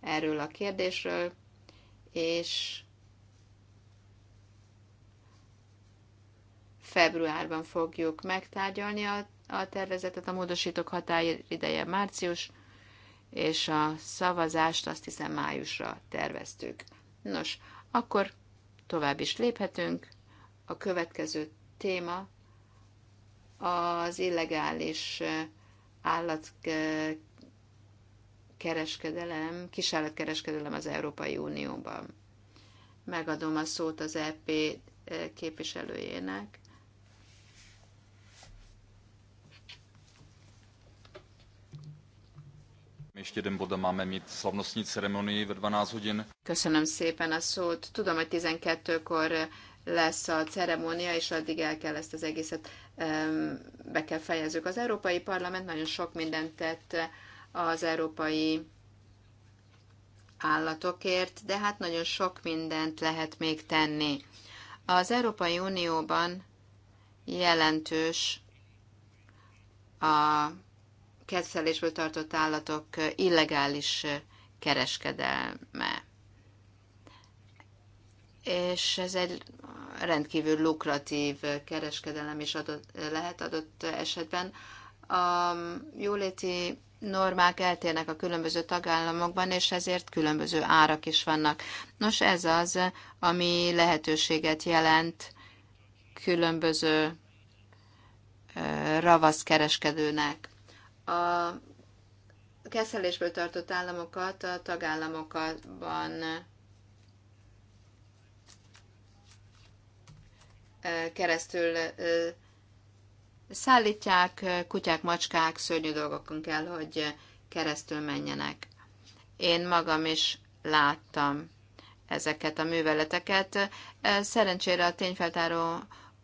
erről a kérdésről, és februárban fogjuk megtárgyalni a, a tervezetet, a módosítók határideje március, és a szavazást azt hiszem májusra terveztük. Nos, akkor tovább is léphetünk. A következő téma az illegális állatkereskedelem, kisállatkereskedelem az Európai Unióban. Megadom a szót az EP képviselőjének, Ještě jeden bod, máme mít slavnostní ceremonii ve 12 hodin. Köszönöm szépen a szót. Tudom, hogy 12-kor lesz a ceremónia, és addig el kell ezt az egészet be kell fejezzük. Az Európai Parlament nagyon sok mindent tett az európai állatokért, de hát nagyon sok mindent lehet még tenni. Az Európai Unióban jelentős a kezelésből tartott állatok illegális kereskedelme. És ez egy rendkívül lukratív kereskedelem is adott, lehet adott esetben. A jóléti normák eltérnek a különböző tagállamokban, és ezért különböző árak is vannak. Nos, ez az, ami lehetőséget jelent különböző ravasz kereskedőnek a keszelésből tartott államokat a tagállamokban keresztül szállítják, kutyák, macskák, szörnyű dolgokon kell, hogy keresztül menjenek. Én magam is láttam ezeket a műveleteket. Szerencsére a tényfeltáró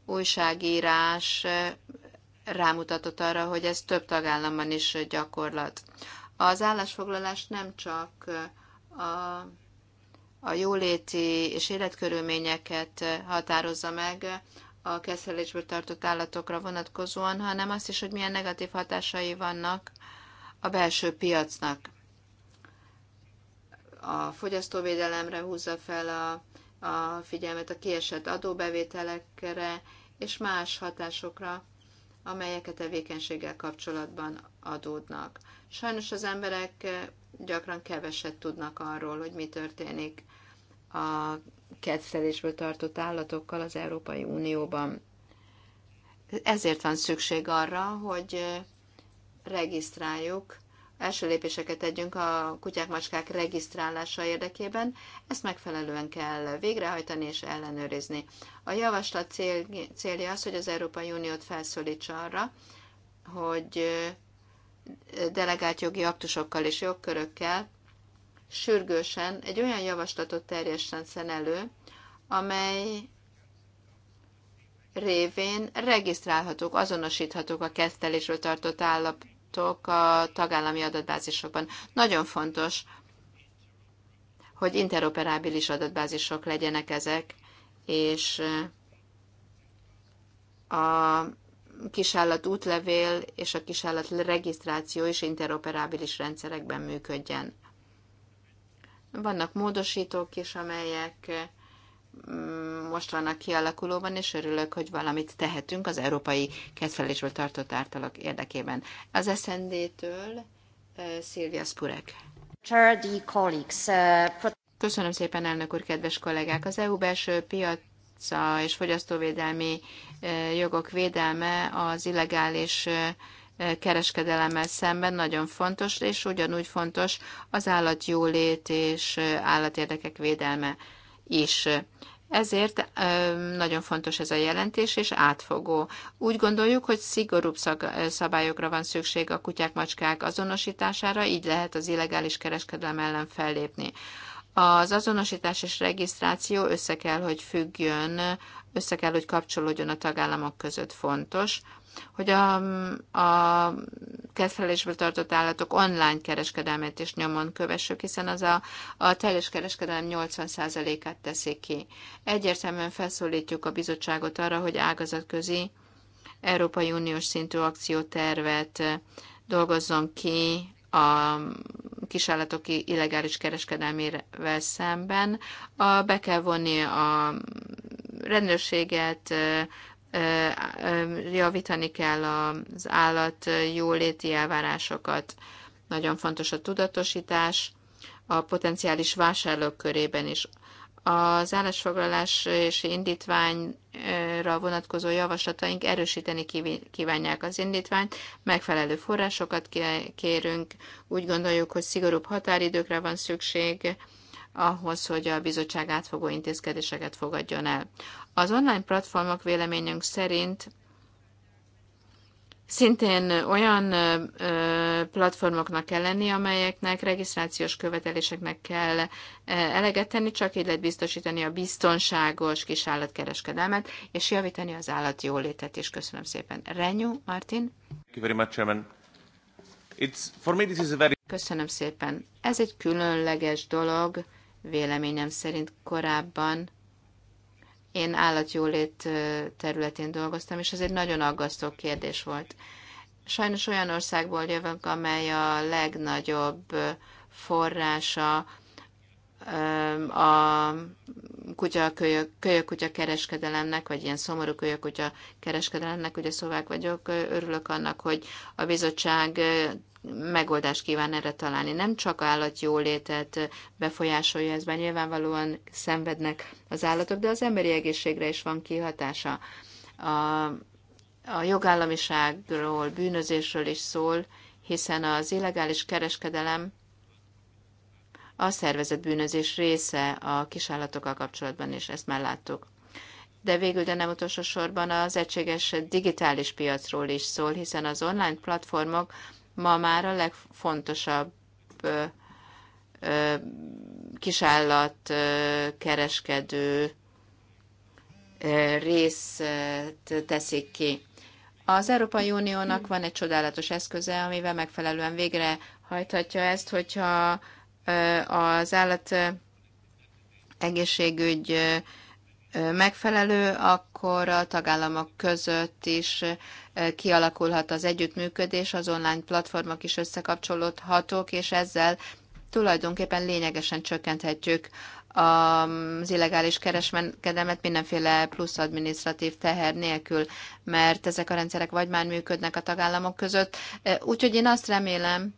újságírás rámutatott arra, hogy ez több tagállamban is gyakorlat. Az állásfoglalás nem csak a, a jóléti és életkörülményeket határozza meg a keszelésből tartott állatokra vonatkozóan, hanem azt is, hogy milyen negatív hatásai vannak a belső piacnak. A fogyasztóvédelemre húzza fel a, a figyelmet a kiesett adóbevételekre és más hatásokra, amelyek a tevékenységgel kapcsolatban adódnak. Sajnos az emberek eh, gyakran keveset tudnak arról, hogy mi történik a kedvelésből tartott állatokkal az Európai Unióban. Ezért van szükség arra, hogy eh, regisztráljuk első lépéseket tegyünk a kutyák-macskák regisztrálása érdekében, ezt megfelelően kell végrehajtani és ellenőrizni. A javaslat cél, célja az, hogy az Európai Uniót felszólítsa arra, hogy delegált jogi aktusokkal és jogkörökkel sürgősen egy olyan javaslatot szen elő, amely révén regisztrálhatók, azonosíthatók a kezdtelésről tartott állap, adatok a tagállami adatbázisokban. Nagyon fontos, hogy interoperábilis adatbázisok legyenek ezek, és a kisállat útlevél és a kisállat regisztráció is interoperábilis rendszerekben működjen. Vannak módosítók is, amelyek Mm, most vannak kialakulóban, és örülök, hogy valamit tehetünk az európai kezdfelésből tartott ártalak érdekében. Az SND-től Szilvia Spurek. Uh, Köszönöm szépen, elnök úr, kedves kollégák! Az EU belső piaca és fogyasztóvédelmi jogok védelme az illegális kereskedelemmel szemben nagyon fontos, és ugyanúgy fontos az állatjólét és állatérdekek védelme is. Ezért nagyon fontos ez a jelentés, és átfogó. Úgy gondoljuk, hogy szigorúbb szabályokra van szükség a kutyák-macskák azonosítására, így lehet az illegális kereskedelem ellen fellépni. Az azonosítás és regisztráció össze kell, hogy függjön, össze kell, hogy kapcsolódjon a tagállamok között fontos, hogy a, a kedvelésből tartott állatok online kereskedelmet is nyomon kövessük, hiszen az a, a teljes kereskedelem 80%-át teszi ki. Egyértelműen felszólítjuk a bizottságot arra, hogy ágazatközi Európai Uniós szintű akciótervet dolgozzon ki a kisállatok illegális kereskedelmével szemben. A, be kell vonni a rendőrséget, javítani kell az állat jóléti elvárásokat. Nagyon fontos a tudatosítás a potenciális vásárlók körében is. Az állásfoglalás és indítványra vonatkozó javaslataink erősíteni kívánják az indítványt, megfelelő forrásokat kérünk, úgy gondoljuk, hogy szigorúbb határidőkre van szükség, ahhoz, hogy a bizottság átfogó intézkedéseket fogadjon el. Az online platformok véleményünk szerint szintén olyan platformoknak kell lenni, amelyeknek regisztrációs követeléseknek kell eleget tenni, csak így lehet biztosítani a biztonságos kisállatkereskedelmet, és javítani az állat jólétet is. Köszönöm szépen. Renyu, Martin. Köszönöm szépen. Ez egy különleges dolog, véleményem szerint korábban én állatjólét területén dolgoztam, és ez egy nagyon aggasztó kérdés volt. Sajnos olyan országból jövünk, amely a legnagyobb forrása a kutya, kölyök, kölyök kutya kereskedelemnek, vagy ilyen szomorú kölyök kutya kereskedelemnek, ugye szlovák vagyok, örülök annak, hogy a bizottság megoldást kíván erre találni. Nem csak állatjólétet befolyásolja ez, bár nyilvánvalóan szenvednek az állatok, de az emberi egészségre is van kihatása. A, a jogállamiságról, bűnözésről is szól, hiszen az illegális kereskedelem a szervezett bűnözés része a kisállatokkal kapcsolatban is, ezt már láttuk. De végül, de nem utolsó sorban az egységes digitális piacról is szól, hiszen az online platformok ma már a legfontosabb kisállat kereskedő részt teszik ki. Az Európai Uniónak van egy csodálatos eszköze, amivel megfelelően végre hajthatja ezt, hogyha az állat egészségügy megfelelő, akkor akkor a tagállamok között is kialakulhat az együttműködés, az online platformok is összekapcsolódhatók, és ezzel tulajdonképpen lényegesen csökkenthetjük az illegális kereskedelmet mindenféle plusz adminisztratív teher nélkül, mert ezek a rendszerek vagy már működnek a tagállamok között. Úgyhogy én azt remélem,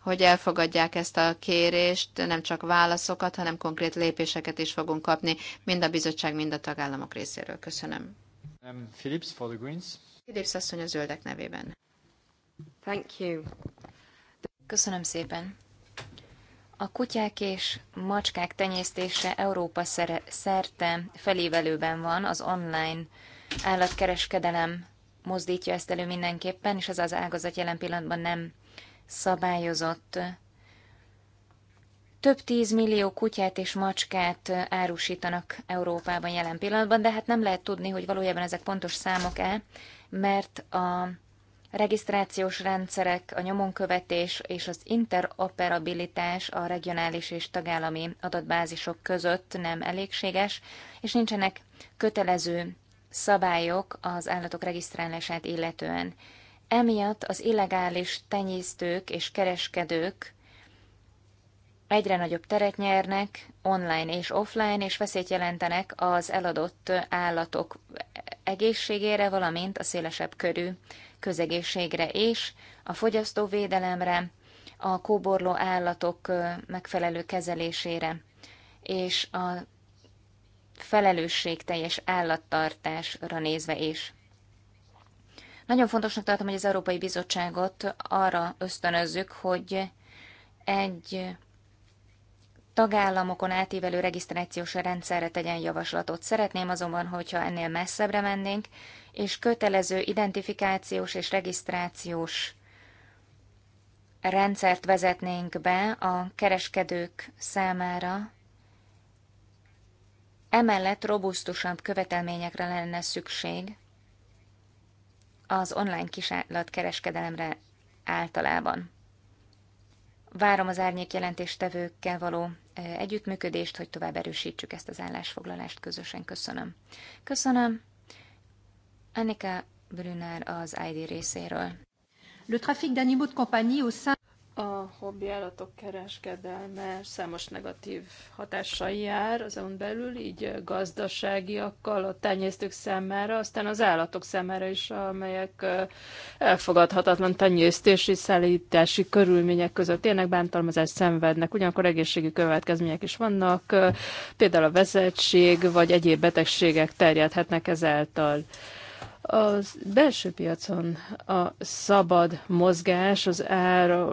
hogy elfogadják ezt a kérést, nem csak válaszokat, hanem konkrét lépéseket is fogunk kapni, mind a bizottság, mind a tagállamok részéről. Köszönöm. Um, Philips for the Greens. Philips asszony a zöldek nevében. Thank you. Köszönöm szépen. A kutyák és macskák tenyésztése Európa szerte felévelőben van, az online állatkereskedelem mozdítja ezt elő mindenképpen, és az az ágazat jelen pillanatban nem szabályozott. Több tízmillió kutyát és macskát árusítanak Európában jelen pillanatban, de hát nem lehet tudni, hogy valójában ezek pontos számok-e, mert a regisztrációs rendszerek, a nyomonkövetés és az interoperabilitás a regionális és tagállami adatbázisok között nem elégséges, és nincsenek kötelező szabályok az állatok regisztrálását illetően. Emiatt az illegális tenyésztők és kereskedők egyre nagyobb teret nyernek online és offline, és veszélyt jelentenek az eladott állatok egészségére, valamint a szélesebb körű közegészségre és a fogyasztóvédelemre, a kóborló állatok megfelelő kezelésére és a felelősségteljes állattartásra nézve is. Nagyon fontosnak tartom, hogy az Európai Bizottságot arra ösztönözzük, hogy egy tagállamokon átívelő regisztrációs rendszerre tegyen javaslatot. Szeretném azonban, hogyha ennél messzebbre mennénk, és kötelező identifikációs és regisztrációs rendszert vezetnénk be a kereskedők számára. Emellett robusztusabb követelményekre lenne szükség az online kisállatkereskedelemre általában. Várom az árnyék jelentéstevőkkel való együttműködést, hogy tovább erősítsük ezt az állásfoglalást közösen. Köszönöm. Köszönöm. Annika Brunner az ID részéről. Le trafic d'animaux de compagnie au sein a hobbi állatok kereskedelme számos negatív hatással jár Azon belül, így gazdaságiakkal a tenyésztők számára, aztán az állatok számára is, amelyek elfogadhatatlan tenyésztési, szállítási körülmények között élnek, bántalmazást szenvednek, ugyanakkor egészségi következmények is vannak, például a vezetség vagy egyéb betegségek terjedhetnek ezáltal. Az belső piacon a szabad mozgás az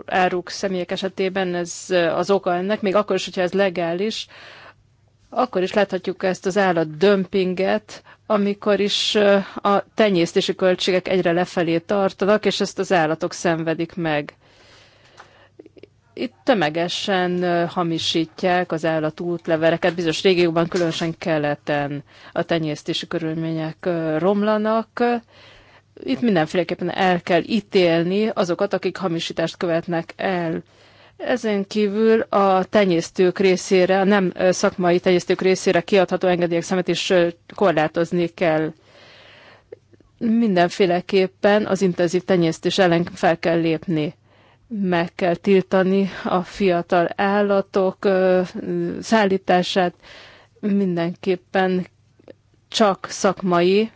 áruk személyek esetében ez eh, az oka ennek, még akkor is, hogyha ez legális, akkor is láthatjuk ezt az állat dömpinget, amikor is eh, a tenyésztési költségek egyre lefelé tartanak, és ezt az állatok szenvedik meg itt tömegesen hamisítják az útlevereket. bizonyos régiókban, különösen keleten a tenyésztési körülmények romlanak. Itt mindenféleképpen el kell ítélni azokat, akik hamisítást követnek el. Ezen kívül a tenyésztők részére, a nem szakmai tenyésztők részére kiadható engedélyek szemet is korlátozni kell. Mindenféleképpen az intenzív tenyésztés ellen fel kell lépni meg kell tiltani a fiatal állatok szállítását, mindenképpen csak szakmai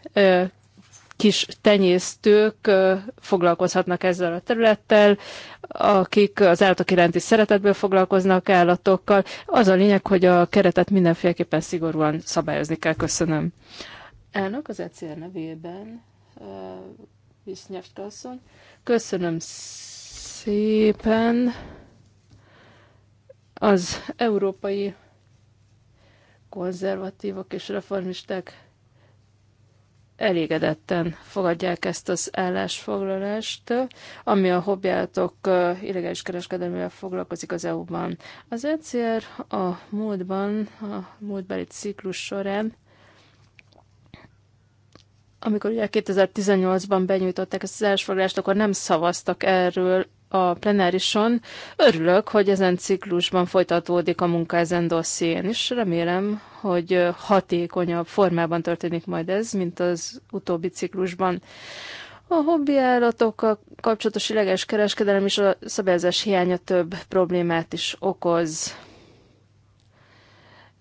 kis tenyésztők foglalkozhatnak ezzel a területtel, akik az állatok iránti szeretetből foglalkoznak állatokkal. Az a lényeg, hogy a keretet mindenféleképpen szigorúan szabályozni kell. Köszönöm. Elnök az ECR nevében, Visznyevska Köszönöm szépen. Az európai konzervatívok és reformisták elégedetten fogadják ezt az állásfoglalást, ami a hobbjátok illegális kereskedelmével foglalkozik az EU-ban. Az ECR a múltban, a múltbeli ciklus során amikor ugye 2018-ban benyújtották ezt az állásfoglalást, akkor nem szavaztak erről a plenárison. Örülök, hogy ezen ciklusban folytatódik a munka ezen dosszién és Remélem, hogy hatékonyabb formában történik majd ez, mint az utóbbi ciklusban. A hobbi állatokkal kapcsolatos ileges kereskedelem és a szabályozás hiánya több problémát is okoz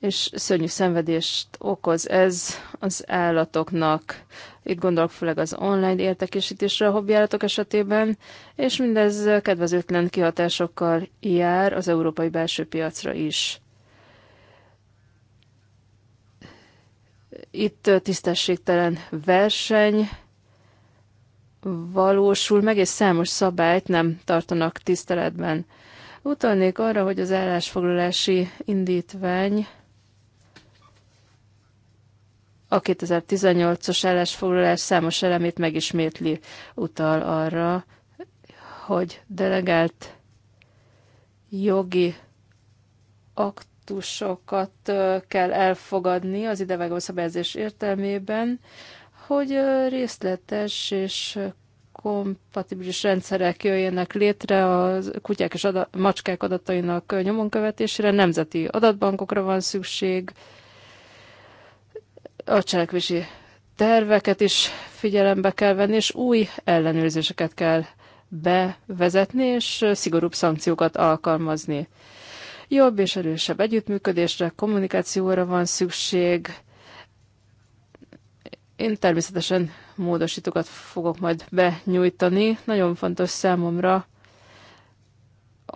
és szörnyű szenvedést okoz ez az állatoknak. Itt gondolok főleg az online értekesítésre a hobbiállatok esetében, és mindez kedvezőtlen kihatásokkal jár az európai belső piacra is. Itt tisztességtelen verseny valósul meg, és számos szabályt nem tartanak tiszteletben. Utalnék arra, hogy az állásfoglalási indítvány a 2018-os állásfoglalás számos elemét megismétli, utal arra, hogy delegált jogi aktusokat kell elfogadni az idevágó szabályozás értelmében, hogy részletes és kompatibilis rendszerek jöjjenek létre a kutyák és ada- macskák adatainak nyomon követésére, nemzeti adatbankokra van szükség, a cselekvési terveket is figyelembe kell venni, és új ellenőrzéseket kell bevezetni, és szigorúbb szankciókat alkalmazni. Jobb és erősebb együttműködésre, kommunikációra van szükség. Én természetesen módosítókat fogok majd benyújtani. Nagyon fontos számomra,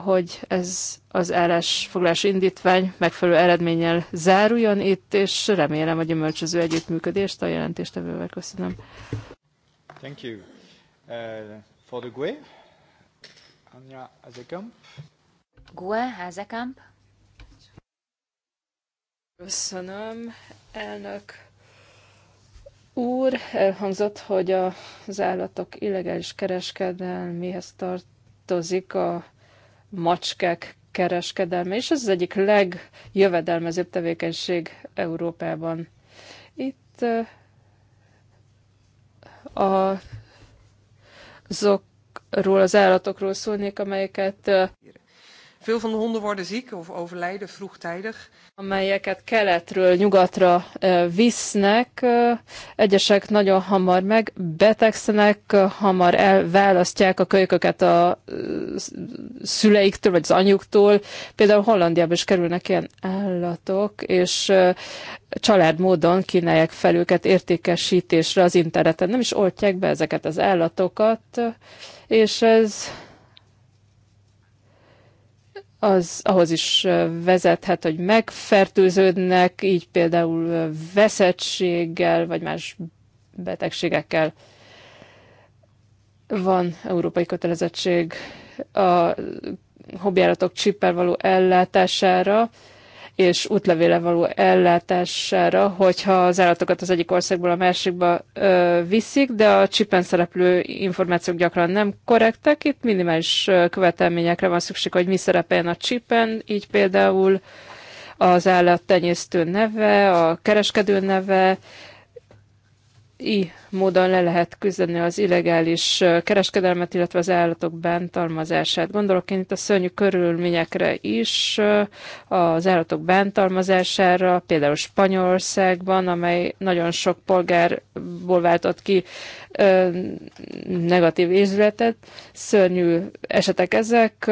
hogy ez az állásfoglalás indítvány megfelelő eredménnyel záruljon itt, és remélem a gyümölcsöző együttműködést a jelentéstevővel. Köszönöm. Thank you. Uh, for the GUE, Anja Azekamp. GUE Azekamp. Köszönöm, elnök úr. Elhangzott, hogy az állatok illegális kereskedelméhez tartozik a macskák kereskedelme, és ez az egyik legjövedelmezőbb tevékenység Európában. Itt a, azokról az állatokról szólnék, amelyeket Veel van de honden worden ziek of overlijden vroegtijdig. Amelyeket keletről nyugatra eh, visznek, eh, egyesek nagyon hamar megbetegszenek, hamar elválasztják a kölyköket a eh, szüleiktől vagy az anyuktól. Például Hollandiában is kerülnek ilyen állatok, és családmódon kínálják fel őket értékesítésre az interneten. Nem is oltják be ezeket az állatokat, és ez az ahhoz is vezethet, hogy megfertőződnek, így például veszettséggel, vagy más betegségekkel van európai kötelezettség a hobbjáratok csippel való ellátására, és útlevéle való ellátására, hogyha az állatokat az egyik országból a másikba ö, viszik, de a csipen szereplő információk gyakran nem korrektek. Itt minimális követelményekre van szükség, hogy mi szerepeljen a csipen, így például az állattenyésztő neve, a kereskedő neve, i módon le lehet küzdeni az illegális kereskedelmet, illetve az állatok bántalmazását. Gondolok én itt a szörnyű körülményekre is, az állatok bántalmazására, például Spanyolországban, amely nagyon sok polgárból váltott ki negatív érzületet. Szörnyű esetek ezek.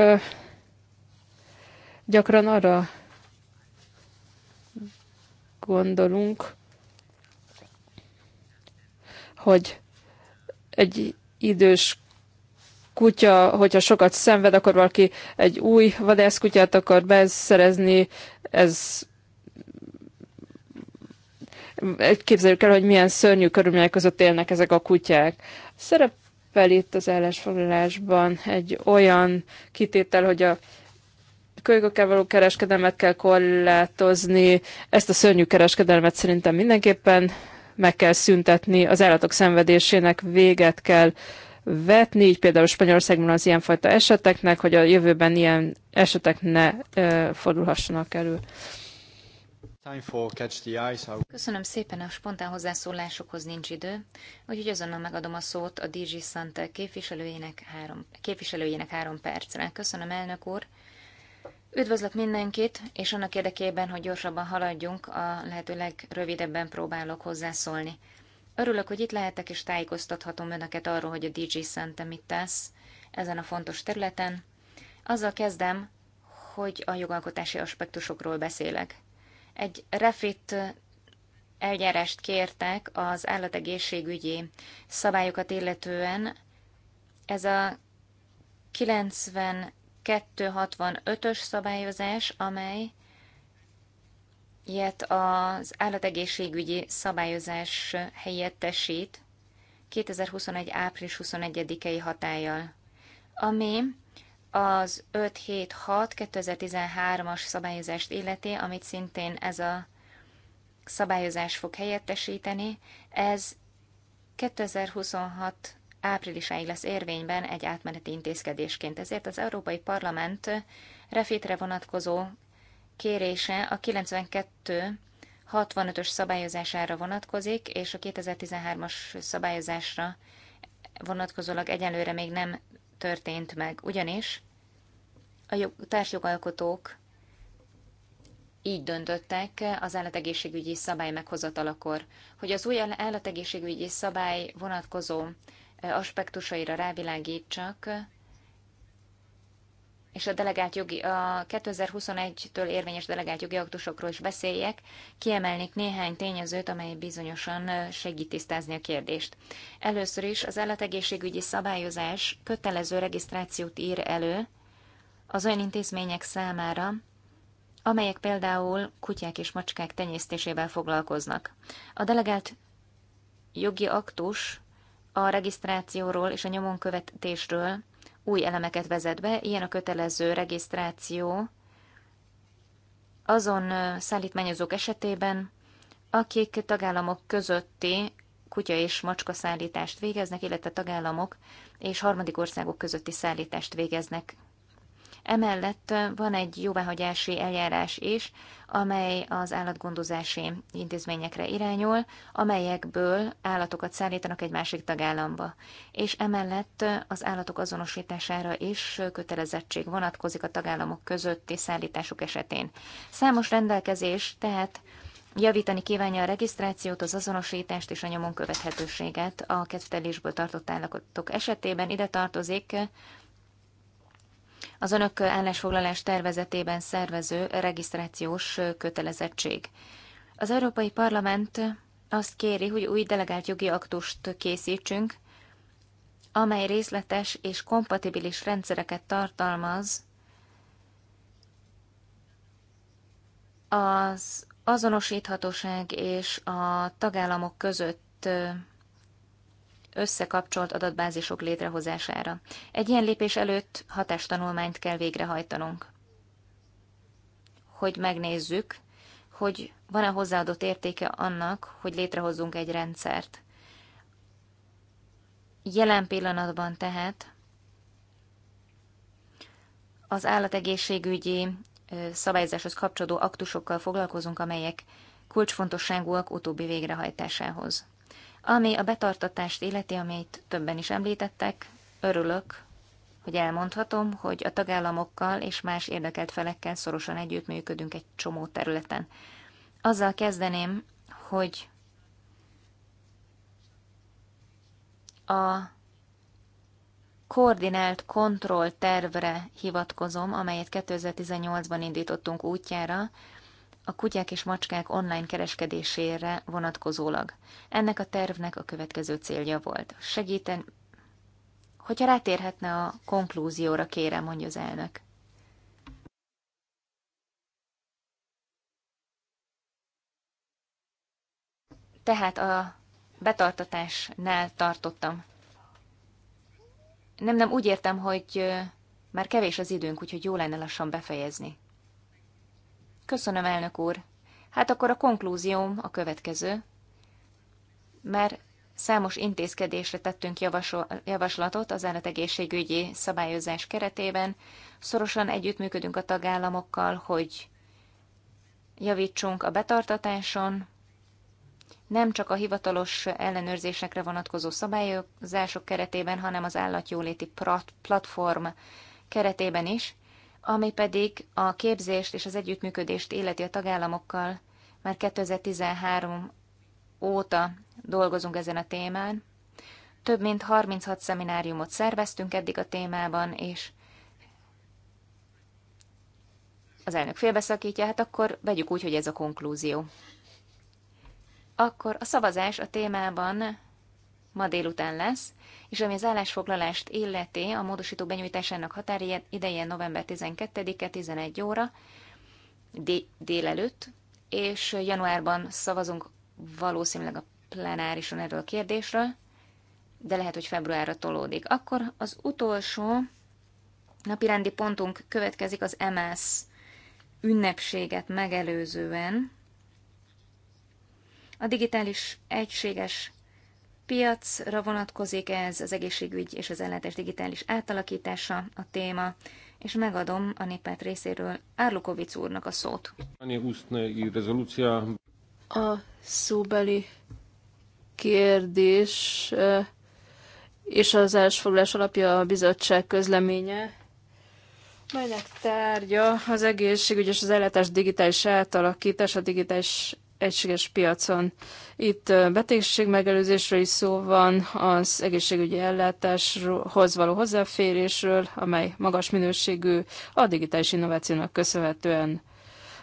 Gyakran arra gondolunk, hogy egy idős kutya, hogyha sokat szenved, akkor valaki egy új vadászkutyát akar beszerezni, ez képzeljük el, hogy milyen szörnyű körülmények között élnek ezek a kutyák. Szerepel itt az állásfoglalásban egy olyan kitétel, hogy a kölykökkel való kereskedelmet kell korlátozni. Ezt a szörnyű kereskedelmet szerintem mindenképpen meg kell szüntetni, az állatok szenvedésének véget kell vetni, így például Spanyolországban az ilyenfajta eseteknek, hogy a jövőben ilyen esetek ne e, fordulhassanak elő. Köszönöm szépen, a spontán hozzászólásokhoz nincs idő, úgyhogy azonnal megadom a szót a DG Santa képviselőjének három, képviselőjének három percre. Köszönöm, elnök úr! Üdvözlök mindenkit, és annak érdekében, hogy gyorsabban haladjunk, a lehető legrövidebben próbálok hozzászólni. Örülök, hogy itt lehetek, és tájékoztathatom önöket arról, hogy a DJ Szente mit tesz ezen a fontos területen. Azzal kezdem, hogy a jogalkotási aspektusokról beszélek. Egy refit eljárást kértek az állategészségügyi szabályokat illetően. Ez a 90 265-ös szabályozás, amely ilyet az állategészségügyi szabályozás helyettesít 2021. április 21-i hatállyal, ami az 576 2013-as szabályozást illeti, amit szintén ez a szabályozás fog helyettesíteni, ez 2026 áprilisáig lesz érvényben egy átmeneti intézkedésként. Ezért az Európai Parlament refitre vonatkozó kérése a 92 65-ös szabályozására vonatkozik, és a 2013-as szabályozásra vonatkozólag egyelőre még nem történt meg. Ugyanis a jog, társjogalkotók így döntöttek az állategészségügyi szabály meghozatalakor, hogy az új állategészségügyi szabály vonatkozó aspektusaira rávilágítsak, és a delegált jogi, a 2021-től érvényes delegált jogi aktusokról is beszéljek, kiemelnék néhány tényezőt, amely bizonyosan segít tisztázni a kérdést. Először is az állategészségügyi szabályozás kötelező regisztrációt ír elő az olyan intézmények számára, amelyek például kutyák és macskák tenyésztésével foglalkoznak. A delegált jogi aktus a regisztrációról és a nyomonkövetésről új elemeket vezet be, ilyen a kötelező regisztráció azon szállítmányozók esetében, akik tagállamok közötti kutya és macska szállítást végeznek, illetve tagállamok és harmadik országok közötti szállítást végeznek Emellett van egy jóváhagyási eljárás is, amely az állatgondozási intézményekre irányul, amelyekből állatokat szállítanak egy másik tagállamba. És emellett az állatok azonosítására is kötelezettség vonatkozik a tagállamok közötti szállítások esetén. Számos rendelkezés tehát Javítani kívánja a regisztrációt, az azonosítást és a nyomon követhetőséget a kettelésből tartott állatok esetében. Ide tartozik az önök állásfoglalás tervezetében szervező regisztrációs kötelezettség. Az Európai Parlament azt kéri, hogy új delegált jogi aktust készítsünk, amely részletes és kompatibilis rendszereket tartalmaz az azonosíthatóság és a tagállamok között összekapcsolt adatbázisok létrehozására. Egy ilyen lépés előtt hatástanulmányt kell végrehajtanunk, hogy megnézzük, hogy van-e hozzáadott értéke annak, hogy létrehozzunk egy rendszert. Jelen pillanatban tehát az állategészségügyi szabályzáshoz kapcsolódó aktusokkal foglalkozunk, amelyek kulcsfontosságúak utóbbi végrehajtásához. Ami a betartatást illeti, amelyet többen is említettek, örülök, hogy elmondhatom, hogy a tagállamokkal és más érdekelt felekkel szorosan együttműködünk egy csomó területen. Azzal kezdeném, hogy a koordinált kontroll tervre hivatkozom, amelyet 2018-ban indítottunk útjára, a kutyák és macskák online kereskedésére vonatkozólag. Ennek a tervnek a következő célja volt. Segíten, hogyha rátérhetne a konklúzióra, kérem, mondja az elnök. Tehát a betartatásnál tartottam. Nem, nem, úgy értem, hogy már kevés az időnk, úgyhogy jó lenne lassan befejezni. Köszönöm, elnök úr. Hát akkor a konklúzióm a következő. mert számos intézkedésre tettünk javaslatot az állategészségügyi szabályozás keretében. Szorosan együttműködünk a tagállamokkal, hogy javítsunk a betartatáson, nem csak a hivatalos ellenőrzésekre vonatkozó szabályozások keretében, hanem az állatjóléti platform keretében is ami pedig a képzést és az együttműködést életi a tagállamokkal. Már 2013 óta dolgozunk ezen a témán. Több mint 36 szemináriumot szerveztünk eddig a témában, és az elnök félbeszakítja, hát akkor vegyük úgy, hogy ez a konklúzió. Akkor a szavazás a témában ma délután lesz, és ami az állásfoglalást illeti, a módosító benyújtásának határideje november 12-e 11 óra délelőtt, és januárban szavazunk valószínűleg a plenárison erről a kérdésről, de lehet, hogy februárra tolódik. Akkor az utolsó napirendi pontunk következik az MS ünnepséget megelőzően. A digitális egységes piacra vonatkozik ez, az egészségügy és az ellátás digitális átalakítása a téma, és megadom a néppárt részéről Árlukovic úrnak a szót. A szóbeli kérdés és az elsfoglás alapja a bizottság közleménye, melynek tárgya az egészségügy és az ellátás digitális átalakítása, digitális egységes piacon. Itt betegségmegelőzésről is szó van, az egészségügyi ellátáshoz való hozzáférésről, amely magas minőségű a digitális innovációnak köszönhetően.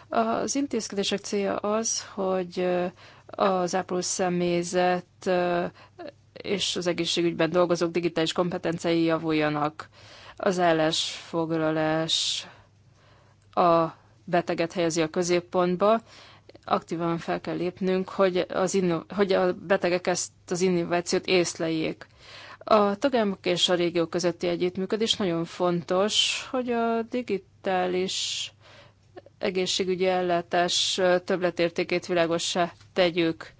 Az intézkedések célja az, hogy az ápoló személyzet és az egészségügyben dolgozók digitális kompetenciái javuljanak. Az állásfoglalás a beteget helyezi a középpontba, aktívan fel kell lépnünk, hogy, az inno- hogy a betegek ezt az innovációt észleljék. A tagállamok és a régió közötti együttműködés nagyon fontos, hogy a digitális egészségügyi ellátás többletértékét világossá tegyük,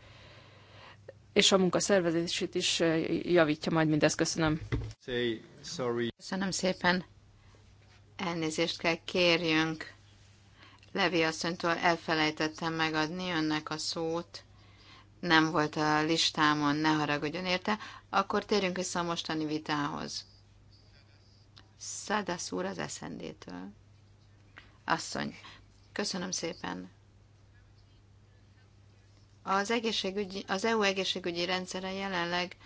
és a munkaszervezését is javítja majd mindez. Köszönöm. Köszönöm szépen. Elnézést kell kérjünk Levi asszonytól elfelejtettem megadni önnek a szót. Nem volt a listámon, ne haragudjon érte. Akkor térjünk vissza a mostani vitához. Szadasz úr az eszendétől. Asszony, köszönöm szépen. Az, egészségügyi, az EU egészségügyi rendszere jelenleg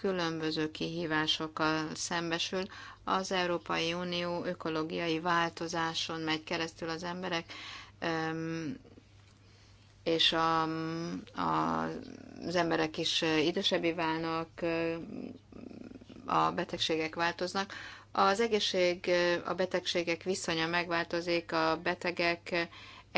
különböző kihívásokkal szembesül. Az Európai Unió ökológiai változáson megy keresztül az emberek, és a, a, az emberek is idősebbé válnak, a betegségek változnak. Az egészség, a betegségek viszonya megváltozik, a betegek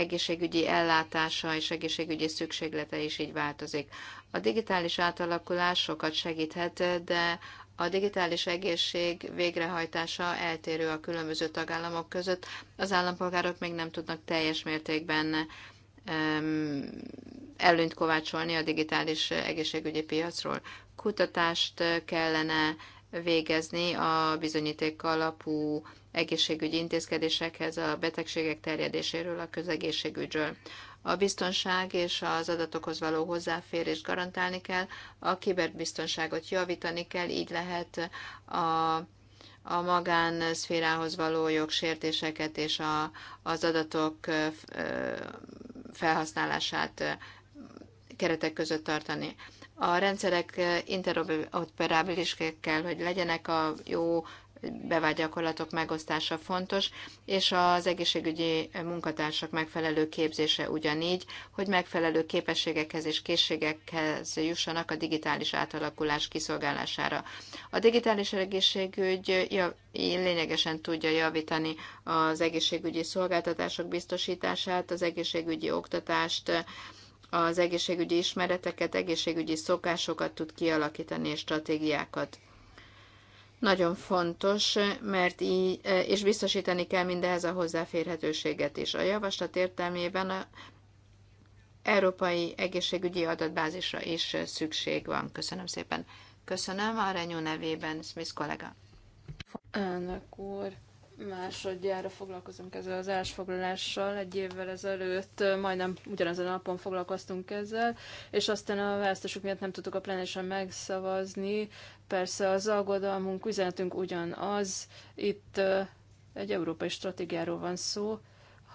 egészségügyi ellátása és egészségügyi szükséglete is így változik. A digitális átalakulás sokat segíthet, de a digitális egészség végrehajtása eltérő a különböző tagállamok között. Az állampolgárok még nem tudnak teljes mértékben um, előnyt kovácsolni a digitális egészségügyi piacról. Kutatást kellene végezni a bizonyíték alapú egészségügyi intézkedésekhez, a betegségek terjedéséről, a közegészségügyről. A biztonság és az adatokhoz való hozzáférést garantálni kell, a kiberbiztonságot javítani kell, így lehet a a magánszférához való jogsértéseket és a, az adatok felhasználását keretek között tartani. A rendszerek interoperabilisek kell, hogy legyenek a jó bevált gyakorlatok megosztása fontos, és az egészségügyi munkatársak megfelelő képzése ugyanígy, hogy megfelelő képességekhez és készségekhez jussanak a digitális átalakulás kiszolgálására. A digitális egészségügy lényegesen tudja javítani az egészségügyi szolgáltatások biztosítását, az egészségügyi oktatást, az egészségügyi ismereteket, egészségügyi szokásokat tud kialakítani és stratégiákat nagyon fontos, mert így, és biztosítani kell mindehez a hozzáférhetőséget is. A javaslat értelmében a európai egészségügyi adatbázisra is szükség van. Köszönöm szépen. Köszönöm a Renyó nevében, Smith kollega. Elnök úr, másodjára foglalkozunk ezzel az ásfoglalással. Egy évvel ezelőtt majdnem ugyanezen a napon foglalkoztunk ezzel, és aztán a választások miatt nem tudtuk a plenésen megszavazni, Persze az aggodalmunk, üzenetünk ugyanaz, itt egy európai stratégiáról van szó,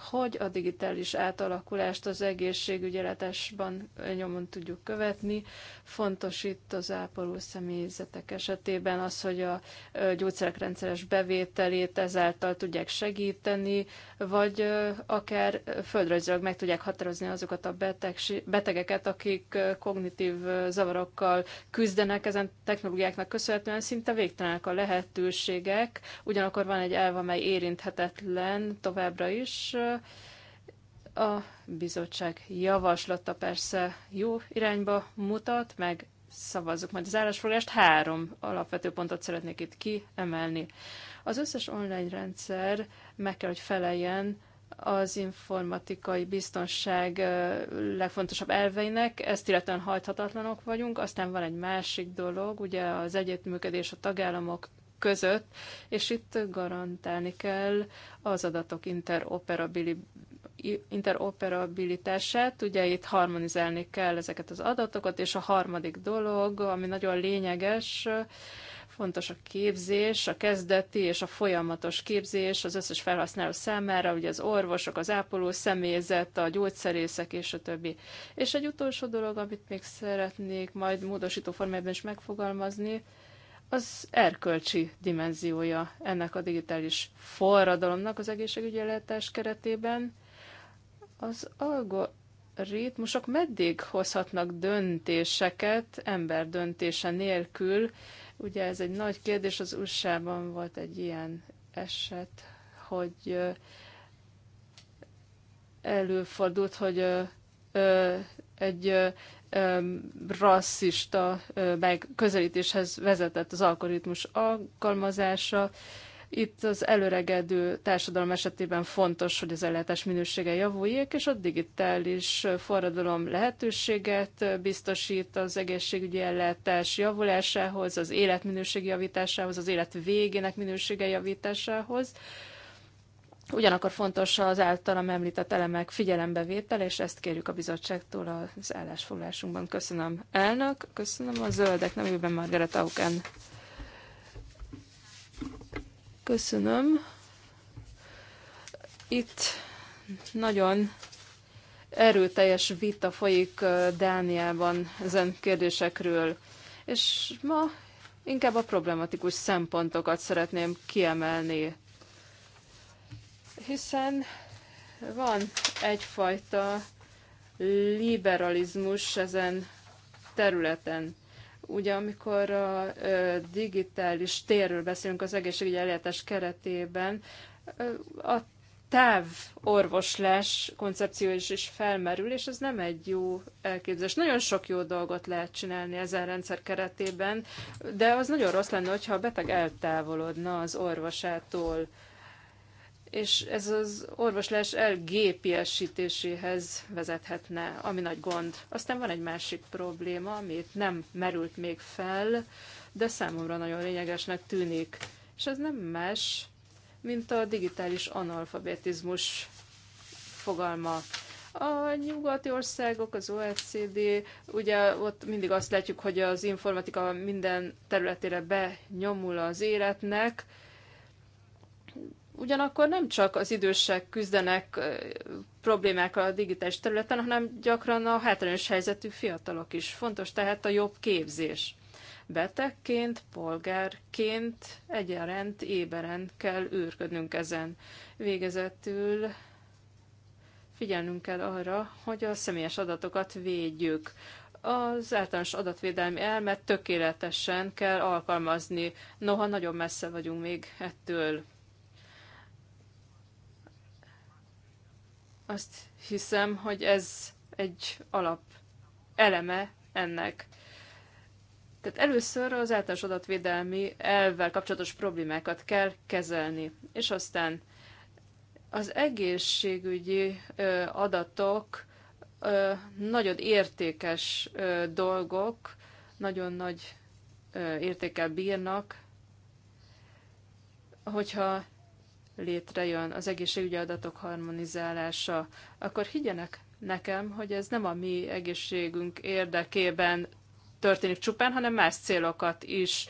hogy a digitális átalakulást az egészségügyeletesben nyomon tudjuk követni. Fontos itt az ápoló személyzetek esetében az, hogy a gyógyszerek rendszeres bevételét ezáltal tudják segíteni, vagy akár földrajzilag meg tudják határozni azokat a betegeket, akik kognitív zavarokkal küzdenek ezen technológiáknak köszönhetően szinte végtelenek a lehetőségek, ugyanakkor van egy elv, amely érinthetetlen továbbra is, a bizottság javaslata persze jó irányba mutat, meg szavazzuk majd az állásfoglalást. Három alapvető pontot szeretnék itt kiemelni. Az összes online rendszer meg kell, hogy feleljen az informatikai biztonság legfontosabb elveinek, ezt illetően hajthatatlanok vagyunk. Aztán van egy másik dolog, ugye az együttműködés a tagállamok között, és itt garantálni kell az adatok interoperabilitását, ugye itt harmonizálni kell ezeket az adatokat, és a harmadik dolog, ami nagyon lényeges, fontos a képzés, a kezdeti és a folyamatos képzés az összes felhasználó számára, ugye az orvosok, az ápoló személyzet, a gyógyszerészek és a többi. És egy utolsó dolog, amit még szeretnék majd módosító formában is megfogalmazni, az erkölcsi dimenziója ennek a digitális forradalomnak az egészségügyi ellátás keretében. Az algoritmusok meddig hozhatnak döntéseket ember döntése nélkül? Ugye ez egy nagy kérdés, az USA-ban volt egy ilyen eset, hogy előfordult, hogy egy rasszista megközelítéshez vezetett az algoritmus alkalmazása. Itt az előregedő társadalom esetében fontos, hogy az ellátás minősége javuljék, és a digitális forradalom lehetőséget biztosít az egészségügyi ellátás javulásához, az életminőség javításához, az élet végének minősége javításához Ugyanakkor fontos az általam említett elemek figyelembevétel, és ezt kérjük a bizottságtól az állásfoglásunkban. Köszönöm elnök, köszönöm a zöldek nevében Margaret Auken. Köszönöm. Itt nagyon erőteljes vita folyik Dániában ezen kérdésekről, és ma inkább a problematikus szempontokat szeretném kiemelni hiszen van egyfajta liberalizmus ezen területen. Ugye amikor a digitális térről beszélünk az egészségügyi ellátás keretében, a távorvoslás koncepció is, is felmerül, és ez nem egy jó elképzelés. Nagyon sok jó dolgot lehet csinálni ezen rendszer keretében, de az nagyon rossz lenne, hogyha a beteg eltávolodna az orvosától és ez az orvoslás elgépiesítéséhez vezethetne, ami nagy gond. Aztán van egy másik probléma, amit nem merült még fel, de számomra nagyon lényegesnek tűnik, és ez nem más, mint a digitális analfabetizmus fogalma. A nyugati országok, az OECD, ugye ott mindig azt látjuk, hogy az informatika minden területére benyomul az életnek, Ugyanakkor nem csak az idősek küzdenek problémákkal a digitális területen, hanem gyakran a hátrányos helyzetű fiatalok is. Fontos tehát a jobb képzés. Betegként, polgárként egyenrend, éberen kell őrködnünk ezen. Végezetül figyelnünk kell arra, hogy a személyes adatokat védjük az általános adatvédelmi elmet tökéletesen kell alkalmazni, noha nagyon messze vagyunk még ettől. Azt hiszem, hogy ez egy alap eleme ennek. Tehát először az általános adatvédelmi elvvel kapcsolatos problémákat kell kezelni, és aztán az egészségügyi adatok nagyon értékes dolgok, nagyon nagy értékkel bírnak, hogyha létrejön az egészségügyi adatok harmonizálása, akkor higgyenek nekem, hogy ez nem a mi egészségünk érdekében történik csupán, hanem más célokat is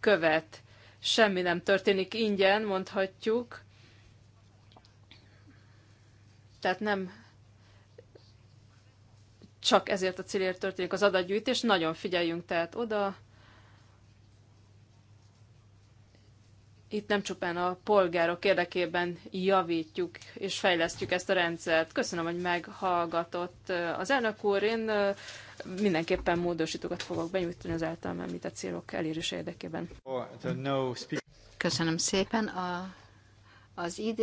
követ. Semmi nem történik ingyen, mondhatjuk. Tehát nem csak ezért a célért történik az adatgyűjtés, nagyon figyeljünk tehát oda, itt nem csupán a polgárok érdekében javítjuk és fejlesztjük ezt a rendszert. Köszönöm, hogy meghallgatott eh, az elnök úr. Én eh, mindenképpen módosítókat fogok benyújtani az általam említett célok elérése érdekében. Köszönöm szépen. A, az ID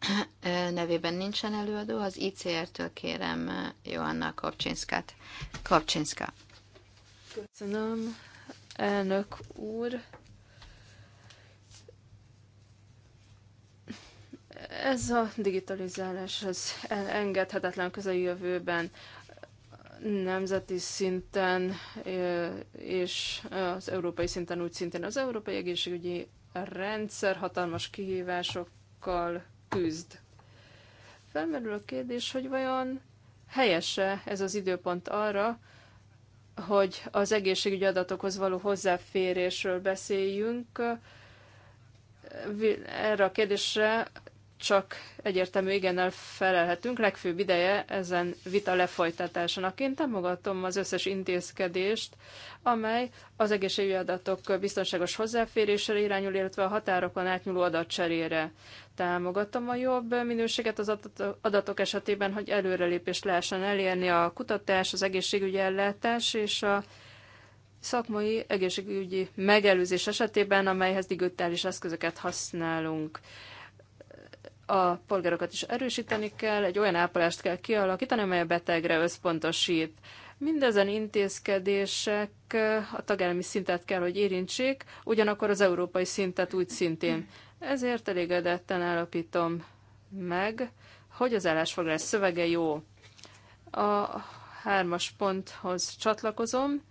nevében nincsen előadó, az ICR-től kérem eh, Joanna Kopcsinszkát. Kopcsinszka. Köszönöm, elnök úr. Ez a digitalizálás az engedhetetlen közeljövőben nemzeti szinten és az európai szinten úgy szintén az európai egészségügyi rendszer hatalmas kihívásokkal küzd. Felmerül a kérdés, hogy vajon helyese ez az időpont arra, hogy az egészségügyi adatokhoz való hozzáférésről beszéljünk. Erre a kérdésre csak egyértelmű igennel felelhetünk. Legfőbb ideje ezen vita lefolytatásának. Én támogatom az összes intézkedést, amely az egészségügyi adatok biztonságos hozzáférésére irányul, illetve a határokon átnyúló adatcserére. Támogatom a jobb minőséget az adatok esetében, hogy előrelépést lehessen elérni a kutatás, az egészségügyi ellátás és a szakmai egészségügyi megelőzés esetében, amelyhez digitális eszközöket használunk a polgárokat is erősíteni kell, egy olyan ápolást kell kialakítani, amely a betegre összpontosít. Mindezen intézkedések a tagállami szintet kell, hogy érintsék, ugyanakkor az európai szintet úgy szintén. Ezért elégedetten állapítom meg, hogy az állásfoglalás szövege jó. A hármas ponthoz csatlakozom,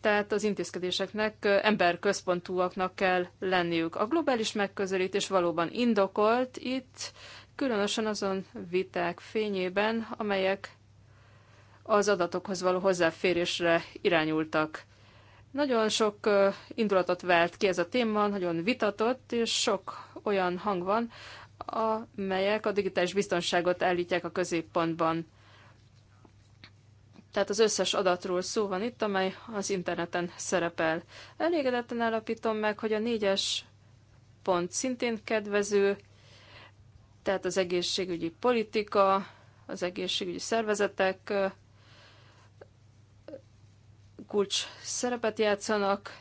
tehát az intézkedéseknek emberközpontúaknak kell lenniük. A globális megközelítés valóban indokolt itt, különösen azon viták fényében, amelyek az adatokhoz való hozzáférésre irányultak. Nagyon sok indulatot vált ki ez a téma, nagyon vitatott, és sok olyan hang van, amelyek a digitális biztonságot állítják a középpontban. Tehát az összes adatról szó van itt, amely az interneten szerepel. Elégedetten állapítom meg, hogy a négyes pont szintén kedvező, tehát az egészségügyi politika, az egészségügyi szervezetek kulcs szerepet játszanak,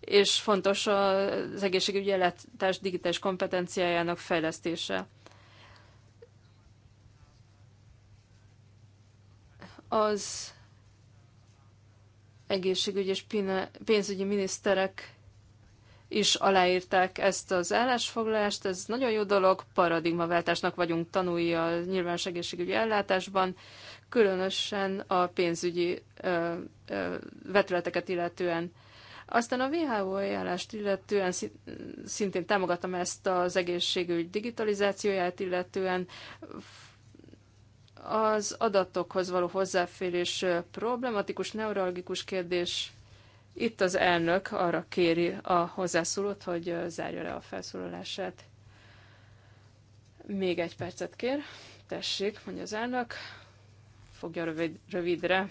és fontos az egészségügyi ellátás digitális kompetenciájának fejlesztése. az egészségügyi és pénzügyi miniszterek is aláírták ezt az állásfoglalást. Ez nagyon jó dolog, paradigmaváltásnak vagyunk tanúi a nyilvános egészségügyi ellátásban, különösen a pénzügyi ö, ö, vetületeket illetően. Aztán a WHO ajánlást illetően szintén támogatom ezt az egészségügy digitalizációját, illetően az adatokhoz való hozzáférés problematikus, neurologikus kérdés. Itt az elnök arra kéri a hozzászólót, hogy zárja le a felszólalását. Még egy percet kér. Tessék, mondja az elnök. Fogja rövid, rövidre.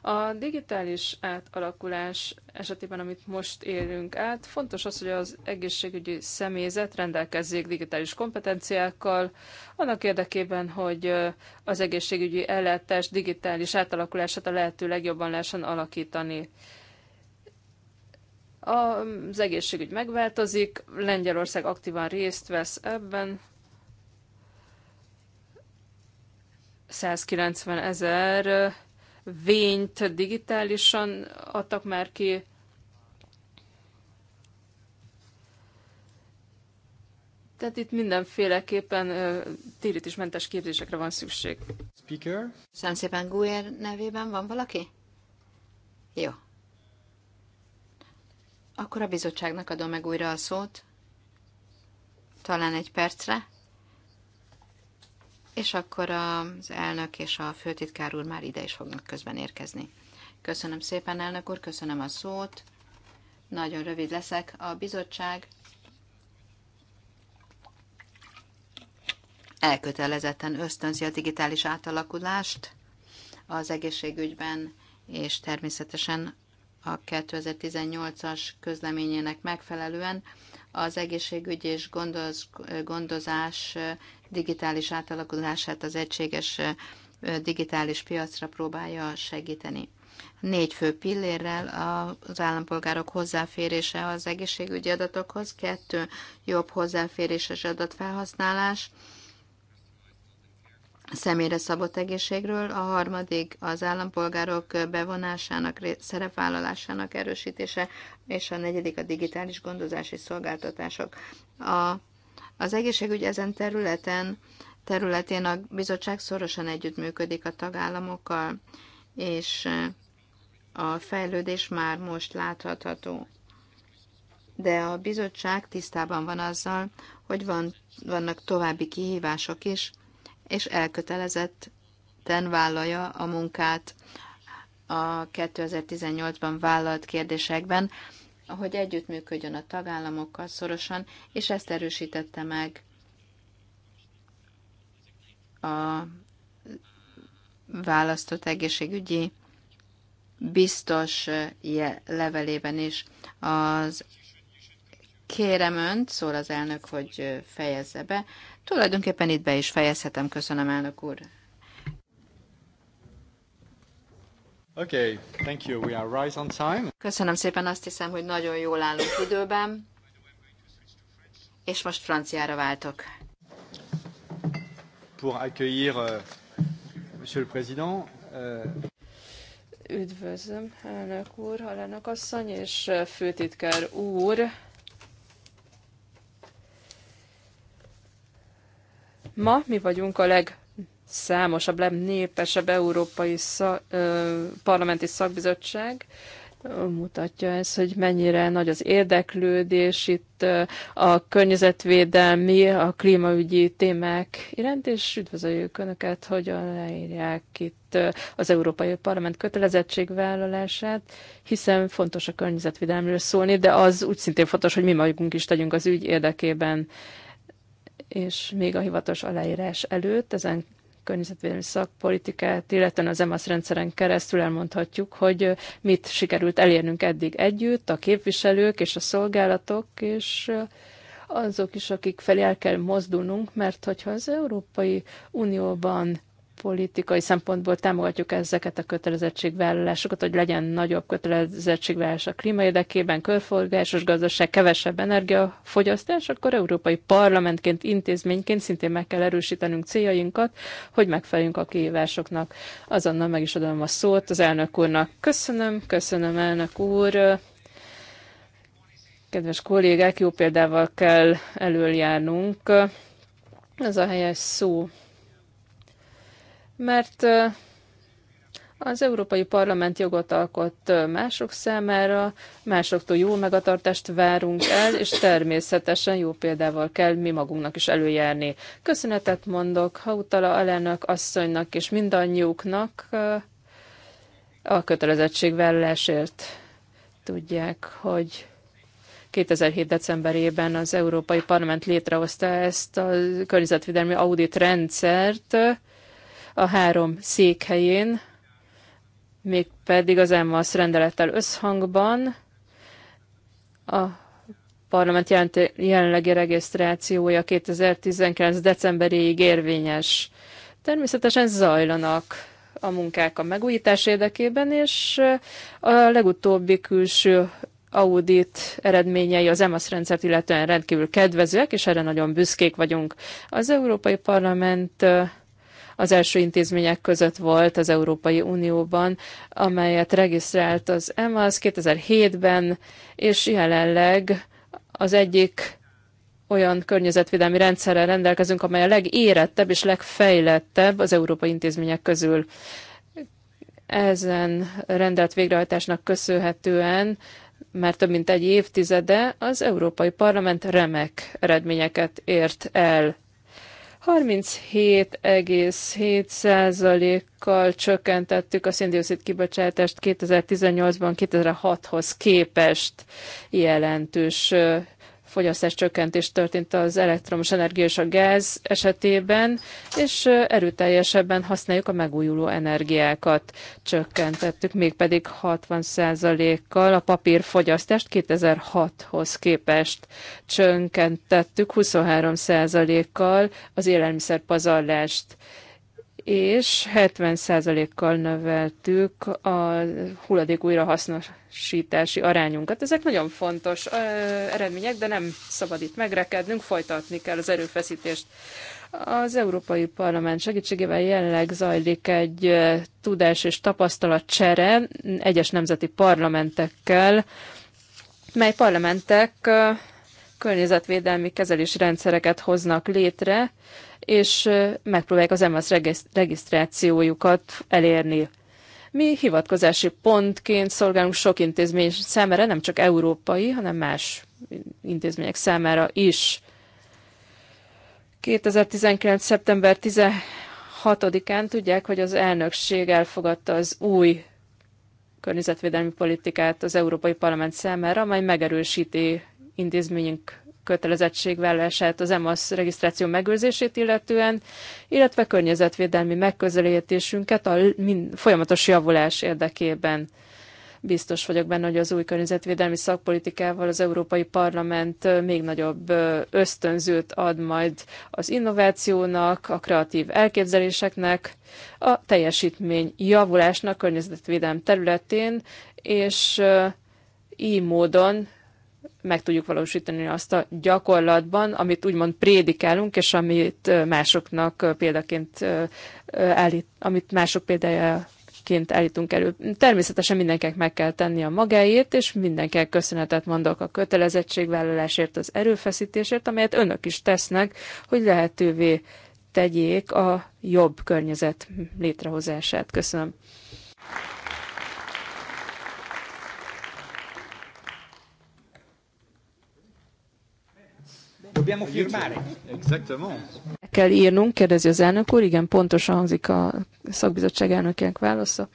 A digitális átalakulás esetében, amit most élünk át, fontos az, hogy az egészségügyi személyzet rendelkezzék digitális kompetenciákkal, annak érdekében, hogy az egészségügyi ellátás digitális átalakulását a lehető legjobban lehessen alakítani az egészségügy megváltozik, Lengyelország aktívan részt vesz ebben. 190 ezer vényt digitálisan adtak már ki. Tehát itt mindenféleképpen térítésmentes képzésekre van szükség. Speaker. Köszönöm szépen, Guer nevében van valaki? Jó. Akkor a bizottságnak adom meg újra a szót. Talán egy percre és akkor az elnök és a főtitkár úr már ide is fognak közben érkezni. Köszönöm szépen, elnök úr, köszönöm a szót. Nagyon rövid leszek. A bizottság elkötelezetten ösztönzi a digitális átalakulást az egészségügyben, és természetesen a 2018-as közleményének megfelelően az egészségügy és gondoz, gondozás eh, digitális átalakulását az egységes eh, digitális piacra próbálja segíteni. Négy fő pillérrel az állampolgárok hozzáférése az egészségügyi adatokhoz, kettő jobb hozzáféréses adatfelhasználás, személyre szabott egészségről, a harmadik az állampolgárok bevonásának, szerepvállalásának erősítése, és a negyedik a digitális gondozási szolgáltatások. A, az egészségügy ezen területen területén a bizottság szorosan együttműködik a tagállamokkal, és a fejlődés már most láthatható. De a bizottság tisztában van azzal, hogy van, vannak további kihívások is, és elkötelezetten vállalja a munkát a 2018-ban vállalt kérdésekben, hogy együttműködjön a tagállamokkal szorosan, és ezt erősítette meg a választott egészségügyi biztos levelében is. Az kérem önt, szól az elnök, hogy fejezze be, Tulajdonképpen itt be is fejezhetem, köszönöm elnök úr. Okay, thank you. We are right on time. Köszönöm szépen, azt hiszem, hogy nagyon jól állunk időben. És most franciára váltok. Pour accueillir uh, Monsieur le Président, uh... Üdvözlöm, elnök úr, halának asszony és euh, főtitkár úr. Ma mi vagyunk a legszámosabb, legnépesebb európai szak, ö, parlamenti szakbizottság, mutatja ez, hogy mennyire nagy az érdeklődés itt a környezetvédelmi, a klímaügyi témák iránt, és üdvözöljük Önöket, hogy leírják itt az Európai Parlament kötelezettségvállalását, hiszen fontos a környezetvédelmről szólni, de az úgy szintén fontos, hogy mi magunk is tegyünk az ügy érdekében és még a hivatos aláírás előtt ezen környezetvédelmi szakpolitikát, illetve az EMASZ rendszeren keresztül elmondhatjuk, hogy mit sikerült elérnünk eddig együtt, a képviselők és a szolgálatok, és azok is, akik felé el kell mozdulnunk, mert hogyha az Európai Unióban politikai szempontból támogatjuk ezeket a kötelezettségvállalásokat, hogy legyen nagyobb kötelezettségvállalás a klíma érdekében, körforgásos gazdaság, kevesebb energiafogyasztás, akkor európai parlamentként, intézményként szintén meg kell erősítenünk céljainkat, hogy megfeleljünk a kihívásoknak. Azonnal meg is adom a szót az elnök úrnak. Köszönöm, köszönöm elnök úr. Kedves kollégák, jó példával kell előjárnunk. Ez a helyes szó mert az Európai Parlament jogot alkott mások számára, másoktól jó megatartást várunk el, és természetesen jó példával kell mi magunknak is előjárni. Köszönetet mondok Hautala Alának, asszonynak és mindannyiuknak a kötelezettségvállalásért. Tudják, hogy 2007. decemberében az Európai Parlament létrehozta ezt a környezetvédelmi audit rendszert, a három székhelyén, mégpedig az EMASZ rendelettel összhangban a parlament jelenlegi regisztrációja 2019. decemberéig érvényes. Természetesen zajlanak a munkák a megújítás érdekében, és a legutóbbi külső audit eredményei az EMASZ rendszert illetően rendkívül kedvezőek, és erre nagyon büszkék vagyunk. Az Európai Parlament az első intézmények között volt az Európai Unióban, amelyet regisztrált az EMAS 2007-ben, és jelenleg az egyik olyan környezetvédelmi rendszerrel rendelkezünk, amely a legérettebb és legfejlettebb az európai intézmények közül. Ezen rendelt végrehajtásnak köszönhetően már több mint egy évtizede az Európai Parlament remek eredményeket ért el 37,7%-kal csökkentettük a szindioszid kibocsátást 2018-ban 2006-hoz képest jelentős fogyasztás csökkentés történt az elektromos energia és a gáz esetében, és erőteljesebben használjuk a megújuló energiákat. Csökkentettük mégpedig 60%-kal a papírfogyasztást 2006-hoz képest. Csökkentettük 23%-kal az élelmiszer pazarlást és 70%-kal növeltük a hulladék újrahasznosítási arányunkat. Ezek nagyon fontos eredmények, de nem szabad itt megrekednünk, folytatni kell az erőfeszítést. Az Európai Parlament segítségével jelenleg zajlik egy tudás és tapasztalat csere egyes nemzeti parlamentekkel, mely parlamentek környezetvédelmi kezelési rendszereket hoznak létre, és megpróbálják az MLS regisztrációjukat elérni. Mi hivatkozási pontként szolgálunk sok intézmény számára, nem csak európai, hanem más intézmények számára is. 2019. szeptember 16-án tudják, hogy az elnökség elfogadta az új környezetvédelmi politikát az Európai Parlament számára, amely megerősíti intézményünk kötelezettségvállását az EMASZ regisztráció megőrzését illetően, illetve környezetvédelmi megközelítésünket a folyamatos javulás érdekében. Biztos vagyok benne, hogy az új környezetvédelmi szakpolitikával az Európai Parlament még nagyobb ösztönzőt ad majd az innovációnak, a kreatív elképzeléseknek, a teljesítmény javulásnak környezetvédelmi területén, és így módon meg tudjuk valósítani azt a gyakorlatban, amit úgymond prédikálunk, és amit másoknak példaként állít, amit mások példája ként állítunk elő. Természetesen mindenkinek meg kell tenni a magáét, és mindenkinek köszönetet mondok a kötelezettségvállalásért, az erőfeszítésért, amelyet önök is tesznek, hogy lehetővé tegyék a jobb környezet létrehozását. Köszönöm. Dobbiamo firmare. Exactement. Kell írnunk, kérdezi az elnök úr, igen, pontosan hangzik a szakbizottság elnökének válasza.